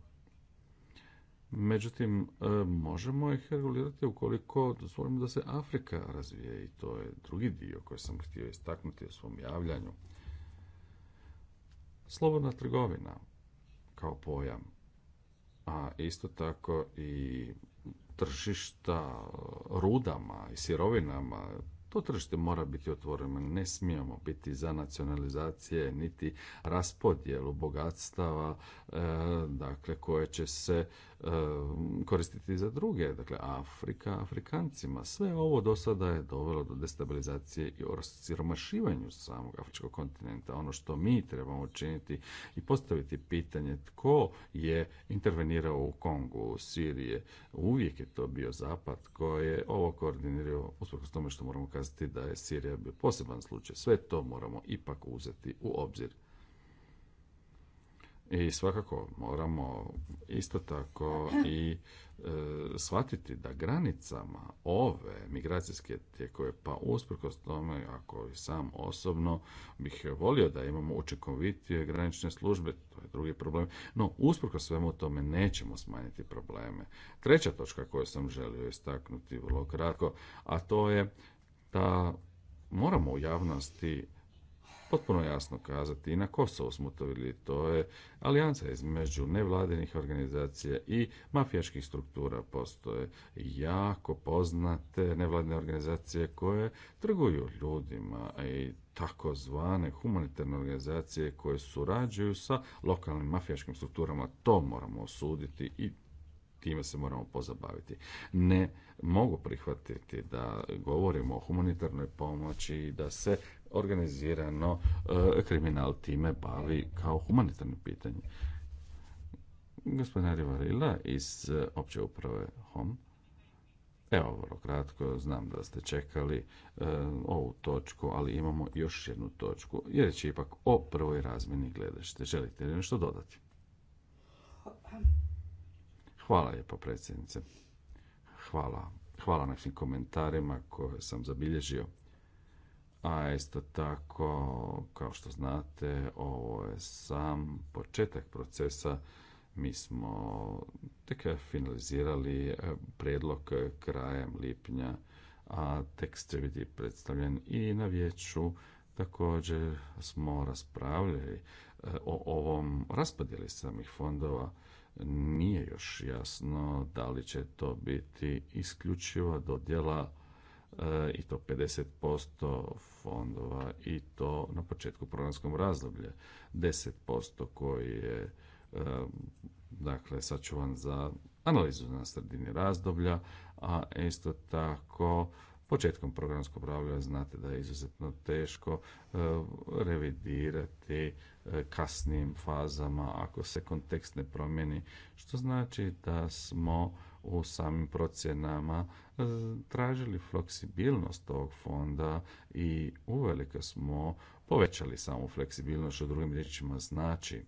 Međutim, e, možemo ih regulirati ukoliko dozvolimo da se Afrika razvije i to je drugi dio koji sam htio istaknuti u svom javljanju. Slobodna trgovina kao pojam, a isto tako i tržišta rudama i sirovinama, to tržište mora biti otvoreno. Ne smijemo biti za nacionalizacije niti raspodjelu bogatstava e, dakle, koje će se koristiti za druge, dakle Afrika, Afrikancima. Sve ovo do sada je dovelo do destabilizacije i osiromašivanju samog afričkog kontinenta. Ono što mi trebamo učiniti i postaviti pitanje tko je intervenirao u Kongu, u Sirije, uvijek je to bio zapad koji je ovo koordinirao usprkos tome što moramo kazati da je Sirija bio poseban slučaj. Sve to moramo ipak uzeti u obzir. I svakako moramo isto tako i e, shvatiti da granicama ove migracijske tijekove, pa usprkos tome, ako i sam osobno bih volio da imamo učinkovitije granične službe, to je drugi problem, no usprkos svemu tome nećemo smanjiti probleme. Treća točka koju sam želio istaknuti vrlo kratko, a to je da moramo u javnosti potpuno jasno kazati i na Kosovo smo to vidjeli, to je alijansa između nevladinih organizacija i mafijaških struktura postoje jako poznate nevladine organizacije koje trguju ljudima i takozvane humanitarne organizacije koje surađuju sa lokalnim mafijaškim strukturama, to moramo osuditi i time se moramo pozabaviti. Ne mogu prihvatiti da govorimo o humanitarnoj pomoći i da se organizirano e, kriminal time bavi kao humanitarno pitanje. Gospodin Rivarila iz e, opće uprave HOM. Evo, vrlo kratko, znam da ste čekali e, ovu točku, ali imamo još jednu točku, jer će ipak o prvoj razmjeni gledešte. Želite li nešto dodati? Hvala lijepo, predsjednice. Hvala. Hvala na svim komentarima koje sam zabilježio a isto tako, kao što znate, ovo je sam početak procesa. Mi smo tek finalizirali e, predlog krajem lipnja, a tekst će biti predstavljen i na vijeću. Također smo raspravljali e, o ovom raspodjeli samih fondova. Nije još jasno da li će to biti isključiva dodjela E, i to 50% fondova i to na početku programskog razdoblja. 10% koji je e, dakle sačuvan za analizu na sredini razdoblja, a isto tako početkom programskog razdoblja znate da je izuzetno teško e, revidirati kasnijim fazama ako se kontekst ne promijeni, što znači da smo u samim procjenama e, tražili fleksibilnost tog fonda i uvelike smo povećali samu fleksibilnost, što drugim riječima znači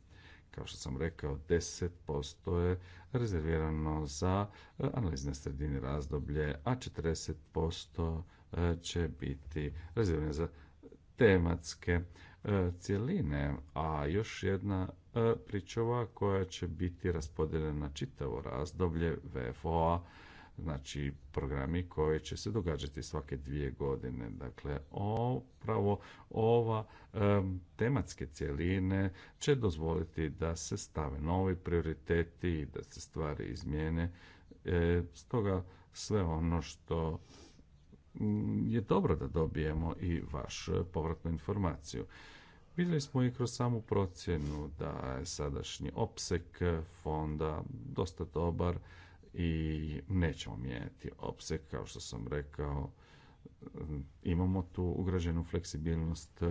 kao što sam rekao, 10% je rezervirano za e, analizne sredine razdoblje, a 40% e, će biti rezervirano za tematske E, cjeline, a još jedna e, pričova koja će biti raspodeljena na čitavo razdoblje VFO-a, znači programi koji će se događati svake dvije godine. Dakle, upravo ova e, tematske cjeline će dozvoliti da se stave novi prioriteti i da se stvari izmijene. stoga sve ono što mm, je dobro da dobijemo i vaš povratnu informaciju. Vidjeli smo i kroz samu procjenu da je sadašnji opsek fonda dosta dobar i nećemo mijenjati opseg kao što sam rekao. Imamo tu ugrađenu fleksibilnost,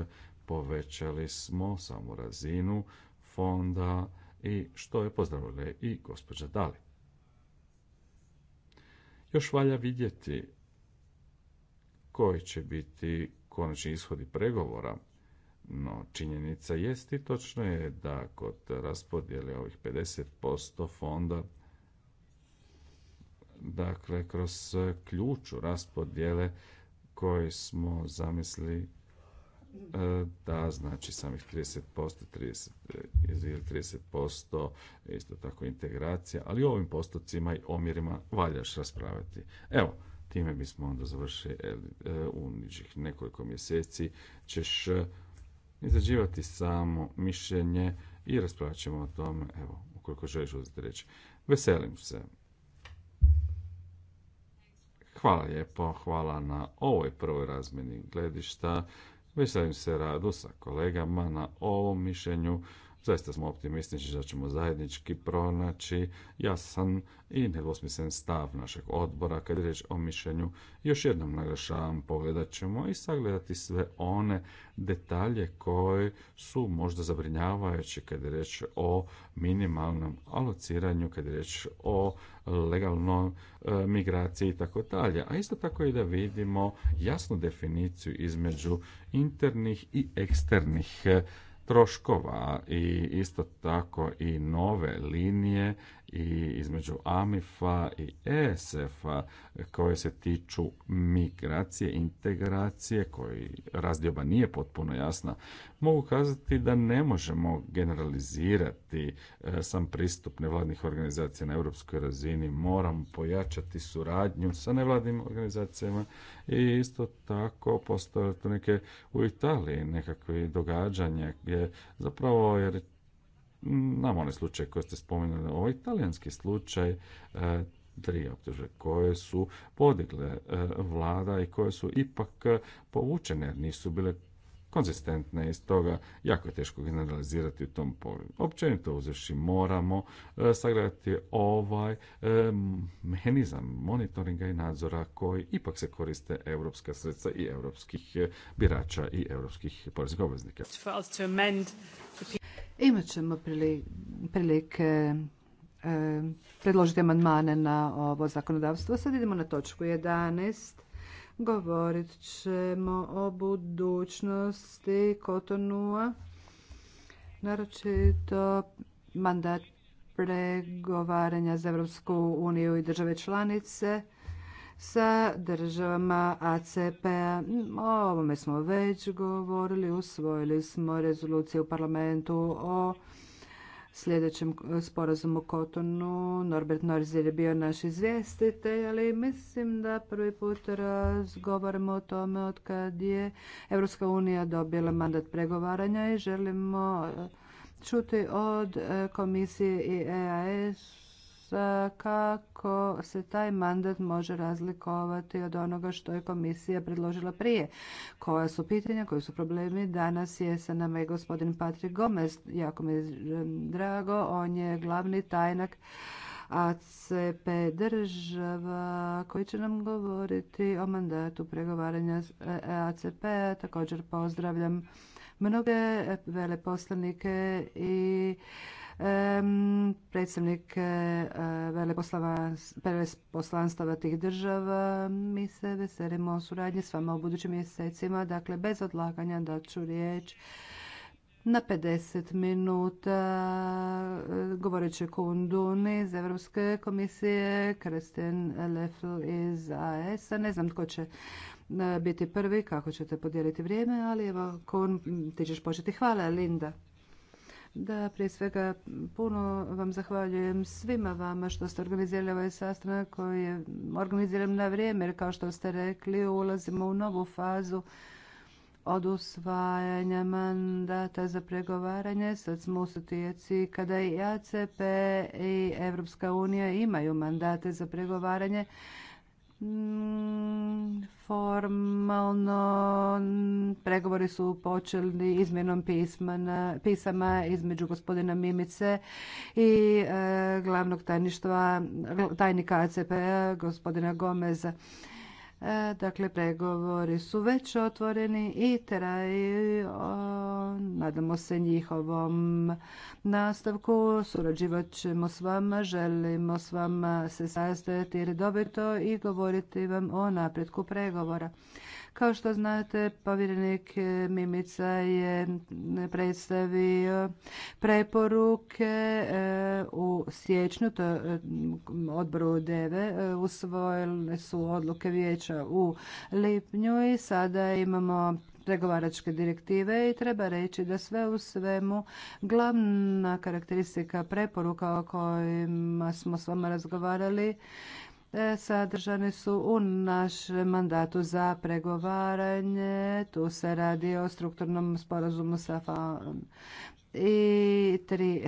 povećali smo samu razinu fonda i što je pozdravila i gospođa Dali. Još valja vidjeti koji će biti konačni ishodi pregovora no, činjenica jest i točno je da kod raspodjele ovih 50% fonda dakle kroz ključu raspodjele koje smo zamislili e, da znači samih 30%, 30 ili 30% isto tako integracija, ali o ovim postocima i omjerima valjaš raspraviti. Evo, time bismo onda završili e, u nižih nekoliko mjeseci ćeš izrađivati samo mišljenje i raspravit ćemo o tome, evo, ukoliko želiš uzeti reći. Veselim se. Hvala lijepo, hvala na ovoj prvoj razmjeni gledišta. Veselim se radu sa kolegama na ovom mišljenju. Zaista smo optimistični da ćemo zajednički pronaći jasan i nedvosmislen stav našeg odbora kad je riječ o mišljenju. Još jednom naglašavam, pogledat ćemo i sagledati sve one detalje koje su možda zabrinjavajući kad je riječ o minimalnom alociranju, kad je riječ o legalnoj e, migraciji i tako dalje. A isto tako i da vidimo jasnu definiciju između internih i eksternih e, troškova i isto tako i nove linije i između AMIFA i ESF-a e koje se tiču migracije, integracije, koji razdioba nije potpuno jasna, mogu kazati da ne možemo generalizirati e, sam pristup nevladnih organizacija na europskoj razini. Moramo pojačati suradnju sa nevladnim organizacijama i isto tako postoje neke u Italiji nekakve događanja gdje zapravo je nam one slučaje koje ste spominjali, ovaj italijanski slučaj, e, tri optuže koje su podigle e, vlada i koje su ipak povučene jer nisu bile konzistentne i toga jako je teško generalizirati u tom pogledu. Općenito uzreši moramo e, sagledati ovaj e, mehanizam monitoringa i nadzora koji ipak se koriste europska sredstva i europskih birača i europskih poreznih obveznika. Imat ćemo prilike e, predložiti amandmane na ovo zakonodavstvo. Sad idemo na točku 11. Govorit ćemo o budućnosti Kotonua, naročito mandat pregovaranja za EU uniju i države članice – sa državama ACP-a. O ovome smo već govorili, usvojili smo rezoluciju u parlamentu o sljedećem sporazumu Kotonu. Norbert Norzir je bio naš izvjestitelj, ali mislim da prvi put razgovaramo o tome od kad je Evropska unija dobila mandat pregovaranja i želimo čuti od komisije i EAS E, kako se taj mandat može razlikovati od onoga što je komisija predložila prije. Koja su pitanja, koji su problemi? Danas je sa nama gospodin Patrik Gomez, jako mi je e, drago, on je glavni tajnak ACP država koji će nam govoriti o mandatu pregovaranja e, ACP. Također pozdravljam mnoge veleposlanike i predstavnik e, veleposlanstava tih država. Mi se veselimo o suradnji s vama u budućim mjesecima, dakle bez odlaganja ću riječ na 50 minuta e, govoreći Kunduni iz Europske komisije, Kristin Leffel iz as e Ne znam tko će biti prvi, kako ćete podijeliti vrijeme, ali evo, Kun, ti ćeš početi. Hvala, Linda. Da, prije svega puno vam zahvaljujem svima vama što ste organizirali ovaj sastanak koji je organiziran na vrijeme, jer kao što ste rekli ulazimo u novu fazu od usvajanja mandata za pregovaranje. Sad smo u situaciji kada i ACP i Evropska unija imaju mandate za pregovaranje Mm, formalno pregovori su počeli izmjenom pisama između gospodina Mimice i e, glavnog tajništva, tajnika ACP e, gospodina Gomeza. E, dakle, pregovori su već otvoreni i nadamo se njihovom nastavku. Surađivat ćemo s vama, želimo s vama se sastojati redovito i govoriti vam o napretku pregovora. Kao što znate, povjerenik Mimica je predstavio preporuke e, u siječnju, to je odboru DEVE, e, usvojile su odluke vijeća u lipnju i sada imamo pregovaračke direktive i treba reći da sve u svemu glavna karakteristika preporuka o kojima smo s vama razgovarali E, sadržane su u našem mandatu za pregovaranje. Tu se radi o strukturnom sporazumu sa FAO i tri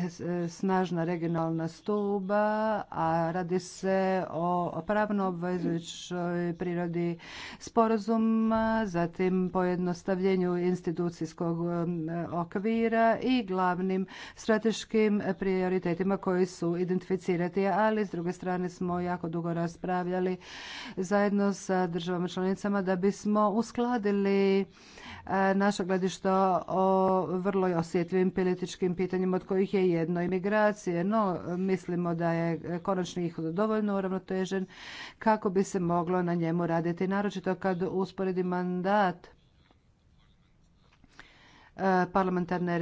snažna regionalna stuba, a radi se o pravno obvezujućoj prirodi sporazuma, zatim pojednostavljenju institucijskog um, okvira i glavnim strateškim prioritetima koji su identificirati, ali s druge strane smo jako dugo raspravljali zajedno sa državama članicama da bismo uskladili naša gledište o vrlo osjetljivim političkim pitanjima od kojih je jedno imigracije, no mislimo da je konačni ih dovoljno uravnotežen kako bi se moglo na njemu raditi, naročito kad usporedi mandat parlamentarne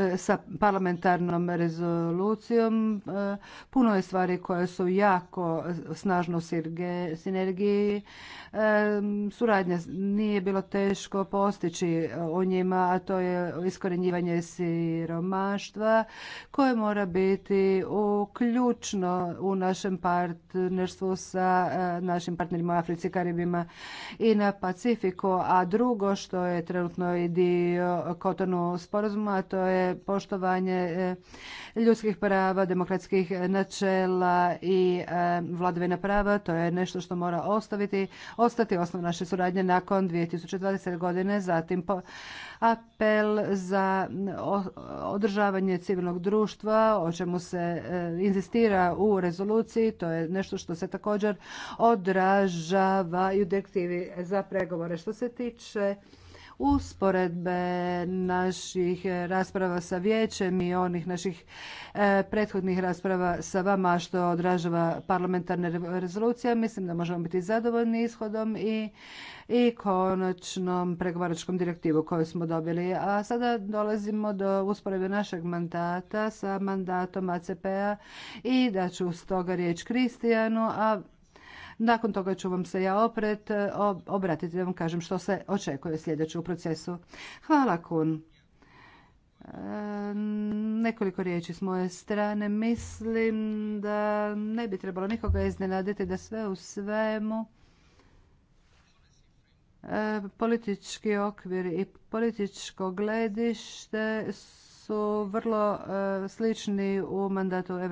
e, sa parlamentarnom rezolucijom. E, puno je stvari koje su jako snažno u sinergiji. E, suradnja nije bilo teško postići u njima, a to je iskorenjivanje siromaštva koje mora biti uključno u našem partnerstvu sa našim partnerima u Africi, Karibima i na Pacifiku, a drugo što je trenutno i dio Kotonu sporazumu, a to je poštovanje e, ljudskih prava, demokratskih načela i e, vladavina prava. To je nešto što mora ostaviti, ostati osnov naše suradnje nakon 2020. godine. Zatim apel za održavanje civilnog društva, o čemu se e, inzistira u rezoluciji. To je nešto što se također odražava i u direktivi za pregovore. Što se tiče usporedbe naših rasprava sa vijećem i onih naših e, prethodnih rasprava sa vama što odražava parlamentarne rezolucije. Mislim da možemo biti zadovoljni ishodom i, i konačnom pregovaračkom direktivu koju smo dobili. A sada dolazimo do usporedbe našeg mandata sa mandatom ACP-a i da ću stoga riječ Kristijanu, a nakon toga ću vam se ja opret e, obratiti da vam kažem što se očekuje sljedeće u procesu. Hvala Kun. E, nekoliko riječi s moje strane. Mislim da ne bi trebalo nikoga iznenaditi da sve u svemu e, politički okvir i političko gledište su vrlo slični u mandatu EU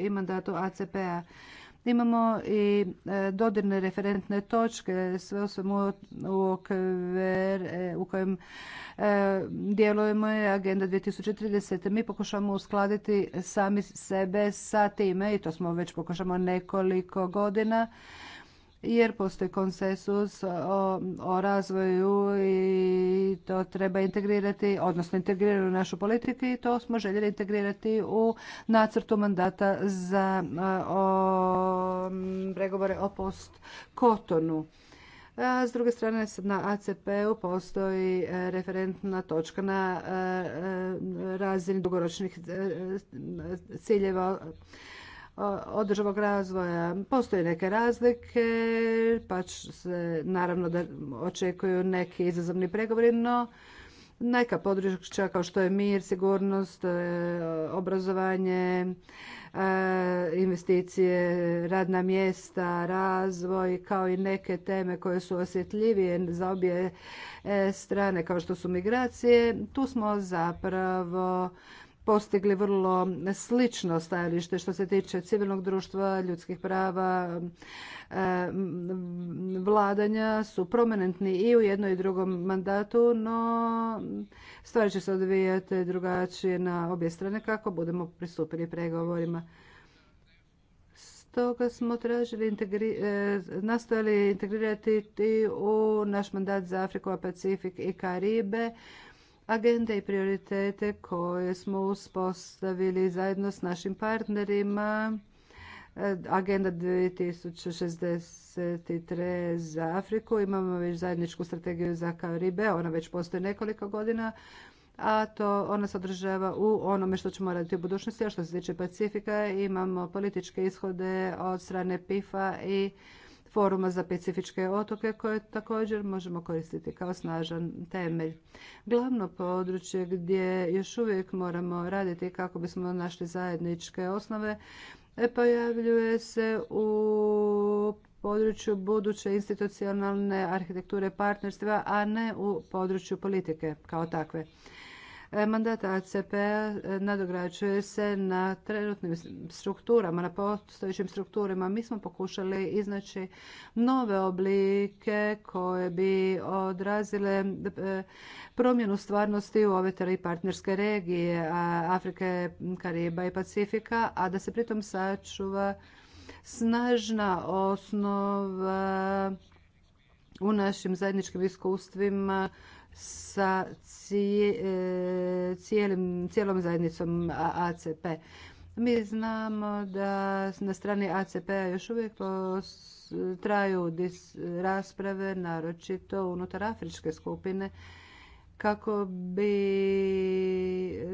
i mandatu ACP-a. Imamo i e, dodirne referentne točke, sve u u e, u kojem e, djelujemo je Agenda 2030. Mi pokušamo uskladiti sami sebe sa time i to smo već pokušamo nekoliko godina jer postoji konsensus o, razvoju i to treba integrirati, odnosno integrirati u našu politiku i to smo željeli integrirati u nacrtu mandata za o, pregovore o post-kotonu. S druge strane, na ACP-u postoji e, referentna točka na e, e, razini dugoročnih ciljeva Održavog razvoja. Postoje neke razlike, pa se naravno da očekuju neki izazovni pregovori, no neka područja kao što je mir, sigurnost, e, obrazovanje, e, investicije, radna mjesta, razvoj, kao i neke teme koje su osjetljivije za obje e, strane, kao što su migracije. Tu smo zapravo postigli vrlo slično stajalište što se tiče civilnog društva, ljudskih prava, e, vladanja su prominentni i u jednom i drugom mandatu, no stvari će se odvijati drugačije na obje strane kako budemo pristupili pregovorima. Stoga smo tražili, e, nastojali integrirati u naš mandat za Afriku, Pacifik i Karibe agende i prioritete koje smo uspostavili zajedno s našim partnerima. E, Agenda 2063 za Afriku. Imamo već zajedničku strategiju za Karibe. Ona već postoji nekoliko godina a to ona sadržava u onome što ćemo raditi u budućnosti. A što se tiče Pacifika, imamo političke ishode od strane PIFA i foruma za pacifičke otoke koje također možemo koristiti kao snažan temelj. Glavno područje gdje još uvijek moramo raditi kako bismo našli zajedničke osnove e, pojavljuje se u području buduće institucionalne arhitekture partnerstva, a ne u području politike kao takve. E, mandat ACP-a e, nadograđuje se na trenutnim strukturama, na postojećim strukturama. Mi smo pokušali iznaći nove oblike koje bi odrazile e, promjenu stvarnosti u ove tri partnerske regije Afrike, Kariba i Pacifika, a da se pritom sačuva snažna osnova u našim zajedničkim iskustvima sa e, cijelom zajednicom ACP. Mi znamo da na strani ACP-a još uvijek traju rasprave, naročito unutar afričke skupine, kako bi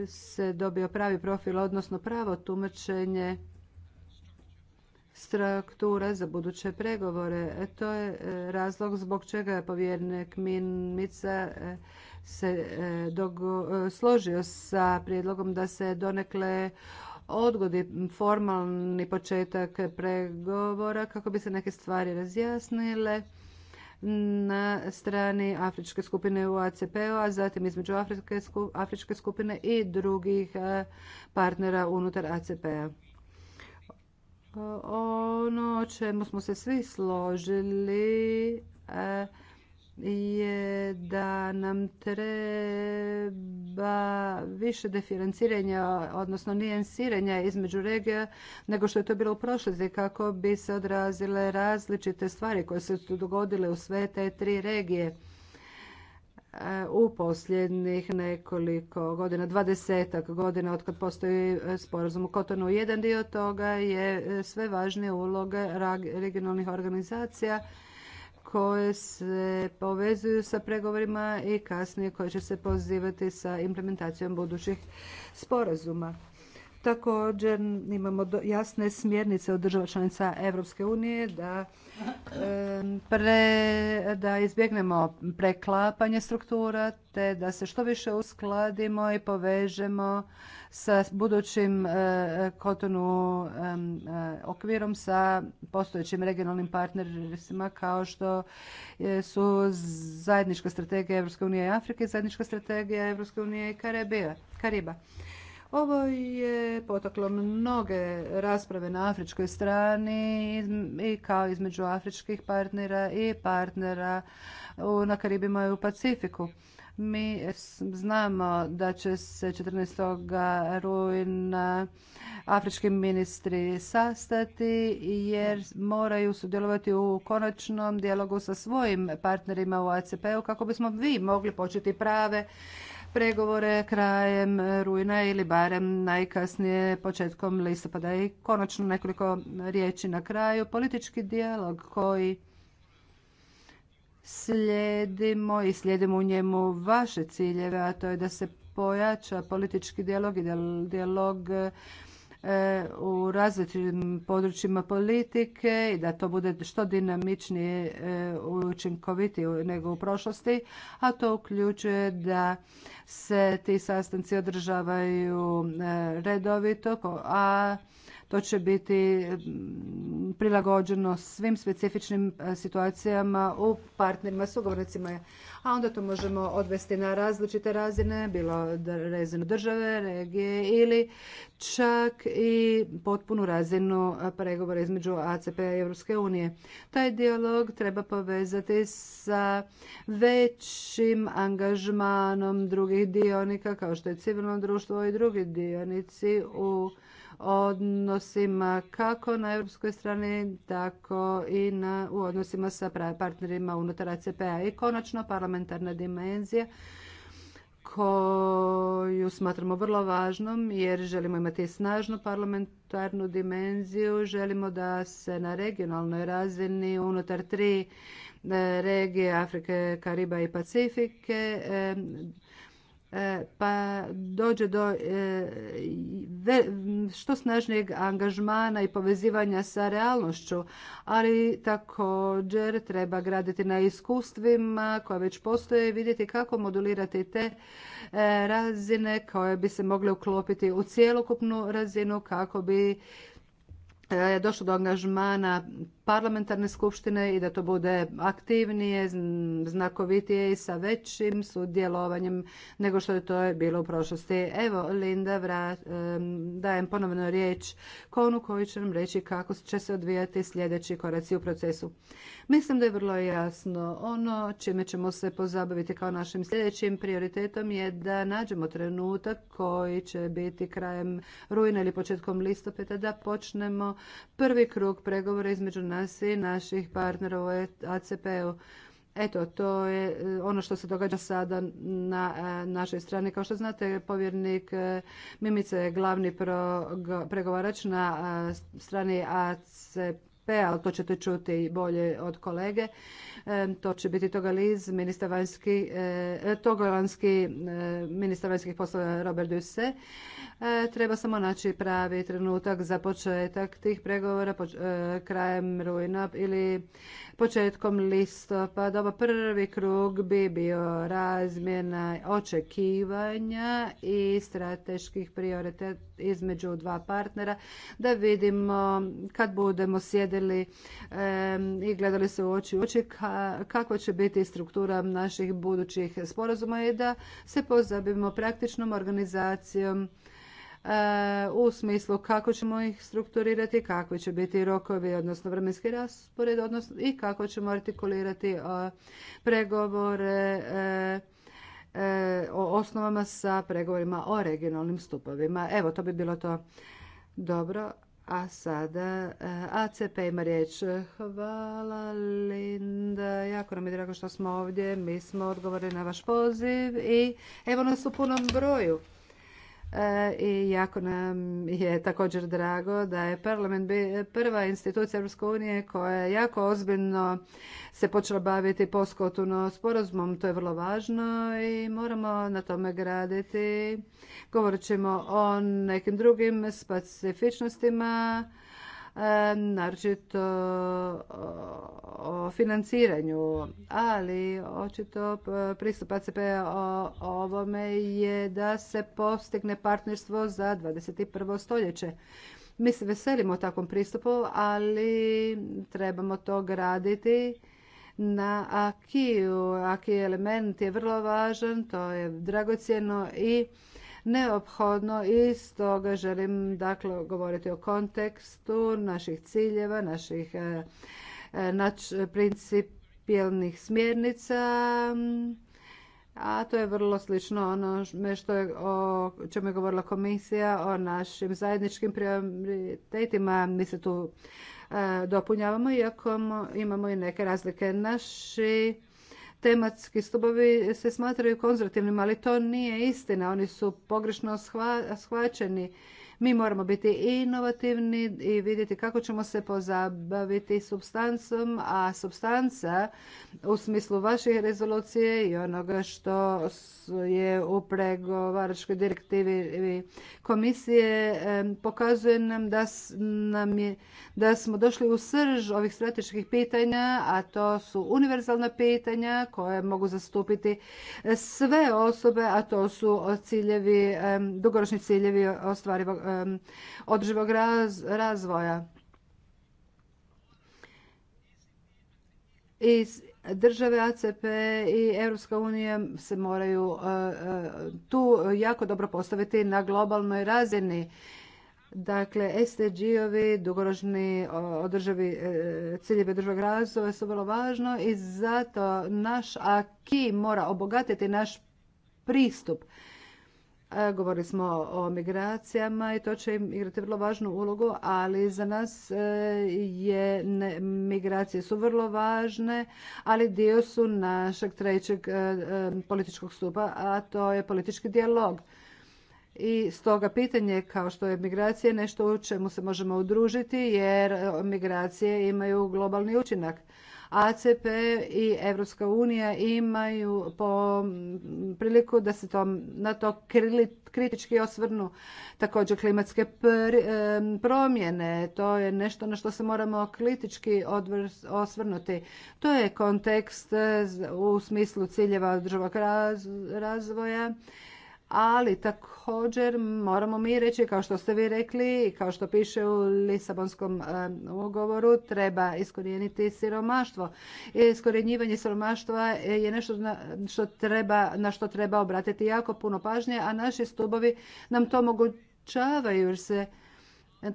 se dobio pravi profil, odnosno pravo tumačenje strukture za buduće pregovore. E, to je e, razlog zbog čega je povjernik Minica e, se složio sa prijedlogom da se donekle odgodi formalni početak pregovora kako bi se neke stvari razjasnile na strani afričke skupine u ACP-u, a zatim između afričke skupine i drugih partnera unutar ACP-a. Ono o čemu smo se svi složili e, je da nam treba više diferenciranja, odnosno nijensiranja između regija nego što je to bilo u prošlosti kako bi se odrazile različite stvari koje su dogodile u sve te tri regije E, u posljednjih nekoliko godina, dvadesetak godina od kad postoji e, sporazum u Kotonu. Jedan dio toga je e, sve važnije uloge regionalnih organizacija koje se povezuju sa pregovorima i kasnije koje će se pozivati sa implementacijom budućih sporazuma. Također imamo jasne smjernice od država članica Europske unije da, da izbjegnemo preklapanje struktura te da se što više uskladimo i povežemo sa budućim kotonu e, e, okvirom sa postojećim regionalnim partnerima kao što su zajednička strategija Europske unije i Afrike zajednička strategija Europske unije i Kariba. Ovo je potaklo mnoge rasprave na afričkoj strani i kao između afričkih partnera i partnera na Karibima i u Pacifiku. Mi znamo da će se 14. rujna afrički ministri sastati jer moraju sudjelovati u konačnom dijalogu sa svojim partnerima u ACP-u kako bismo vi mogli početi prave pregovore krajem rujna ili barem najkasnije početkom listopada. I konačno nekoliko riječi na kraju. Politički dijalog koji slijedimo i slijedimo u njemu vaše ciljeve, a to je da se pojača politički dijalog i dijalog E, u različitim područjima politike i da to bude što dinamičnije e, učinkovitije nego u prošlosti, a to uključuje da se ti sastanci održavaju e, redovito, a to će biti mm, prilagođeno svim specifičnim e, situacijama u partnerima, sugovornicima, a onda to možemo odvesti na različite razine, bilo razinu države, regije ili čak i potpunu razinu e, pregovora između ACP i Europske unije. Taj dijalog treba povezati sa većim angažmanom drugih dionika kao što je civilno društvo i drugi dionici u odnosima kako na europskoj strani, tako i na, u odnosima sa partnerima unutar ACP-a. I konačno parlamentarna dimenzija koju smatramo vrlo važnom jer želimo imati snažnu parlamentarnu dimenziju, želimo da se na regionalnoj razini unutar tri eh, regije Afrike, Kariba i Pacifike eh, E, pa dođe do e, što snažnijeg angažmana i povezivanja sa realnošću, ali također treba graditi na iskustvima koja već postoje i vidjeti kako modulirati te e, razine koje bi se mogle uklopiti u cjelokupnu razinu kako bi došlo do angažmana parlamentarne skupštine i da to bude aktivnije, znakovitije i sa većim sudjelovanjem nego što je to bilo u prošlosti. Evo, Linda, dajem ponovno riječ Konu koji će nam reći kako će se odvijati sljedeći koraci u procesu. Mislim da je vrlo jasno ono čime ćemo se pozabaviti kao našim sljedećim prioritetom je da nađemo trenutak koji će biti krajem rujna ili početkom listopeta da počnemo prvi krug pregovora između nas nas i naših partnera u ACP-u. Eto, to je eh, ono što se događa sada na eh, našoj strani. Kao što znate, povjernik eh, Mimica je glavni pregovarač na strani ACP ali to ćete čuti bolje od kolege. E, to će biti toga Liz, ministar vanjski, e, e, ministar vanjskih poslova Robert Dusse. Treba samo naći pravi trenutak za početak tih pregovora krajem rujna ili početkom listopada. Ovo prvi krug bi bio razmjena očekivanja i strateških prioriteta između dva partnera da vidimo kad budemo sjedili sjedili i gledali se u oči u oči kakva će biti struktura naših budućih sporazuma i da se pozabimo praktičnom organizacijom eh, u smislu kako ćemo ih strukturirati, kakvi će biti rokovi, odnosno vremenski raspored, odnosno i kako ćemo artikulirati eh, pregovore eh, o osnovama sa pregovorima o regionalnim stupovima. Evo, to bi bilo to dobro. A sada eh, ACP ima riječ. Hvala Linda, jako nam je drago što smo ovdje. Mi smo odgovorili na vaš poziv i evo nas u punom broju. E, i jako nam je također drago da je parlament prva institucija Europske unije koja je jako ozbiljno se počela baviti poskotuno sporazumom. To je vrlo važno i moramo na tome graditi. Govorit ćemo o nekim drugim specifičnostima naročito o financiranju, ali očito pristup ACP o ovome je da se postigne partnerstvo za 21. stoljeće. Mi se veselimo takvom pristupu, ali trebamo to graditi na akiju. Aki element je vrlo važan, to je dragocjeno i neophodno i stoga želim dakle govoriti o kontekstu naših ciljeva, naših e, e, nač, principijelnih smjernica a to je vrlo slično ono što je, o čemu je govorila komisija o našim zajedničkim prioritetima. Mi se tu e, dopunjavamo, iako imamo i neke razlike. Naši tematski stubovi se smatraju konzervativnim, ali to nije istina. Oni su pogrešno shvaćeni mi moramo biti inovativni i vidjeti kako ćemo se pozabaviti substancom, a substanca u smislu vaših rezolucije i onoga što je u pregovaračkoj direktivi komisije pokazuje nam da, nam je, da smo došli u srž ovih strateških pitanja, a to su univerzalna pitanja koje mogu zastupiti sve osobe, a to su ciljevi, dugoročni ciljevi ostvarivog održivog razvoja. I države ACP i Europska unija se moraju eh, eh, tu jako dobro postaviti na globalnoj razini. Dakle, SDG-ovi, dugoročni eh, održivi ciljevi državog razvoja su vrlo važno i zato naš AKI mora obogatiti naš pristup Govorili smo o migracijama i to će igrati vrlo važnu ulogu, ali za nas e, je migracije su vrlo važne, ali dio su našeg trećeg e, e, političkog stupa, a to je politički dijalog. I stoga pitanje kao što je migracija nešto u čemu se možemo udružiti jer migracije imaju globalni učinak ACP i Europska unija imaju po priliku da se to, na to kritički osvrnu također klimatske e, promjene. To je nešto na što se moramo kritički osvrnuti. To je kontekst e, u smislu ciljeva održivog razvoja ali također moramo mi reći, kao što ste vi rekli i kao što piše u Lisabonskom e, ugovoru, treba iskorijeniti siromaštvo. E, iskorjenjivanje siromaštva je nešto na što treba, na što treba obratiti jako puno pažnje, a naši stubovi nam to omogućavaju jer se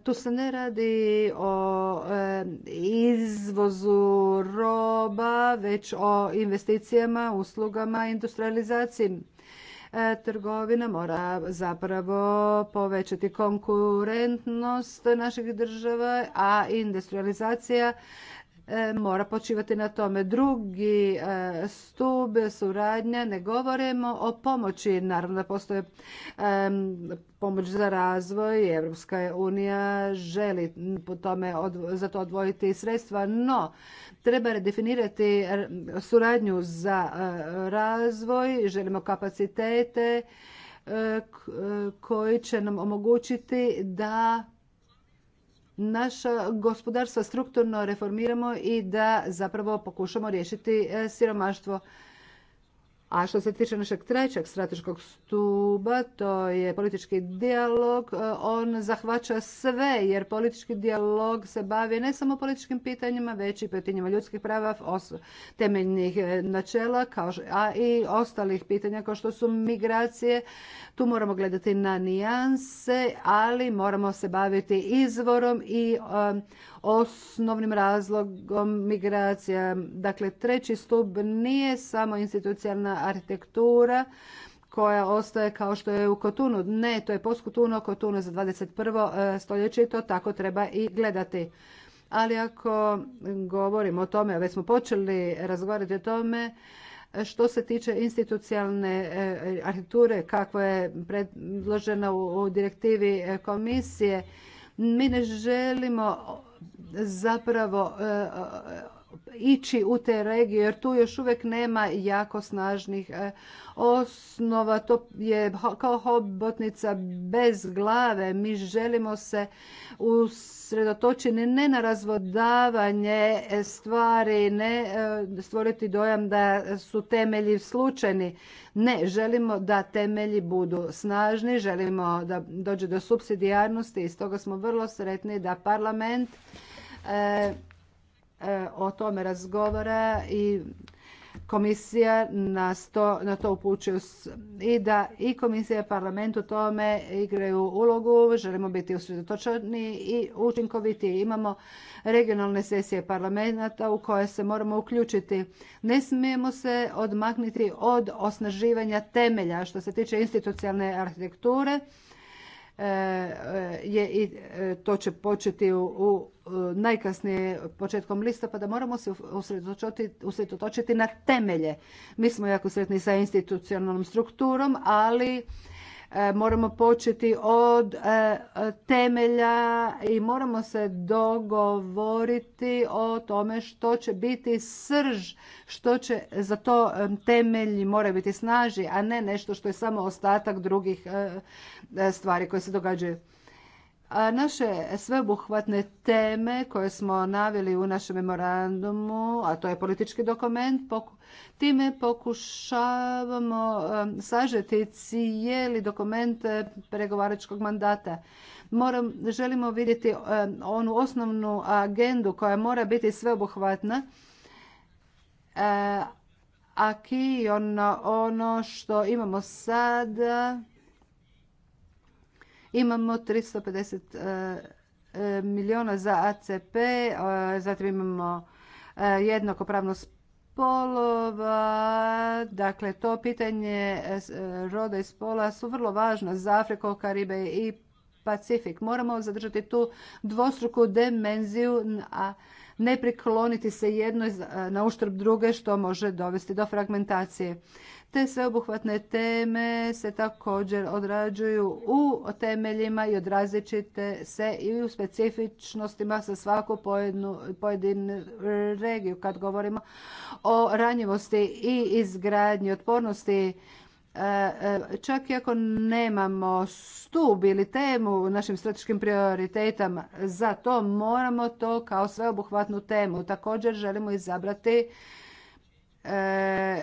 tu se ne radi o e, izvozu roba, već o investicijama, uslugama, industrializaciji E, trgovina mora zapravo povećati konkurentnost naših država, a industrializacija E, mora počivati na tome. Drugi e, stup, suradnja, ne govorimo o pomoći, naravno da postoje e, pomoć za razvoj, Evropska unija želi tome za to odvojiti sredstva, no treba redefinirati suradnju za razvoj, želimo kapacitete koji će nam omogućiti da naša gospodarstva strukturno reformiramo i da zapravo pokušamo riješiti e, siromaštvo a što se tiče našeg trećeg strateškog stuba, to je politički dijalog, e, on zahvaća sve, jer politički dijalog se bavi ne samo političkim pitanjima, već i pitanjima ljudskih prava, temeljnih e, načela, kao, a i ostalih pitanja kao što su migracije. Tu moramo gledati na nijanse, ali moramo se baviti izvorom i e, osnovnim razlogom migracija. Dakle, treći stup nije samo institucijalna arhitektura koja ostaje kao što je u Kotunu. Ne, to je post-Kotuno, Kotuno za 21. E, stoljeće i to tako treba i gledati. Ali ako govorimo o tome, već smo počeli razgovarati o tome, što se tiče institucijalne e, arhitekture kakva je predložena u direktivi e, komisije, mi ne želimo zapravo e, e, ići u te regije jer tu još uvijek nema jako snažnih e, osnova. To je kao hobotnica bez glave. Mi želimo se usredotočiti ne na razvodavanje stvari, ne stvoriti dojam da su temelji slučajni. Ne, želimo da temelji budu snažni, želimo da dođe do subsidijarnosti i stoga smo vrlo sretni da parlament E, e, o tome razgovara i komisija nas to, na to upućuje i da i komisija i parlament u tome igraju ulogu. Želimo biti usredotočeni i učinkoviti. Imamo regionalne sesije parlamenta u koje se moramo uključiti. Ne smijemo se odmaknuti od osnaživanja temelja što se tiče institucionalne arhitekture. E, e, je i e, to će početi u, u najkasnije početkom listopada moramo se usredotočiti na temelje. Mi smo jako sretni sa institucionalnom strukturom, ali E, moramo početi od e, temelja i moramo se dogovoriti o tome što će biti srž, što će za to e, temelji mora biti snaži, a ne nešto što je samo ostatak drugih stvari koje se događaju. Naše sveobuhvatne teme koje smo naveli u našem memorandumu, a to je politički dokument, time pokušavamo sažeti cijeli dokument eh, pregovaračkog mandata. Moram, želimo vidjeti onu osnovnu agendu koja mora biti sveobuhvatna, eh, a ki ono što imamo sada Imamo 350 e, e, milijuna za ACP, e, zatim imamo jednakopravnost spolova, dakle to pitanje roda i spola su vrlo važna za Afriku, Karibe i Pacifik. Moramo zadržati tu dvostruku dimenziju, a ne prikloniti se jednoj na uštrb druge što može dovesti do fragmentacije. Te sveobuhvatne teme se također odrađuju u temeljima i odrazličite se i u specifičnostima sa svaku pojedinu regiju. Kad govorimo o ranjivosti i izgradnji otpornosti, e, e, čak i ako nemamo stup ili temu u našim strateškim prioritetama, za to moramo to kao sveobuhvatnu temu. Također želimo izabrati e,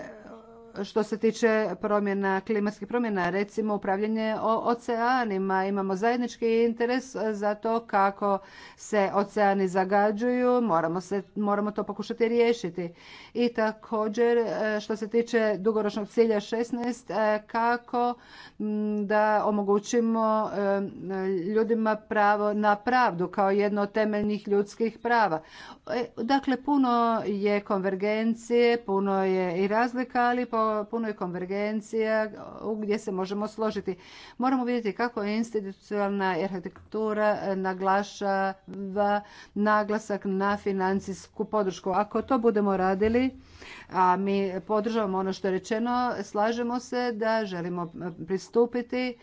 što se tiče promjena, klimatskih promjena, recimo upravljanje oceanima. Imamo zajednički interes za to kako se oceani zagađuju, moramo, se, moramo to pokušati riješiti. I također e, što se tiče dugoročnog cilja 16, e, kako da omogućimo e, ljudima pravo na pravdu kao jedno od temeljnih ljudskih prava. Dakle, puno je konvergencije, puno je i razlika, ali po puno je konvergencija gdje se možemo složiti. Moramo vidjeti kako je institucionalna arhitektura naglašava naglasak na financijsku podršku. Ako to budemo radili, a mi podržavamo ono što je rečeno, slažemo se da želimo pristupiti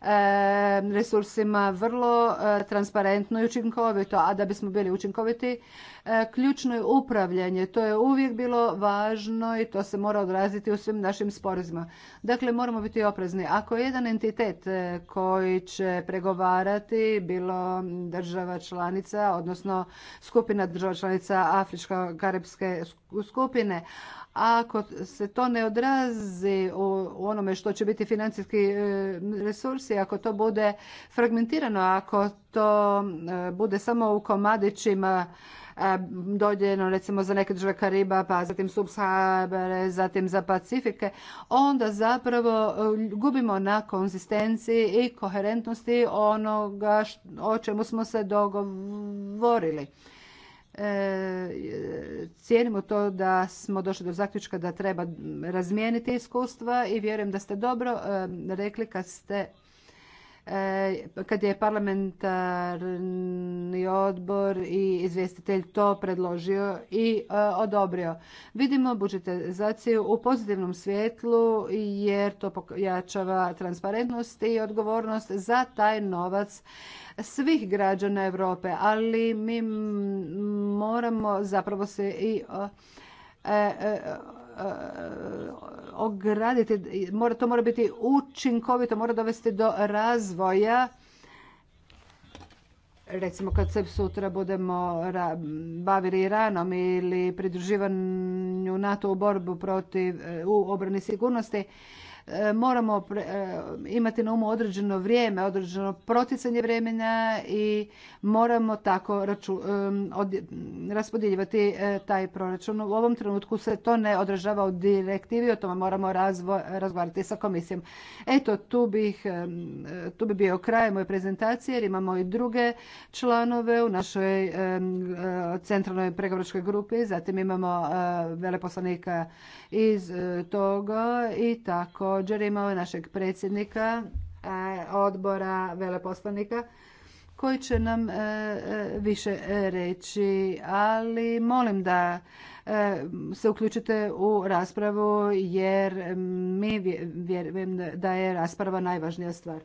Eh, resursima vrlo eh, transparentno i učinkovito. A da bismo bili učinkoviti, eh, ključno je upravljanje. To je uvijek bilo važno i to se mora odraziti u svim našim sporazima. Dakle, moramo biti oprezni. Ako je jedan entitet koji će pregovarati, bilo država članica, odnosno skupina država članica Afričko-Karibske skupine, ako se to ne odrazi u onome što će biti financijski e, resursi, ako to bude fragmentirano, ako to e, bude samo u komadićima e, dodijeljeno recimo za neke države Kariba, pa zatim Subsahare, zatim za Pacifike, onda zapravo gubimo na konzistenciji i koherentnosti onoga o čemu smo se dogovorili. Cijenimo to da smo došli do zaključka da treba razmijeniti iskustva i vjerujem da ste dobro eh, rekli kad ste E, kad je parlamentarni odbor i izvjestitelj to predložio i e, odobrio. Vidimo budžetizaciju u pozitivnom svjetlu jer to pojačava transparentnost i odgovornost za taj novac svih građana Europe, ali mi moramo zapravo se i e, Eh, ograditi, mora, to mora biti učinkovito, mora dovesti do razvoja. Recimo kad se sutra budemo bavili Iranom ili pridruživanju NATO u borbu protiv eh, u obrani sigurnosti, E, moramo e, imati na umu određeno vrijeme, određeno proticanje vremena i moramo tako e, raspodjeljivati taj proračun. U ovom trenutku se to ne odražava u direktivi, o tome moramo razgovarati sa komisijom. Eto, tu, bih, tu bi bio kraj moje prezentacije jer imamo i druge članove u našoj centralnoj pregovaračkoj grupi, zatim imamo veleposlanika iz toga i tako također imao ovaj našeg predsjednika e, odbora veleposlanika koji će nam e, e, više reći, ali molim da se uključite u raspravu jer mi vjerujem da je rasprava najvažnija stvar.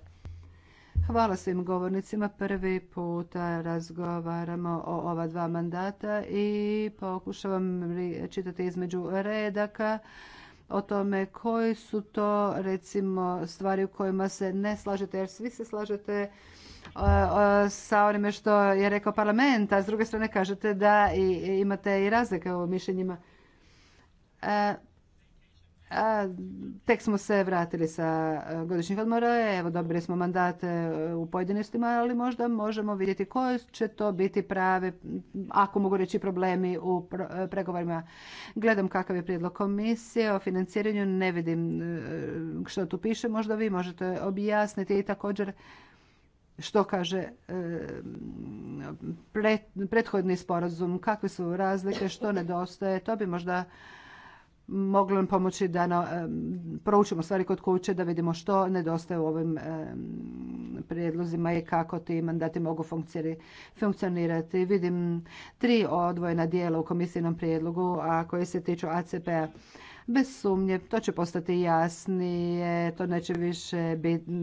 Hvala svim govornicima. Prvi puta razgovaramo o ova dva mandata i pokušavam čitati između redaka o tome koje su to recimo stvari u kojima se ne slažete jer svi se slažete e, e, sa onime što je rekao parlament, a s druge strane kažete da imate i razlike u mišljenjima. E, a, tek smo se vratili sa e, godišnjih odmora, evo dobili smo mandate e, u pojedinostima, ali možda možemo vidjeti koje će to biti prave, ako mogu reći, problemi u e, pregovorima. Gledam kakav je prijedlog komisije o financiranju, ne vidim što tu piše, možda vi možete objasniti i također što kaže prethodni sporazum, kakve su razlike, što nedostaje, to bi možda moglo nam pomoći da na, proučimo stvari kod kuće, da vidimo što nedostaje u ovim prijedlozima i kako ti mandati mogu funkcionirati. Vidim tri odvojena dijela u komisijnom prijedlogu, a koji se tiču ACP-a. Bez sumnje, to će postati jasnije, to neće više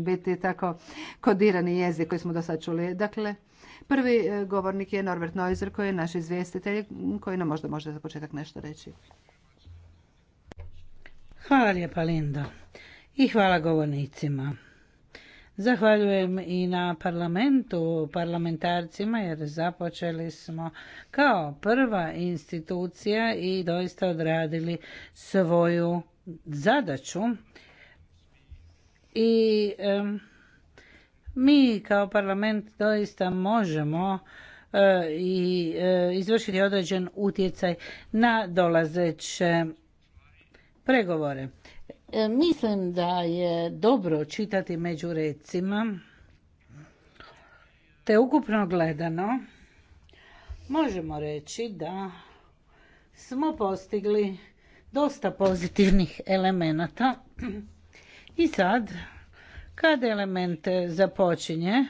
biti tako kodirani jezik koji smo do sad čuli. Dakle, prvi eh, govornik je Norbert Neuser koji je naš izvjestitelj koji nam možda može za početak nešto reći. Hvala lijepa Linda i hvala govornicima. Zahvaljujem i na parlamentu, parlamentarcima jer započeli smo kao prva institucija i doista odradili svoju zadaću. I mi kao parlament doista možemo e, i e, izvršiti određen utjecaj na dolazeće pregovore. E, mislim da je dobro čitati među recima, te ukupno gledano možemo reći da smo postigli dosta pozitivnih elemenata i sad kad elemente započinje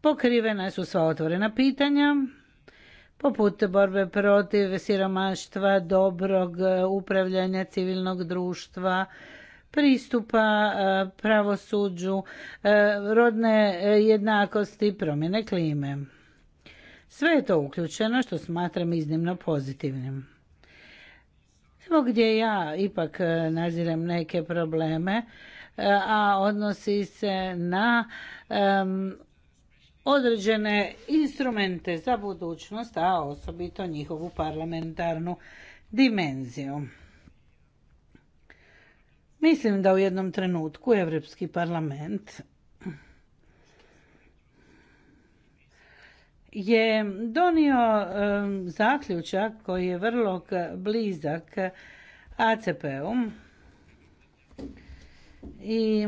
pokrivena su sva otvorena pitanja poput borbe protiv siromaštva, dobrog e, upravljanja civilnog društva, pristupa e, pravosuđu, e, rodne jednakosti, promjene klime. Sve je to uključeno što smatram iznimno pozitivnim. Evo gdje ja ipak nazirem neke probleme, a odnosi se na određene instrumente za budućnost, a osobito njihovu parlamentarnu dimenziju. Mislim da u jednom trenutku Europski parlament je donio zaključak koji je vrlo blizak ACP-u i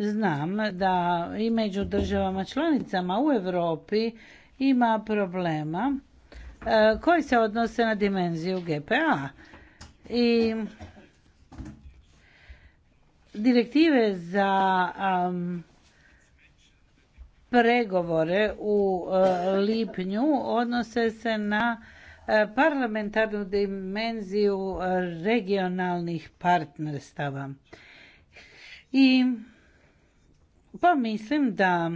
Znam da i među državama članicama u Europi ima problema e, koji se odnose na dimenziju GPA. I direktive za pregovore u e, lipnju odnose se na e, parlamentarnu dimenziju regionalnih partnerstava. I pa mislim da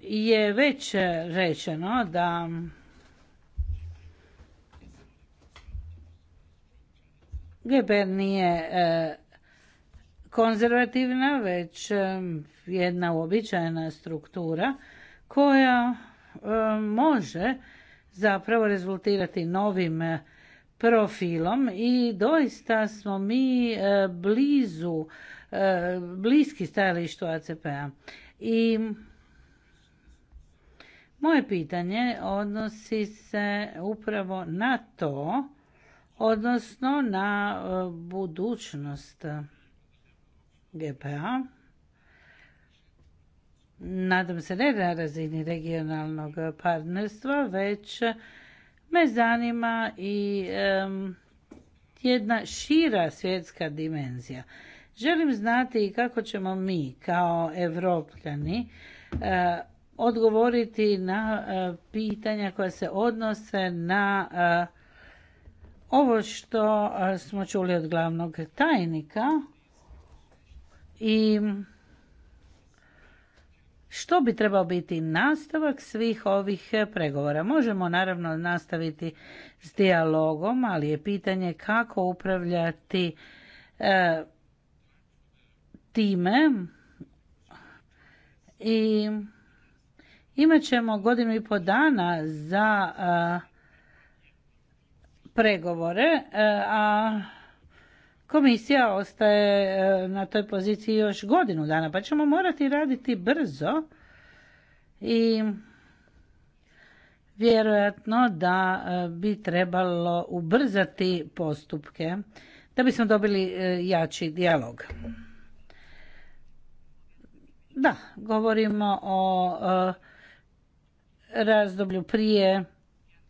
je već rečeno da Geber nije e, konzervativna, već e, jedna uobičajena struktura koja e, može zapravo rezultirati novim profilom i doista smo mi e, blizu, e, bliski stajalištu ACP-a. I moje pitanje odnosi se upravo na to, odnosno na e, budućnost GPA. Nadam se ne na razini regionalnog partnerstva, već me zanima i um, jedna šira svjetska dimenzija. Želim znati i kako ćemo mi kao evropljani e, odgovoriti na e, pitanja koja se odnose na e, ovo što smo čuli od glavnog tajnika i što bi trebao biti nastavak svih ovih e, pregovora. Možemo naravno nastaviti s dijalogom, ali je pitanje kako upravljati e, time i imat ćemo godinu i po dana za e, pregovore, a Komisija ostaje e, na toj poziciji još godinu dana, pa ćemo morati raditi brzo i vjerojatno da e, bi trebalo ubrzati postupke da bismo dobili e, jači dijalog. Da, govorimo o razdoblju prije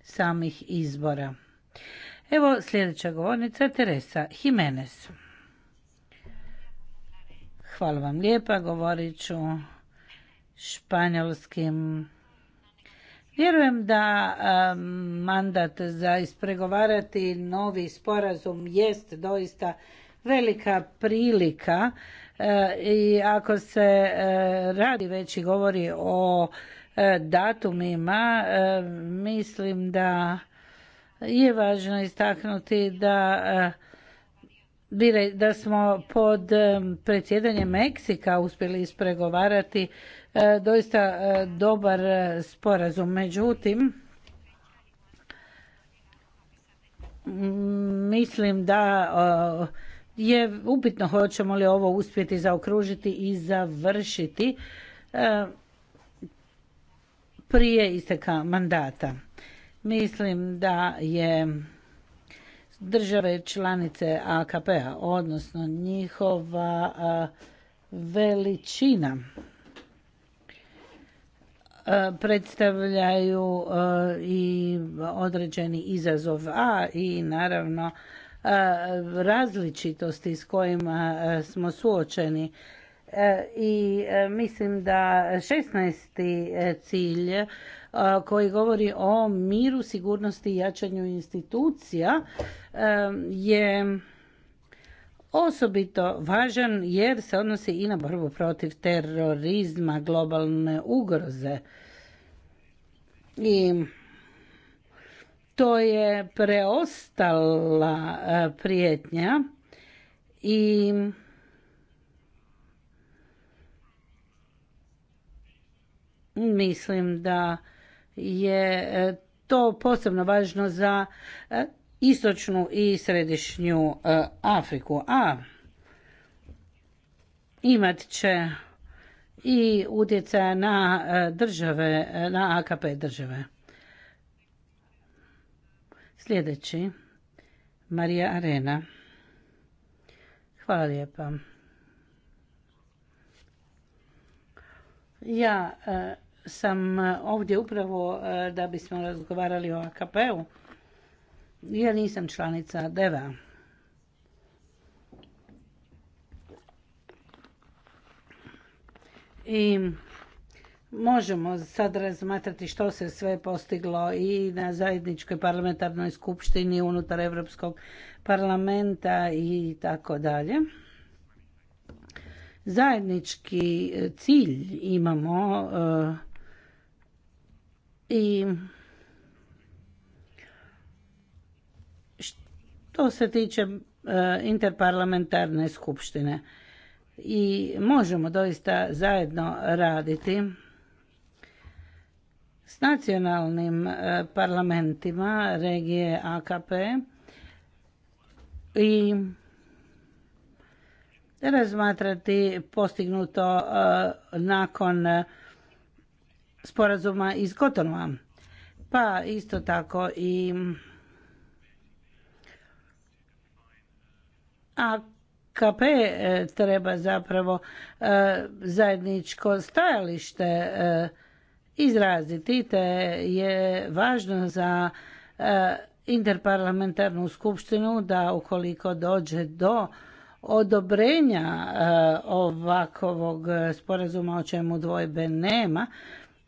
samih izbora. Evo sljedeća govornica Teresa Jimenez. Hvala vam lijepa, govorit ću španjolskim. Vjerujem da mandat za ispregovarati novi sporazum jest doista velika prilika i ako se radi već i govori o datumima, mislim da je važno istaknuti da eh, da smo pod predsjedanjem Meksika uspjeli ispregovarati eh, doista eh, dobar sporazum. Međutim, mm, mislim da je upitno hoćemo li ovo uspjeti zaokružiti i završiti prije isteka mandata. Mislim da je države članice AKP-a, odnosno njihova veličina predstavljaju i određeni izazov, a i naravno različitosti s kojima smo suočeni. E, I e, mislim da 16. cilj koji govori o miru, sigurnosti i jačanju institucija e, je osobito važan jer se odnosi i na borbu protiv terorizma, globalne ugroze. I to je preostala e, prijetnja i mislim da je e, to posebno važno za e, istočnu i središnju e, Afriku. A imat će i utjecaja na države, na AKP države. Sljedeći, Marija Arena. Hvala lijepa. Ja sam e, ovdje upravo e, da bismo razgovarali o AKP-u. Ja nisam članica DEVA. I možemo sad razmatrati što se sve postiglo i na zajedničkoj parlamentarnoj skupštini unutar Europskog parlamenta i tako dalje. Zajednički e, cilj imamo i što se tiče e, interparlamentarne skupštine i možemo doista zajedno raditi s nacionalnim e, parlamentima regije AKP i razmatrati postignuto e, nakon sporazuma iz Kotonova. Pa isto tako i AKP e, treba zapravo e, zajedničko stajalište e, izraziti, te je važno za interparlamentarnu skupštinu da ukoliko dođe do odobrenja ovakvog sporazuma o čemu dvojbe nema,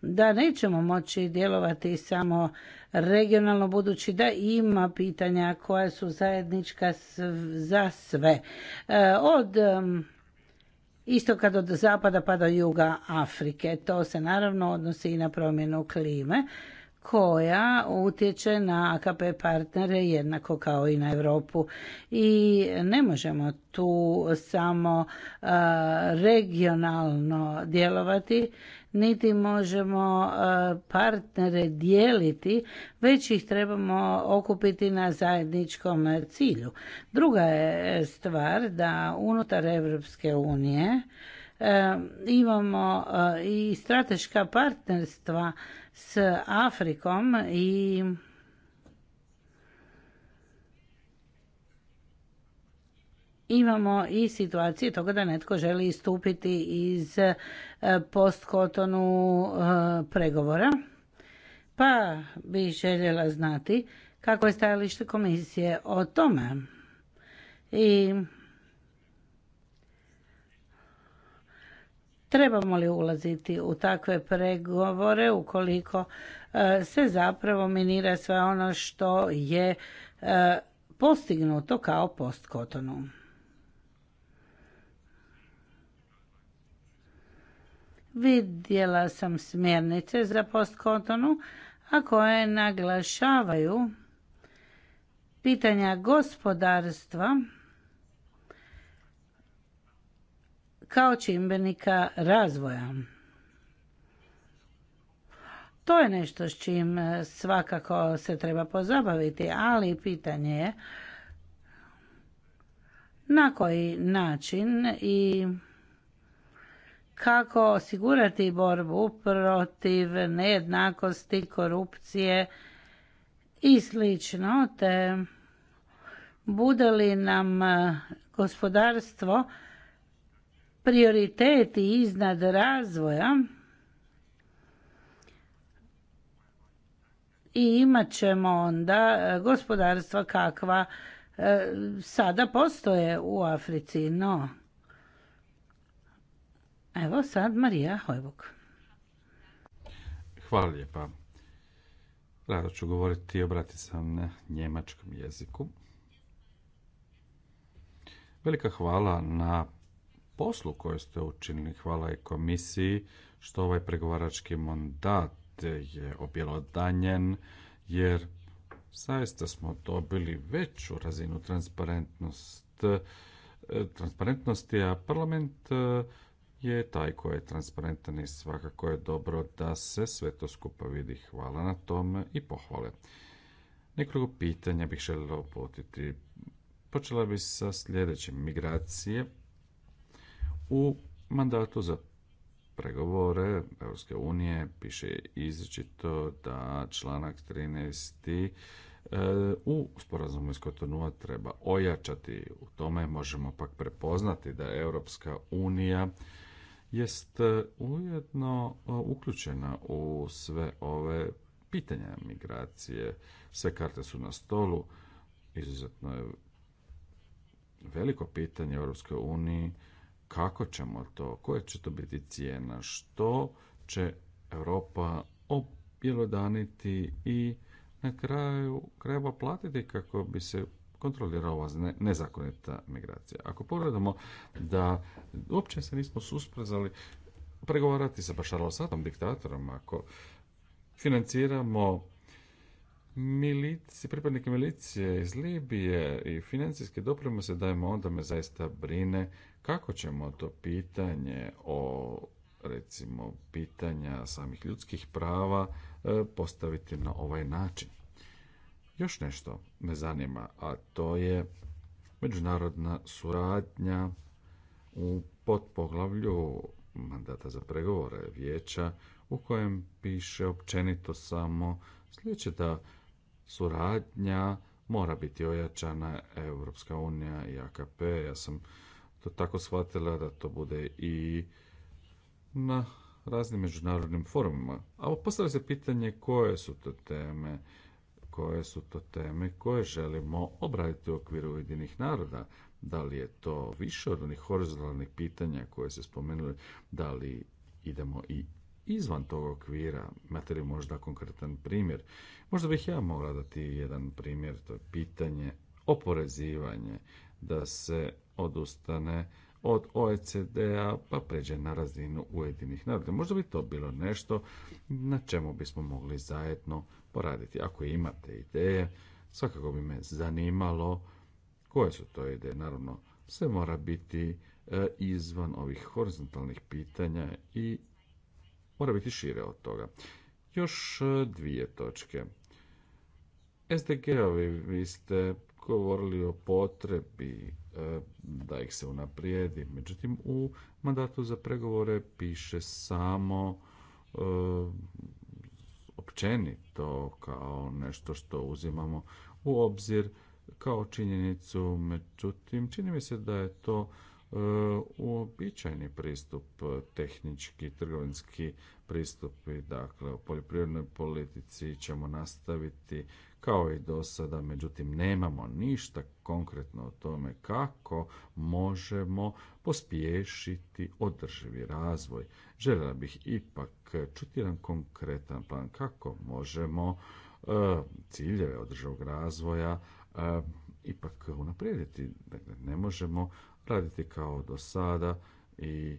da nećemo moći djelovati samo regionalno budući da ima pitanja koja su zajednička za sve. E, od istoka do zapada pa do juga Afrike. To se naravno odnosi i na promjenu klime koja utječe na AKP partnere jednako kao i na Europu. I ne možemo tu samo e, regionalno djelovati niti možemo e, partnere dijeliti, već ih trebamo okupiti na zajedničkom cilju. Druga je stvar da unutar Evropske unije e, imamo e, i strateška partnerstva s Afrikom i imamo i situacije toga da netko želi istupiti iz e, postkotonu e, pregovora. Pa bi željela znati kako je stajalište komisije o tome. I trebamo li ulaziti u takve pregovore ukoliko e, se zapravo minira sve ono što je postignuto kao postkotonu. vidjela sam smjernice za postkotonu, a koje naglašavaju pitanja gospodarstva kao čimbenika razvoja. To je nešto s čim e, svakako se treba pozabaviti, ali pitanje je na koji način i kako osigurati borbu protiv nejednakosti, korupcije i slično, te bude li nam e, gospodarstvo prioriteti iznad razvoja i imat ćemo onda e, gospodarstva kakva e, sada postoje u Africi, no Evo sad Marija Hojbuk. Hvala lijepa. Rado ću govoriti i obrati sam na njemačkom jeziku. Velika hvala na poslu koju ste učinili. Hvala i komisiji što ovaj pregovarački mandat je objelodanjen, jer zaista smo dobili veću razinu transparentnost, transparentnosti, a parlament je taj koji je transparentan i svakako je dobro da se sve to skupa vidi. Hvala na tome i pohvale. Nekoliko pitanja bih želio uputiti. Počela bi sa sljedećim. Migracije u mandatu za pregovore Europske unije piše izričito da članak 13. E, u sporazumu iz Kotonua treba ojačati. U tome možemo pak prepoznati da Europska unija jest e, ujedno e, uključena u sve ove pitanja migracije. Sve karte su na stolu. Izuzetno je veliko pitanje u Europskoj kako ćemo to, koja će to biti cijena, što će Europa objelodaniti i na kraju treba platiti kako bi se kontrolira ova nezakonita migracija. Ako pogledamo da uopće se nismo susprezali pregovarati sa Bašar diktatorom, ako financiramo milici, pripadnike milicije iz Libije i financijske se dajemo, onda me zaista brine kako ćemo to pitanje o recimo pitanja samih ljudskih prava e, postaviti na ovaj način. Još nešto me zanima, a to je međunarodna suradnja u podpoglavlju mandata za pregovore vijeća u kojem piše općenito samo sljedeće da suradnja mora biti ojačana Europska unija i AKP. Ja sam to tako shvatila da to bude i na raznim međunarodnim forumima. A postavlja se pitanje koje su to teme koje su to teme koje želimo obraditi u okviru Ujedinih naroda. Da li je to više od onih horizontalnih pitanja koje se spomenuli, da li idemo i izvan tog okvira, imate li možda konkretan primjer? Možda bih ja mogla dati jedan primjer, to je pitanje oporezivanje, da se odustane od OECD-a pa pređe na razinu Ujedinih naroda. Možda bi to bilo nešto na čemu bismo mogli zajedno poraditi. Ako imate ideje, svakako bi me zanimalo koje su to ideje. Naravno, sve mora biti e, izvan ovih horizontalnih pitanja i mora biti šire od toga. Još e, dvije točke. SDG-ovi, vi ste govorili o potrebi e, da ih se unaprijedi. Međutim, u mandatu za pregovore piše samo općenito kao nešto što uzimamo u obzir kao činjenicu, međutim čini mi se da je to e, uobičajeni pristup tehnički, trgovinski pristupi. Dakle, u poljoprivrednoj politici ćemo nastaviti kao i do sada, međutim nemamo ništa konkretno o tome kako možemo pospješiti održivi razvoj. Željela bih ipak čuti jedan konkretan plan kako možemo e, ciljeve održivog razvoja e, ipak unaprijediti. Dakle, ne možemo raditi kao do sada i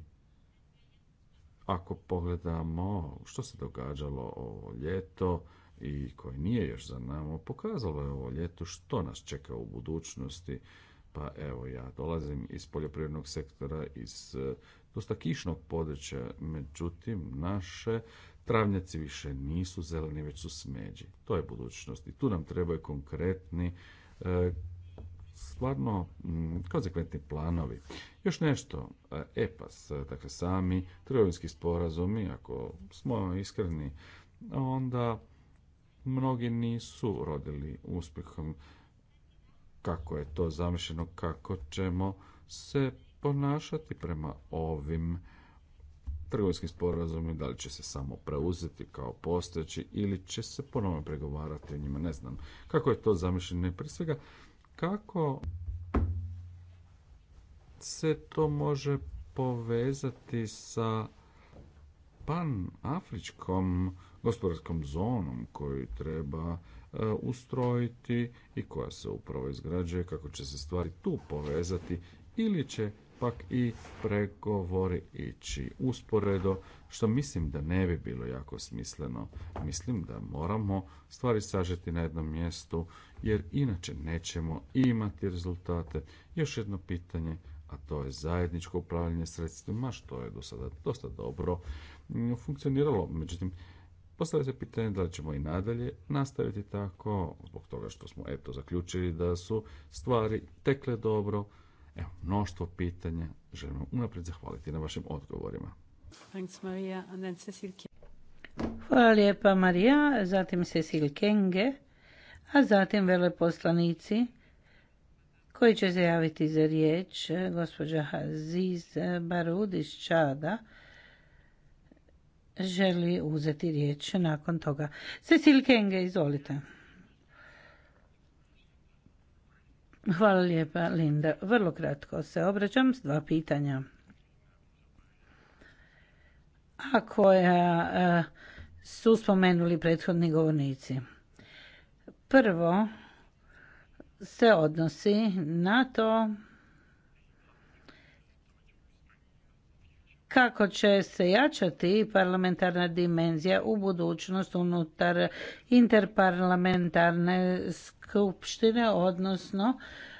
ako pogledamo što se događalo ovo ljeto i koje nije još za nama, pokazalo je ovo ljeto što nas čeka u budućnosti. Pa evo, ja dolazim iz poljoprivrednog sektora, iz e, dosta kišnog područja, međutim, naše travnjaci više nisu zeleni, već su smeđi. To je budućnost i tu nam trebaju konkretni e, stvarno mm, konsekventni planovi. Još nešto, EPAS, e e, dakle sami trgovinski sporazumi, ako smo iskreni, onda mnogi nisu rodili uspjehom kako je to zamišljeno, kako ćemo se ponašati prema ovim trgovinski sporazumi, da li će se samo preuzeti kao postojeći ili će se ponovno pregovarati o njima, ne znam kako je to zamišljeno. Prije svega, kako se to može povezati sa pan-afričkom gospodarskom zonom koju treba e, ustrojiti i koja se upravo izgrađuje, kako će se stvari tu povezati ili će pak i pregovori ići usporedo, što mislim da ne bi bilo jako smisleno. Mislim da moramo stvari sažeti na jednom mjestu, jer inače nećemo imati rezultate. Još jedno pitanje, a to je zajedničko upravljanje sredstvima, što je do sada dosta dobro funkcioniralo. Međutim, Postavlja se pitanje da li ćemo i nadalje nastaviti tako, zbog toga što smo eto zaključili da su stvari tekle dobro, Evo, mnoštvo pitanja. Želim vam unaprijed zahvaliti na vašim odgovorima. Thanks, Maria. And then Cecil Hvala lijepa, Marija. Zatim Cecil Kenge, a zatim vele veleposlanici koji će se javiti za riječ. Gospođa Haziz Barud iz Čada želi uzeti riječ nakon toga. Cecil Kenge, izvolite. Hvala lijepa, Linda. Vrlo kratko se obraćam s dva pitanja. A koja e, su spomenuli prethodni govornici. Prvo se odnosi na to kako će se jačati parlamentarna dimenzija u budućnost unutar interparlamentarne skupštine, odnosno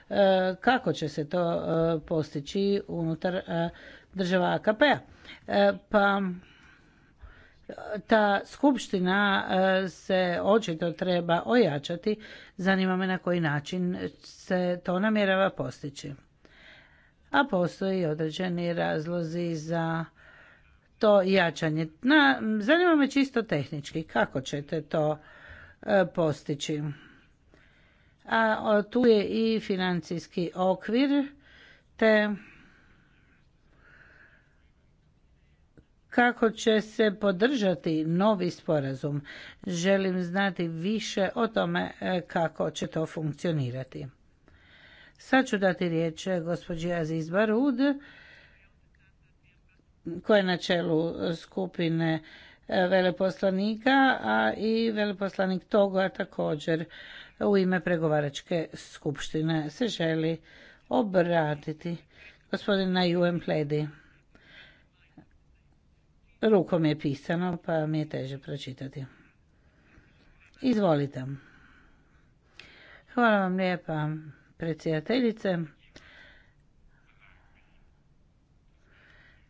e, kako će se to e, postići unutar e, država AKP-a. Pa ta skupština se očito treba ojačati. Zanima me na koji način se to namjerava postići a postoji određeni razlozi za to jačanje. Na, zanima me čisto tehnički kako ćete to e, postići. A tu je i financijski okvir te kako će se podržati novi sporazum. Želim znati više o tome e, kako će to funkcionirati. Sad ću dati riječ eh, gospođi Aziz Barud, koja je na čelu skupine eh, veleposlanika, a i veleposlanik Toga također u ime pregovaračke skupštine se želi obratiti. Gospodina Juem Pledi. Rukom je pisano, pa mi je teže pročitati. Izvolite. Hvala vam lijepa predsjedateljice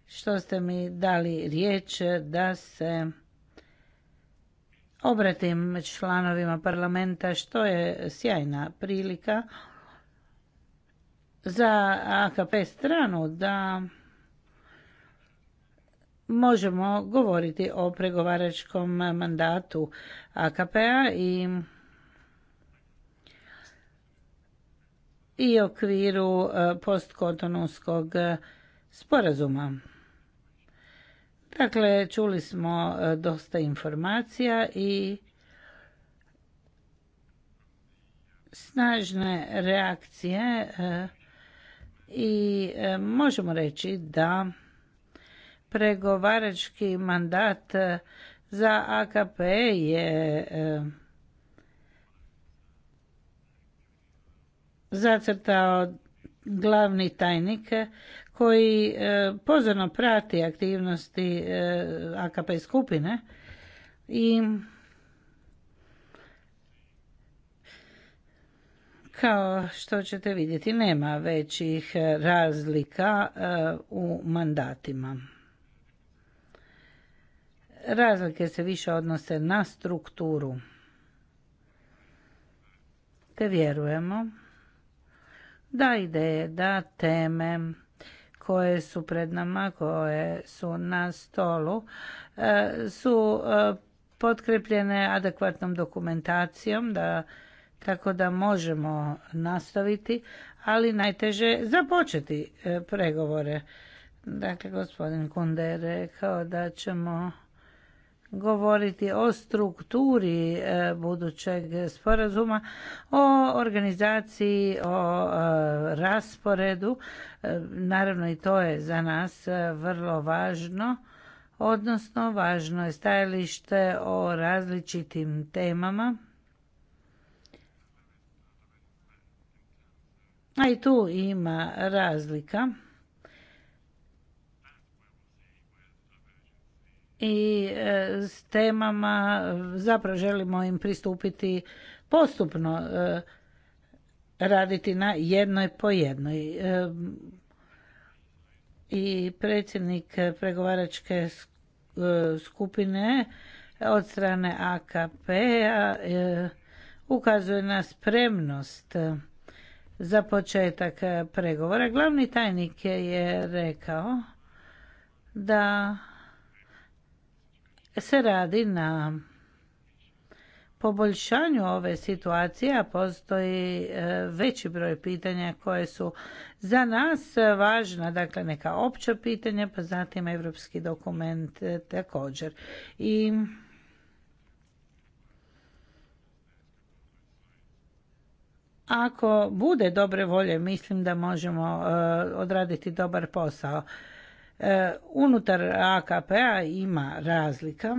što ste mi dali riječ da se obratim članovima parlamenta što je sjajna prilika za AKP stranu da možemo govoriti o pregovaračkom mandatu AKP-a i i okviru e, postkotonunskog e, sporazuma. Dakle, čuli smo e, dosta informacija i snažne reakcije i možemo reći da pregovarački mandat za AKP je zacrtao glavni tajnik koji e, pozorno prati aktivnosti e, AKP skupine i kao što ćete vidjeti nema većih razlika e, u mandatima. Razlike se više odnose na strukturu. Te vjerujemo da ideje, da teme koje su pred nama, koje su na stolu, e, su e, potkrepljene adekvatnom dokumentacijom, da, tako da možemo nastaviti, ali najteže započeti e, pregovore. Dakle, gospodin Kunde je rekao da ćemo govoriti o strukturi e, budućeg sporazuma, o organizaciji, o e, rasporedu. E, naravno i to je za nas vrlo važno, odnosno važno je stajalište o različitim temama. A i tu ima razlika. i e, s temama zapravo želimo im pristupiti postupno e, raditi na jednoj po jednoj. E, I predsjednik pregovaračke skupine od strane AKP p-a, ukazuje na spremnost za početak pregovora. Glavni tajnik je rekao da se radi na poboljšanju ove situacije, a postoji e, veći broj pitanja koje su za nas važna, dakle neka opća pitanja, pa zatim evropski dokument e, također. I ako bude dobre volje, mislim da možemo e, odraditi dobar posao. E, unutar AKP-a ima razlika.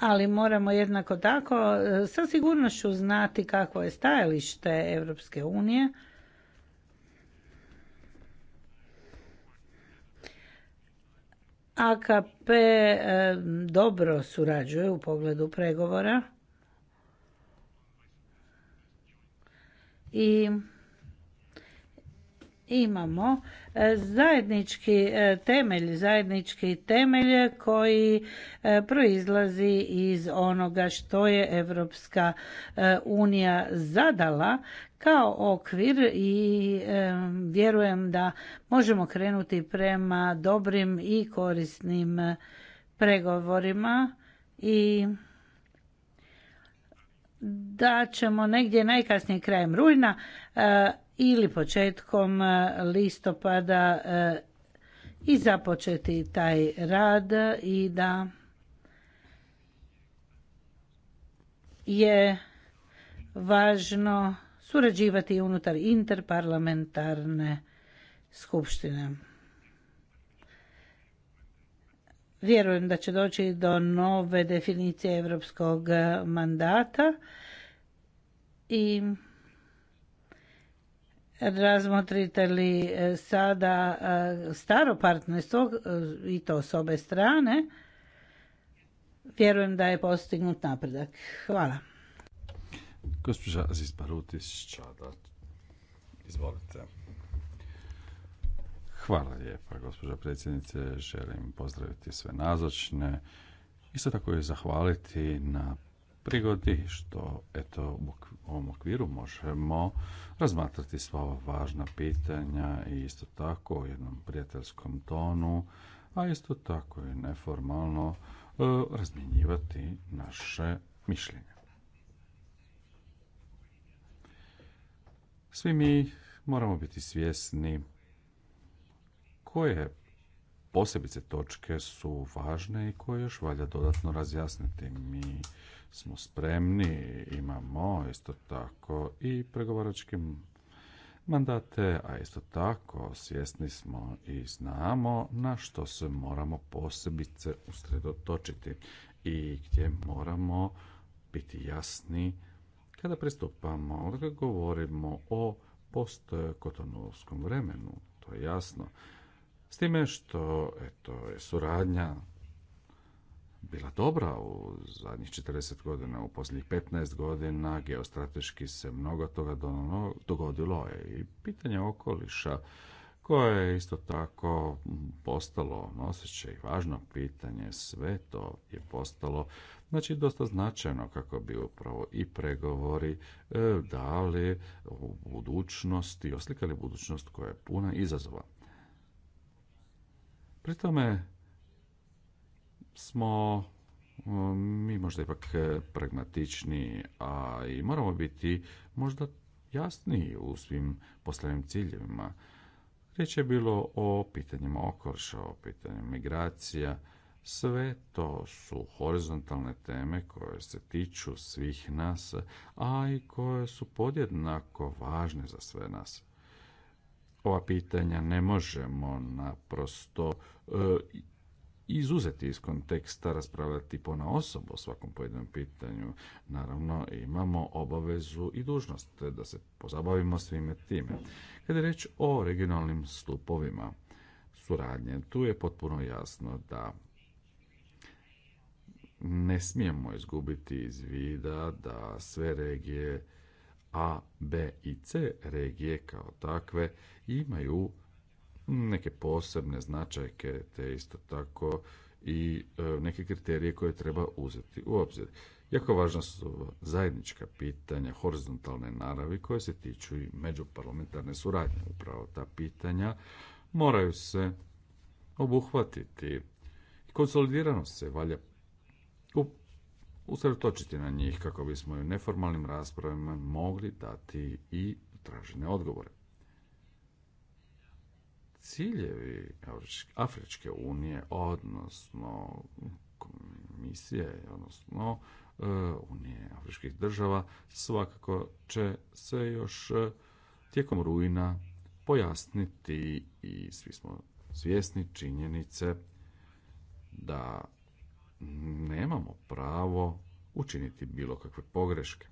ali moramo jednako tako e, sa sigurnošću znati kakvo je stajalište Europske unije. AKP e, dobro surađuje u pogledu pregovora. i imamo e, zajednički e, temelj, zajednički temelj koji e, proizlazi iz onoga što je Europska unija zadala kao okvir i vjerujem da možemo krenuti prema dobrim i korisnim pregovorima i da ćemo negdje najkasnije krajem rujna e, ili početkom e, listopada e, i započeti taj rad i da je važno surađivati unutar interparlamentarne skupštine. Vjerujem da će doći do nove definicije europskog e, mandata i razmotrite li e, sada e, staro partnerstvo i to s obe strane, vjerujem da je postignut napredak. Hvala. Gospođa Aziz Čada, izvolite. Hvala lijepa, gospođo predsjednice. Želim pozdraviti sve nazočne. Isto tako je zahvaliti na prigodi što eto u ovom okviru možemo razmatrati sva ova važna pitanja i isto tako u jednom prijateljskom tonu, a isto tako i neformalno e, razmjenjivati naše mišljenje. Svi mi moramo biti svjesni koje posebice točke su važne i koje još valja dodatno razjasniti. Mi smo spremni, imamo isto tako i pregovaračke mandate, a isto tako svjesni smo i znamo na što se moramo posebice usredotočiti i gdje moramo biti jasni kada pristupamo, kada govorimo o postkotonovskom vremenu, to je jasno. S time što eto, je suradnja bila dobra u zadnjih 40 godina, u posljednjih 15 godina geostrateški se mnogo toga dogodilo i pitanje okoliša koje je isto tako postalo noseće i važno pitanje, sve to je postalo znači dosta značajno kako bi upravo i pregovori e, dali u budućnosti, oslikali budućnost koja je puna izazova. Pri tome smo mi možda ipak e, pragmatični, a i moramo biti možda jasniji u svim postavljenim ciljevima. Riječ je bilo o pitanjima okoliša, o pitanjima migracija. Sve to su horizontalne teme koje se tiču svih nas, a i koje su podjednako važne za sve nas ova pitanja ne možemo naprosto e, izuzeti iz konteksta raspravljati na osobu o svakom pojedinom pitanju. Naravno, imamo obavezu i dužnost da se pozabavimo svime time. Kada je reč o regionalnim stupovima suradnje, tu je potpuno jasno da ne smijemo izgubiti iz vida da sve regije a, B i C regije kao takve imaju neke posebne značajke, te isto tako i e, neke kriterije koje treba uzeti u obzir. Jako važna su zajednička pitanja horizontalne naravi koje se tiču i međuparlamentarne suradnje. Upravo ta pitanja moraju se obuhvatiti. Konsolidirano se valja usredotočiti na njih kako bismo i u neformalnim raspravama mogli dati i tražene odgovore. Ciljevi Afričke unije, odnosno komisije, odnosno e, Unije afričkih država, svakako će se još e, tijekom rujna pojasniti i svi smo svjesni činjenice da nemamo pravo učiniti bilo kakve pogreške.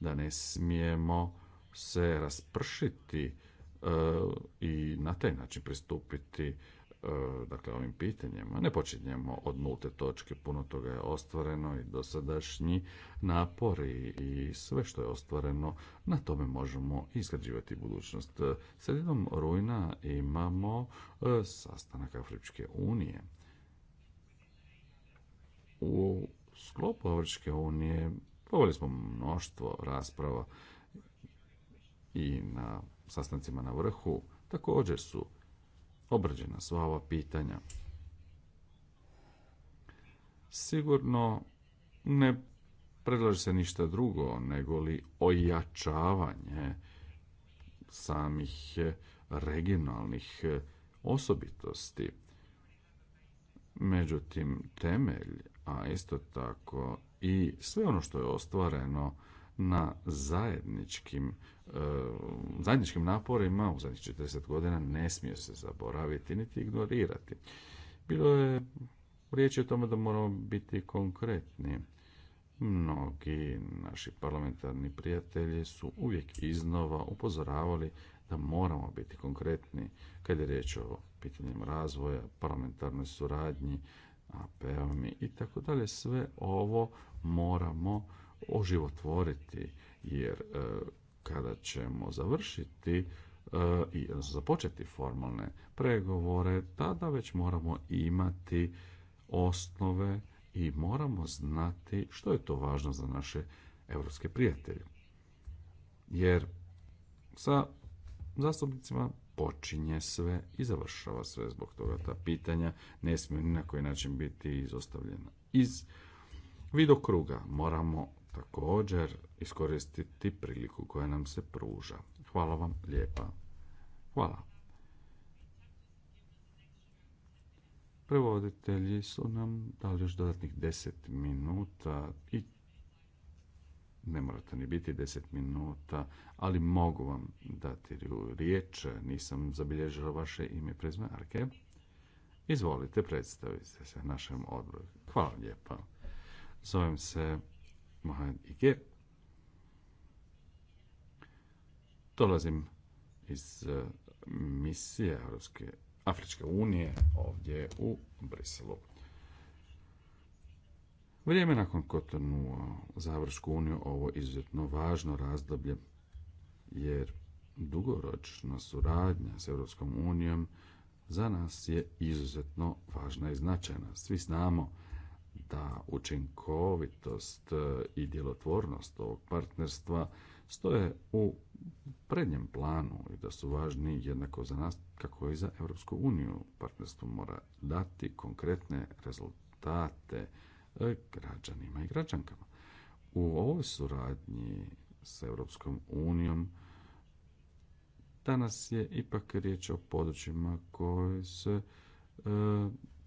Da ne smijemo se raspršiti e, i na taj način pristupiti e, dakle ovim pitanjima. Ne počinjemo od nulte točke, puno toga je ostvareno i dosadašnji napori i sve što je ostvareno, na tome možemo izgrađivati budućnost. Sredinom rujna imamo e, sastanak Afričke unije u sklopu Evropske unije poveli smo mnoštvo rasprava i na sastancima na vrhu također su obrađena sva ova pitanja. Sigurno ne predlaže se ništa drugo nego li ojačavanje samih regionalnih osobitosti. Međutim, temelj a isto tako i sve ono što je ostvareno na zajedničkim e, zajedničkim naporima u zadnjih 40 godina ne smije se zaboraviti niti ignorirati. Bilo je riječi o tome da moramo biti konkretni. Mnogi naši parlamentarni prijatelji su uvijek iznova upozoravali da moramo biti konkretni kad je riječ o pitanjem razvoja, parlamentarnoj suradnji, ap i tako dalje. Sve ovo moramo oživotvoriti jer e, kada ćemo završiti e, i započeti formalne pregovore, tada već moramo imati osnove i moramo znati što je to važno za naše europske prijatelje. Jer sa zastupnicima počinje sve i završava sve. Zbog toga ta pitanja ne smiju ni na koji način biti izostavljena. Iz vidokruga moramo također iskoristiti priliku koja nam se pruža. Hvala vam lijepa. Hvala. Prevoditelji su nam dali još dodatnih 10 minuta i ne mora ni biti 10 minuta, ali mogu vam dati riječ, nisam zabilježila vaše ime prezme Arke. Izvolite, predstavite se našem odboru. Hvala lijepa. Zovem se Mohamed Ige. Dolazim iz eh, misije Afričke unije ovdje u Briselu. Vrijeme nakon kotonu Završku uniju ovo izuzetno važno razdoblje, jer dugoročna suradnja s Europskom unijom za nas je izuzetno važna i značajna. Svi znamo da učinkovitost e, i djelotvornost ovog partnerstva stoje u prednjem planu i da su važni jednako za nas kako i za Europsku uniju. Partnerstvo mora dati konkretne rezultate E, građanima i građankama. U ovoj suradnji s Europskom unijom danas je ipak riječ o područjima koje se e,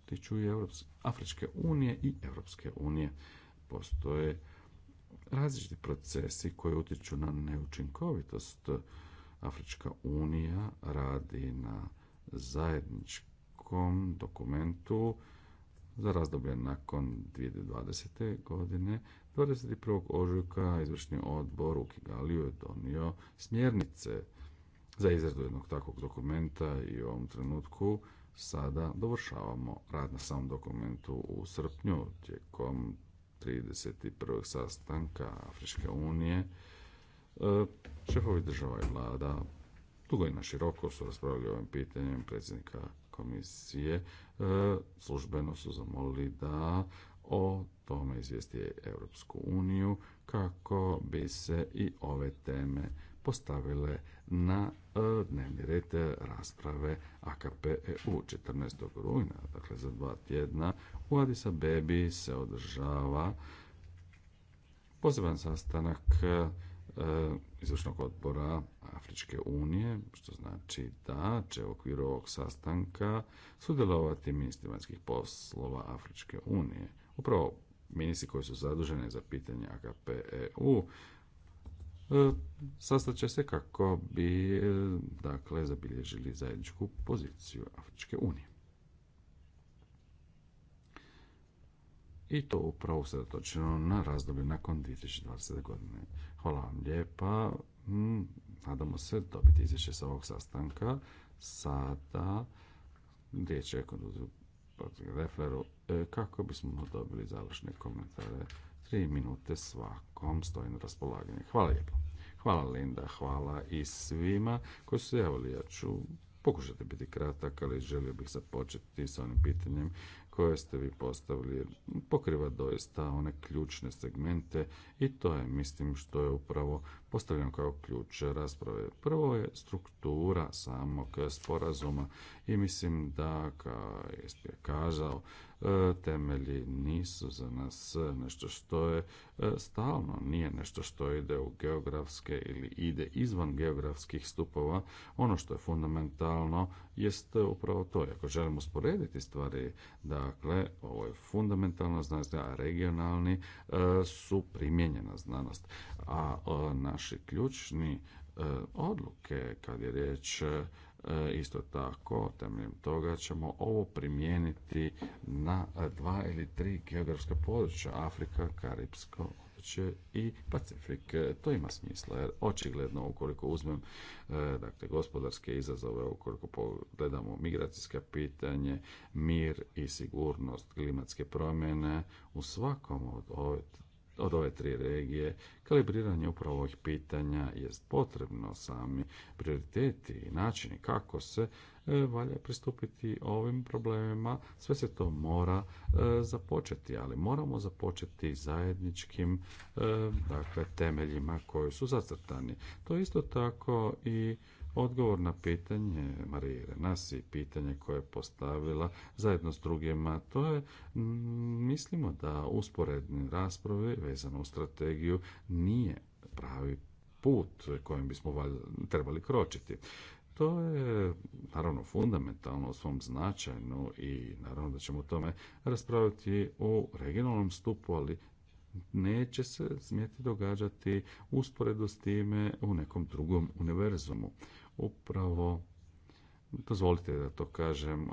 tiču i Afričke unije i Europske unije. Postoje različiti procesi koji utječu na neučinkovitost. Afrička unija radi na zajedničkom dokumentu za razdoblje nakon 2020. godine 21. ožujka izvršni odbor u Kigaliju je donio smjernice za izradu jednog takvog dokumenta i u ovom trenutku sada dovršavamo rad na samom dokumentu u srpnju tijekom 31. sastanka Afričke unije. E, šefovi država i vlada dugo i na široko su raspravljali ovim pitanjem predsjednika komisije e, službeno su zamolili da o tome izvijesti Europsku uniju kako bi se i ove teme postavile na e, dnevni red rasprave AKP EU 14. rujna, dakle za dva tjedna u Addis Abebi se održava poseban sastanak E, izvršnog odbora Afričke unije, što znači da će u okviru ovog sastanka sudjelovati ministri vanjskih poslova Afričke unije. Upravo ministri koji su zaduženi za pitanje AKP EU e, sastat će se kako bi e, dakle zabilježili zajedničku poziciju Afričke unije. I to upravo usredotočeno na razdoblje nakon 2020. godine. Hvala vam lijepa. Mm, nadamo se dobiti izvješće sa ovog sastanka. Sada riječ je refleru e, kako bismo dobili završne komentare. Tri minute svakom stojim na raspolaganju. Hvala lijepo. Hvala Linda, hvala i svima koji su javili. Ja ću pokušati biti kratak, ali želio bih započeti sa onim pitanjem koje ste vi postavili pokriva doista one ključne segmente i to je mislim što je upravo postavljeno kao ključ rasprave. Prvo je struktura samog sporazuma i mislim da kao je kazao E, temelji nisu za nas e, nešto što je e, stalno, nije nešto što ide u geografske ili ide izvan geografskih stupova. Ono što je fundamentalno jest upravo to. Ako želimo sporediti stvari, dakle, ovo je fundamentalna znanost, a regionalni su primijenjena znanost. A naši ključni odluke kad je riječ E, isto tako, temeljem toga ćemo ovo primijeniti na dva ili tri geografska područja, Afrika, Karibsko i Pacifik. E, to ima smisla jer očigledno ukoliko uzmem e, dakle, gospodarske izazove, ukoliko pogledamo migracijska pitanje, mir i sigurnost, klimatske promjene, u svakom od ove od ove tri regije, kalibriranje upravo ovih pitanja jest potrebno sami prioriteti i načini kako se e, valja pristupiti ovim problemima. Sve se to mora e, započeti, ali moramo započeti zajedničkim e, dakle, temeljima koji su zacrtani. To je isto tako i Odgovor na pitanje Marije Nas i pitanje koje je postavila zajedno s drugima, to je, mislimo da usporedne rasprave vezano u strategiju nije pravi put kojim bismo trebali kročiti to je naravno fundamentalno u svom značajnu i naravno da ćemo o tome raspraviti u regionalnom stupu, ali neće se smjeti događati usporedu s time u nekom drugom univerzumu upravo Dozvolite da to kažem,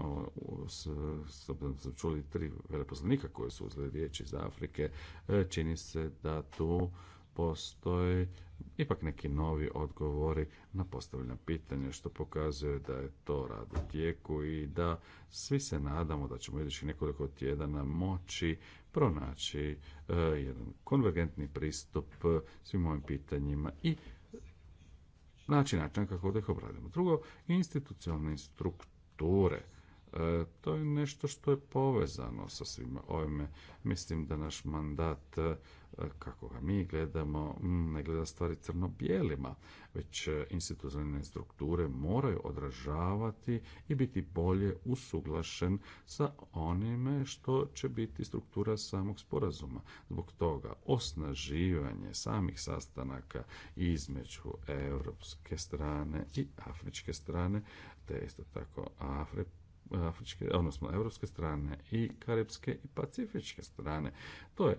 s sam čuli tri veleposlanika koji su uzeli riječ iz Afrike, e, čini se da tu postoji ipak neki novi odgovori na postavljena pitanja, što pokazuje da je to rad u tijeku i da svi se nadamo da ćemo idući nekoliko tjedana moći pronaći e, jedan konvergentni pristup svim ovim pitanjima i naći način kako da ih obradimo. Drugo, institucionalne strukture E, to je nešto što je povezano sa svima ovime. Mislim da naš mandat e, kako ga mi gledamo, ne gleda stvari crno-bijelima, već e, institucionalne strukture moraju odražavati i biti bolje usuglašen sa onime što će biti struktura samog sporazuma. Zbog toga osnaživanje samih sastanaka između europske strane i afričke strane, te isto tako Afrika afričke, odnosno evropske strane i karibske i pacifičke strane. To je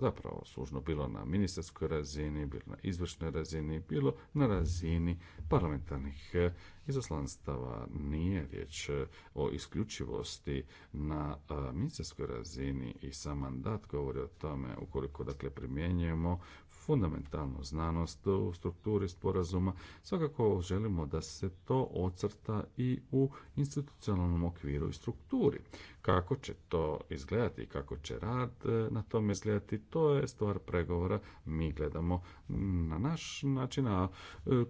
zapravo služno bilo na ministarskoj razini, bilo na izvršnoj razini, bilo na razini parlamentarnih e, izoslanstava. Nije riječ e, o isključivosti na e, ministarskoj razini i sam mandat govori o tome ukoliko dakle primjenjujemo fundamentalnu znanost u strukturi sporazuma. Svakako želimo da se to ocrta i u institucionalnom okviru i strukturi. Kako će to izgledati i kako će rad e, na tome izgledati, to je stvar pregovora. Mi gledamo na naš način, a e,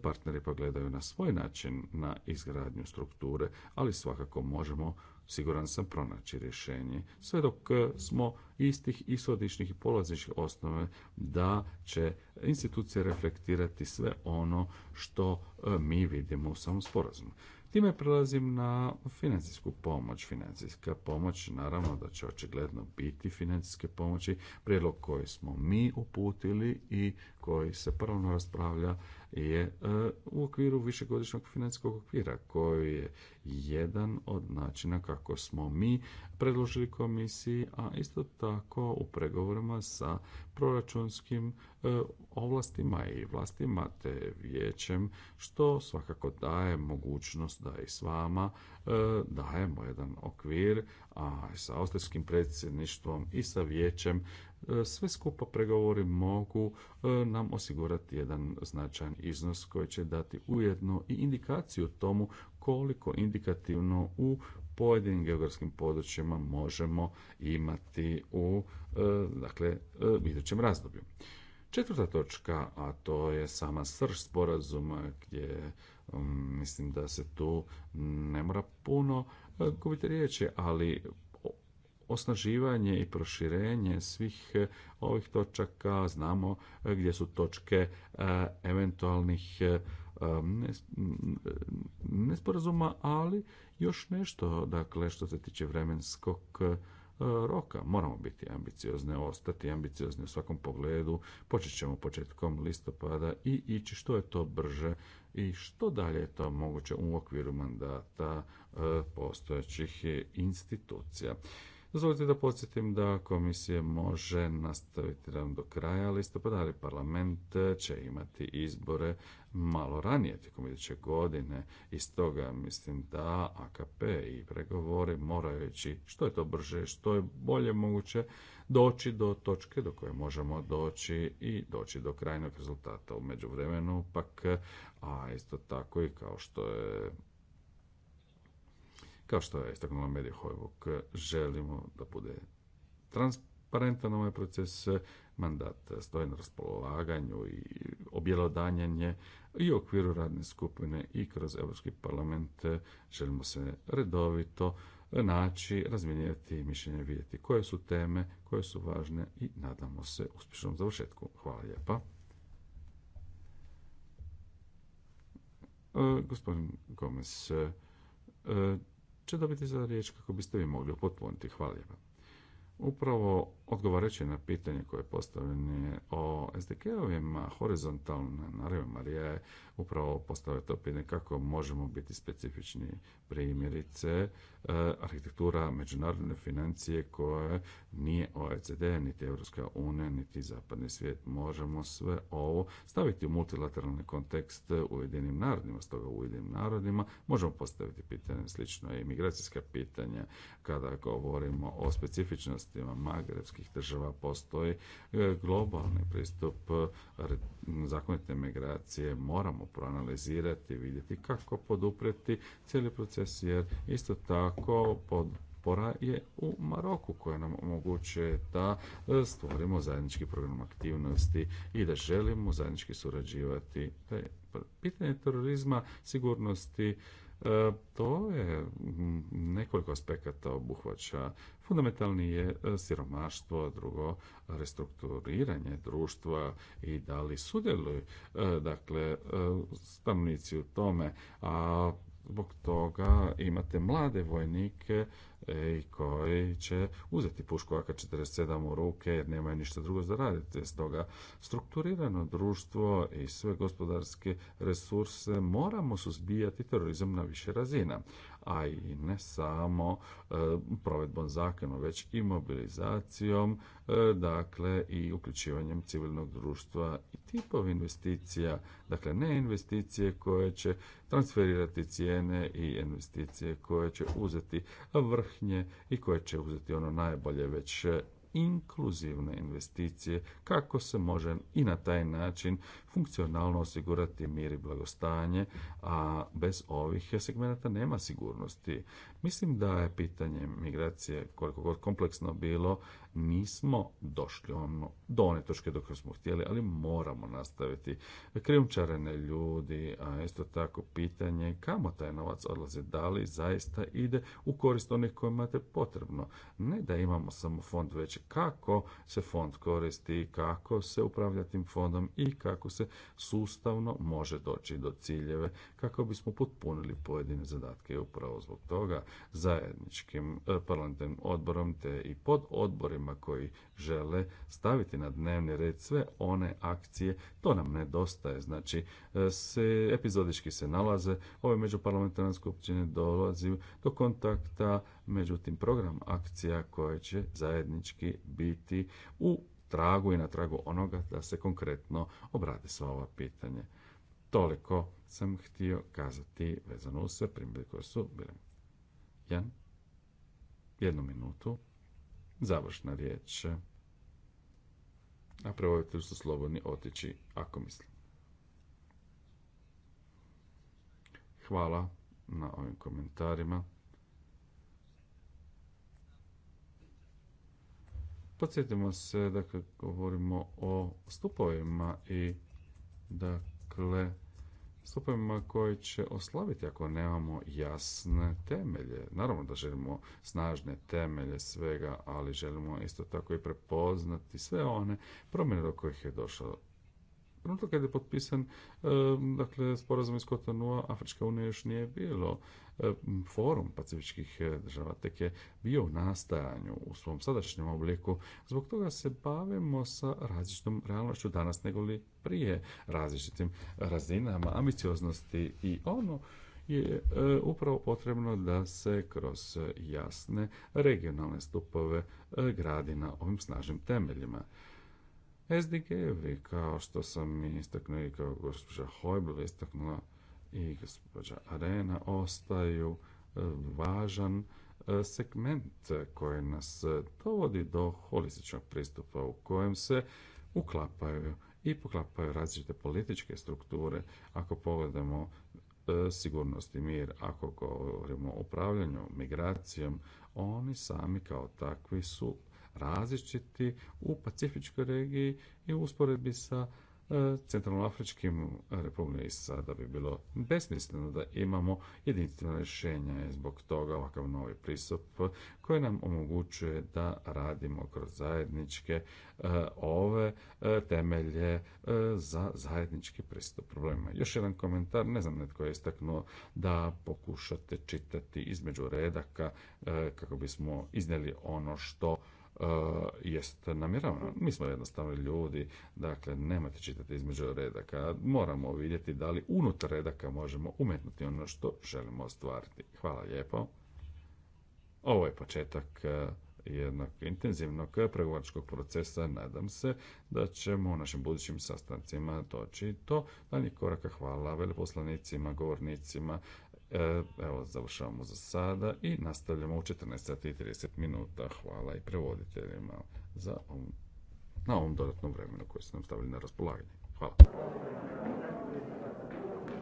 partneri pa gledaju na svoj način na izgradnju strukture, ali svakako možemo siguran sam pronaći rješenje sve dok e, smo istih ishodišnih i polazišnih osnove da će institucije reflektirati sve ono što e, mi vidimo u samom sporazumu. Time prelazim na financijsku pomoć. Financijska pomoć, naravno da će očigledno biti financijske pomoći, prijedlog koji smo mi uputili i koji se prvno raspravlja je e, u okviru višegodišnjeg financijskog okvira koji je jedan od načina kako smo mi predložili komisiji, a isto tako u pregovorima sa proračunskim e, ovlastima i vlastima te vijećem, što svakako daje mogućnost da i s vama e, dajemo jedan okvir, a sa austrijskim predsjedništvom i sa vijećem sve skupa pregovori mogu e, nam osigurati jedan značajan iznos koji će dati ujedno i indikaciju tomu koliko indikativno u pojedinim geografskim područjima možemo imati u e, dakle, e, idućem razdoblju. Četvrta točka, a to je sama srž sporazuma gdje mm, mislim da se tu ne mora puno gubiti riječi, ali osnaživanje i proširenje svih eh, ovih točaka, znamo eh, gdje su točke eh, eventualnih mm, nesporazuma, ali još nešto, dakle, što se tiče vremenskog roka. Moramo biti ambiciozni, ostati ambiciozni u svakom pogledu. Počet ćemo početkom listopada i ići što je to brže i što dalje je to moguće u okviru mandata postojećih institucija. Dozvolite da podsjetim da komisije može nastaviti radom do kraja listopada, ali parlament će imati izbore malo ranije tijekom iduće godine i stoga mislim da AKP i pregovori moraju ići što je to brže, što je bolje moguće doći do točke do koje možemo doći i doći do krajnog rezultata. U međuvremenu pak, a isto tako i kao što je kao što je istaknula medija Hojvuk, želimo da bude transparentan ovaj proces, mandat stoji na raspolaganju i objelodanjanje i u okviru radne skupine i kroz evropski parlament želimo se redovito naći, razminjati mišljenje, vidjeti koje su teme, koje su važne i nadamo se uspješnom završetku. Hvala lijepa. E, gospodin Gomez, e, će dobiti za riječ kako biste vi mogli upotpuniti. Hvala lijepa. Upravo odgovarajući na pitanje koje je postavljeno o SDK-ovima horizontalno, naravno Marije upravo postavlja to pitanje kako možemo biti specifični primjerice e, arhitektura međunarodne financije koja nije OECD, niti Europska unija, niti zapadni svijet. Možemo sve ovo staviti u multilateralni kontekst u jedinim narodima, stoga u jedinim narodima možemo postaviti pitanje slično i migracijska pitanja kada govorimo o specifičnostima Magrebske evropskih država postoji e, globalni pristup e, zakonite migracije. Moramo proanalizirati, vidjeti kako podupreti cijeli proces, jer isto tako pod je u Maroku koja nam omogućuje da e, stvorimo zajednički program aktivnosti i da želimo zajednički surađivati. Pitanje terorizma, sigurnosti, E, to je nekoliko aspekata obuhvaća. Fundamentalni je e, siromaštvo, drugo restrukturiranje društva i da li sudjeluju e, dakle stanovnici u tome, a Zbog toga imate mlade vojnike e, i koji će uzeti pušku AK-47 u ruke jer nemaju ništa drugo za raditi. Stoga strukturirano društvo i sve gospodarske resurse moramo suzbijati terorizam na više razina a i ne samo e, provedbom zakona, već i mobilizacijom, e, dakle i uključivanjem civilnog društva i tipov investicija, dakle ne investicije koje će transferirati cijene i investicije koje će uzeti vrhnje i koje će uzeti ono najbolje, već e, inkluzivne investicije kako se može i na taj način funkcionalno osigurati mir i blagostanje, a bez ovih segmenata nema sigurnosti. Mislim da je pitanje migracije koliko god kompleksno bilo, nismo došli ono, do one točke do smo htjeli, ali moramo nastaviti. Krijumčarene ljudi, a isto tako pitanje kamo taj novac odlazi, da li zaista ide u korist onih kojima je potrebno. Ne da imamo samo fond, već kako se fond koristi, kako se upravlja tim fondom i kako se sustavno može doći do ciljeve kako bismo potpunili pojedine zadatke. I upravo zbog toga zajedničkim e, parlamentarnim odborom te i pod odborima koji žele staviti na dnevni red sve one akcije, to nam nedostaje. Znači, e, se, epizodički se nalaze, ove međuparlamentarne skupštine dolazi do kontakta, međutim program akcija koje će zajednički biti u tragu i na tragu onoga da se konkretno obrade sva ova pitanja. Toliko sam htio kazati vezano uz sve primjeri koje su bile. Jan, jednu minutu, završna riječ, a prevojte su slobodni otići ako mislim. Hvala na ovim komentarima. Podsjetimo se, da dakle, govorimo o stupovima i, dakle, stupovima koji će oslaviti ako nemamo jasne temelje. Naravno da želimo snažne temelje svega, ali želimo isto tako i prepoznati sve one promjene do kojih je došlo trenutak kad je potpisan dakle, sporazum iz Kotonua, Afrička unija još nije bilo forum pacifičkih eh, država tek je bio u nastajanju u svom sadašnjem obliku. Zbog toga se bavimo sa različitom realnošću danas nego prije različitim razinama ambicioznosti i ono je eh, upravo potrebno da se kroz jasne regionalne stupove eh, gradi na ovim snažnim temeljima sdg kao što sam istaknuo i kao gospođa Hojbel istaknula i gospođa Arena, ostaju e, važan e, segment koji nas e, dovodi do holističnog pristupa u kojem se uklapaju i poklapaju različite političke strukture. Ako pogledamo sigurnost i mir, ako govorimo o upravljanju migracijom, oni sami kao takvi su različiti u Pacifičkoj regiji i u usporedbi sa e, centralnoafričkim republikama i sada bi bilo besmisleno da imamo jedinstveno rješenje zbog toga ovakav novi pristup koji nam omogućuje da radimo kroz zajedničke e, ove e, temelje za zajednički pristup problema. Još jedan komentar, ne znam netko je istaknuo da pokušate čitati između redaka kako bismo iznijeli ono što E, jeste namjeravano. Mi smo jednostavno ljudi, dakle, nemojte čitati između redaka. Moramo vidjeti da li unutar redaka možemo umetnuti ono što želimo ostvariti. Hvala lijepo. Ovo je početak e, jednog intenzivnog pregovaračkog procesa. Nadam se da ćemo u našim budućim sastancima doći to. daljnjih koraka. Hvala veleposlanicima, govornicima, E, evo, završavamo za sada i nastavljamo u 14.30 minuta. Hvala i prevoditeljima za ovom, na ovom dodatnom vremenu koje su nam stavili na raspolaganje. Hvala.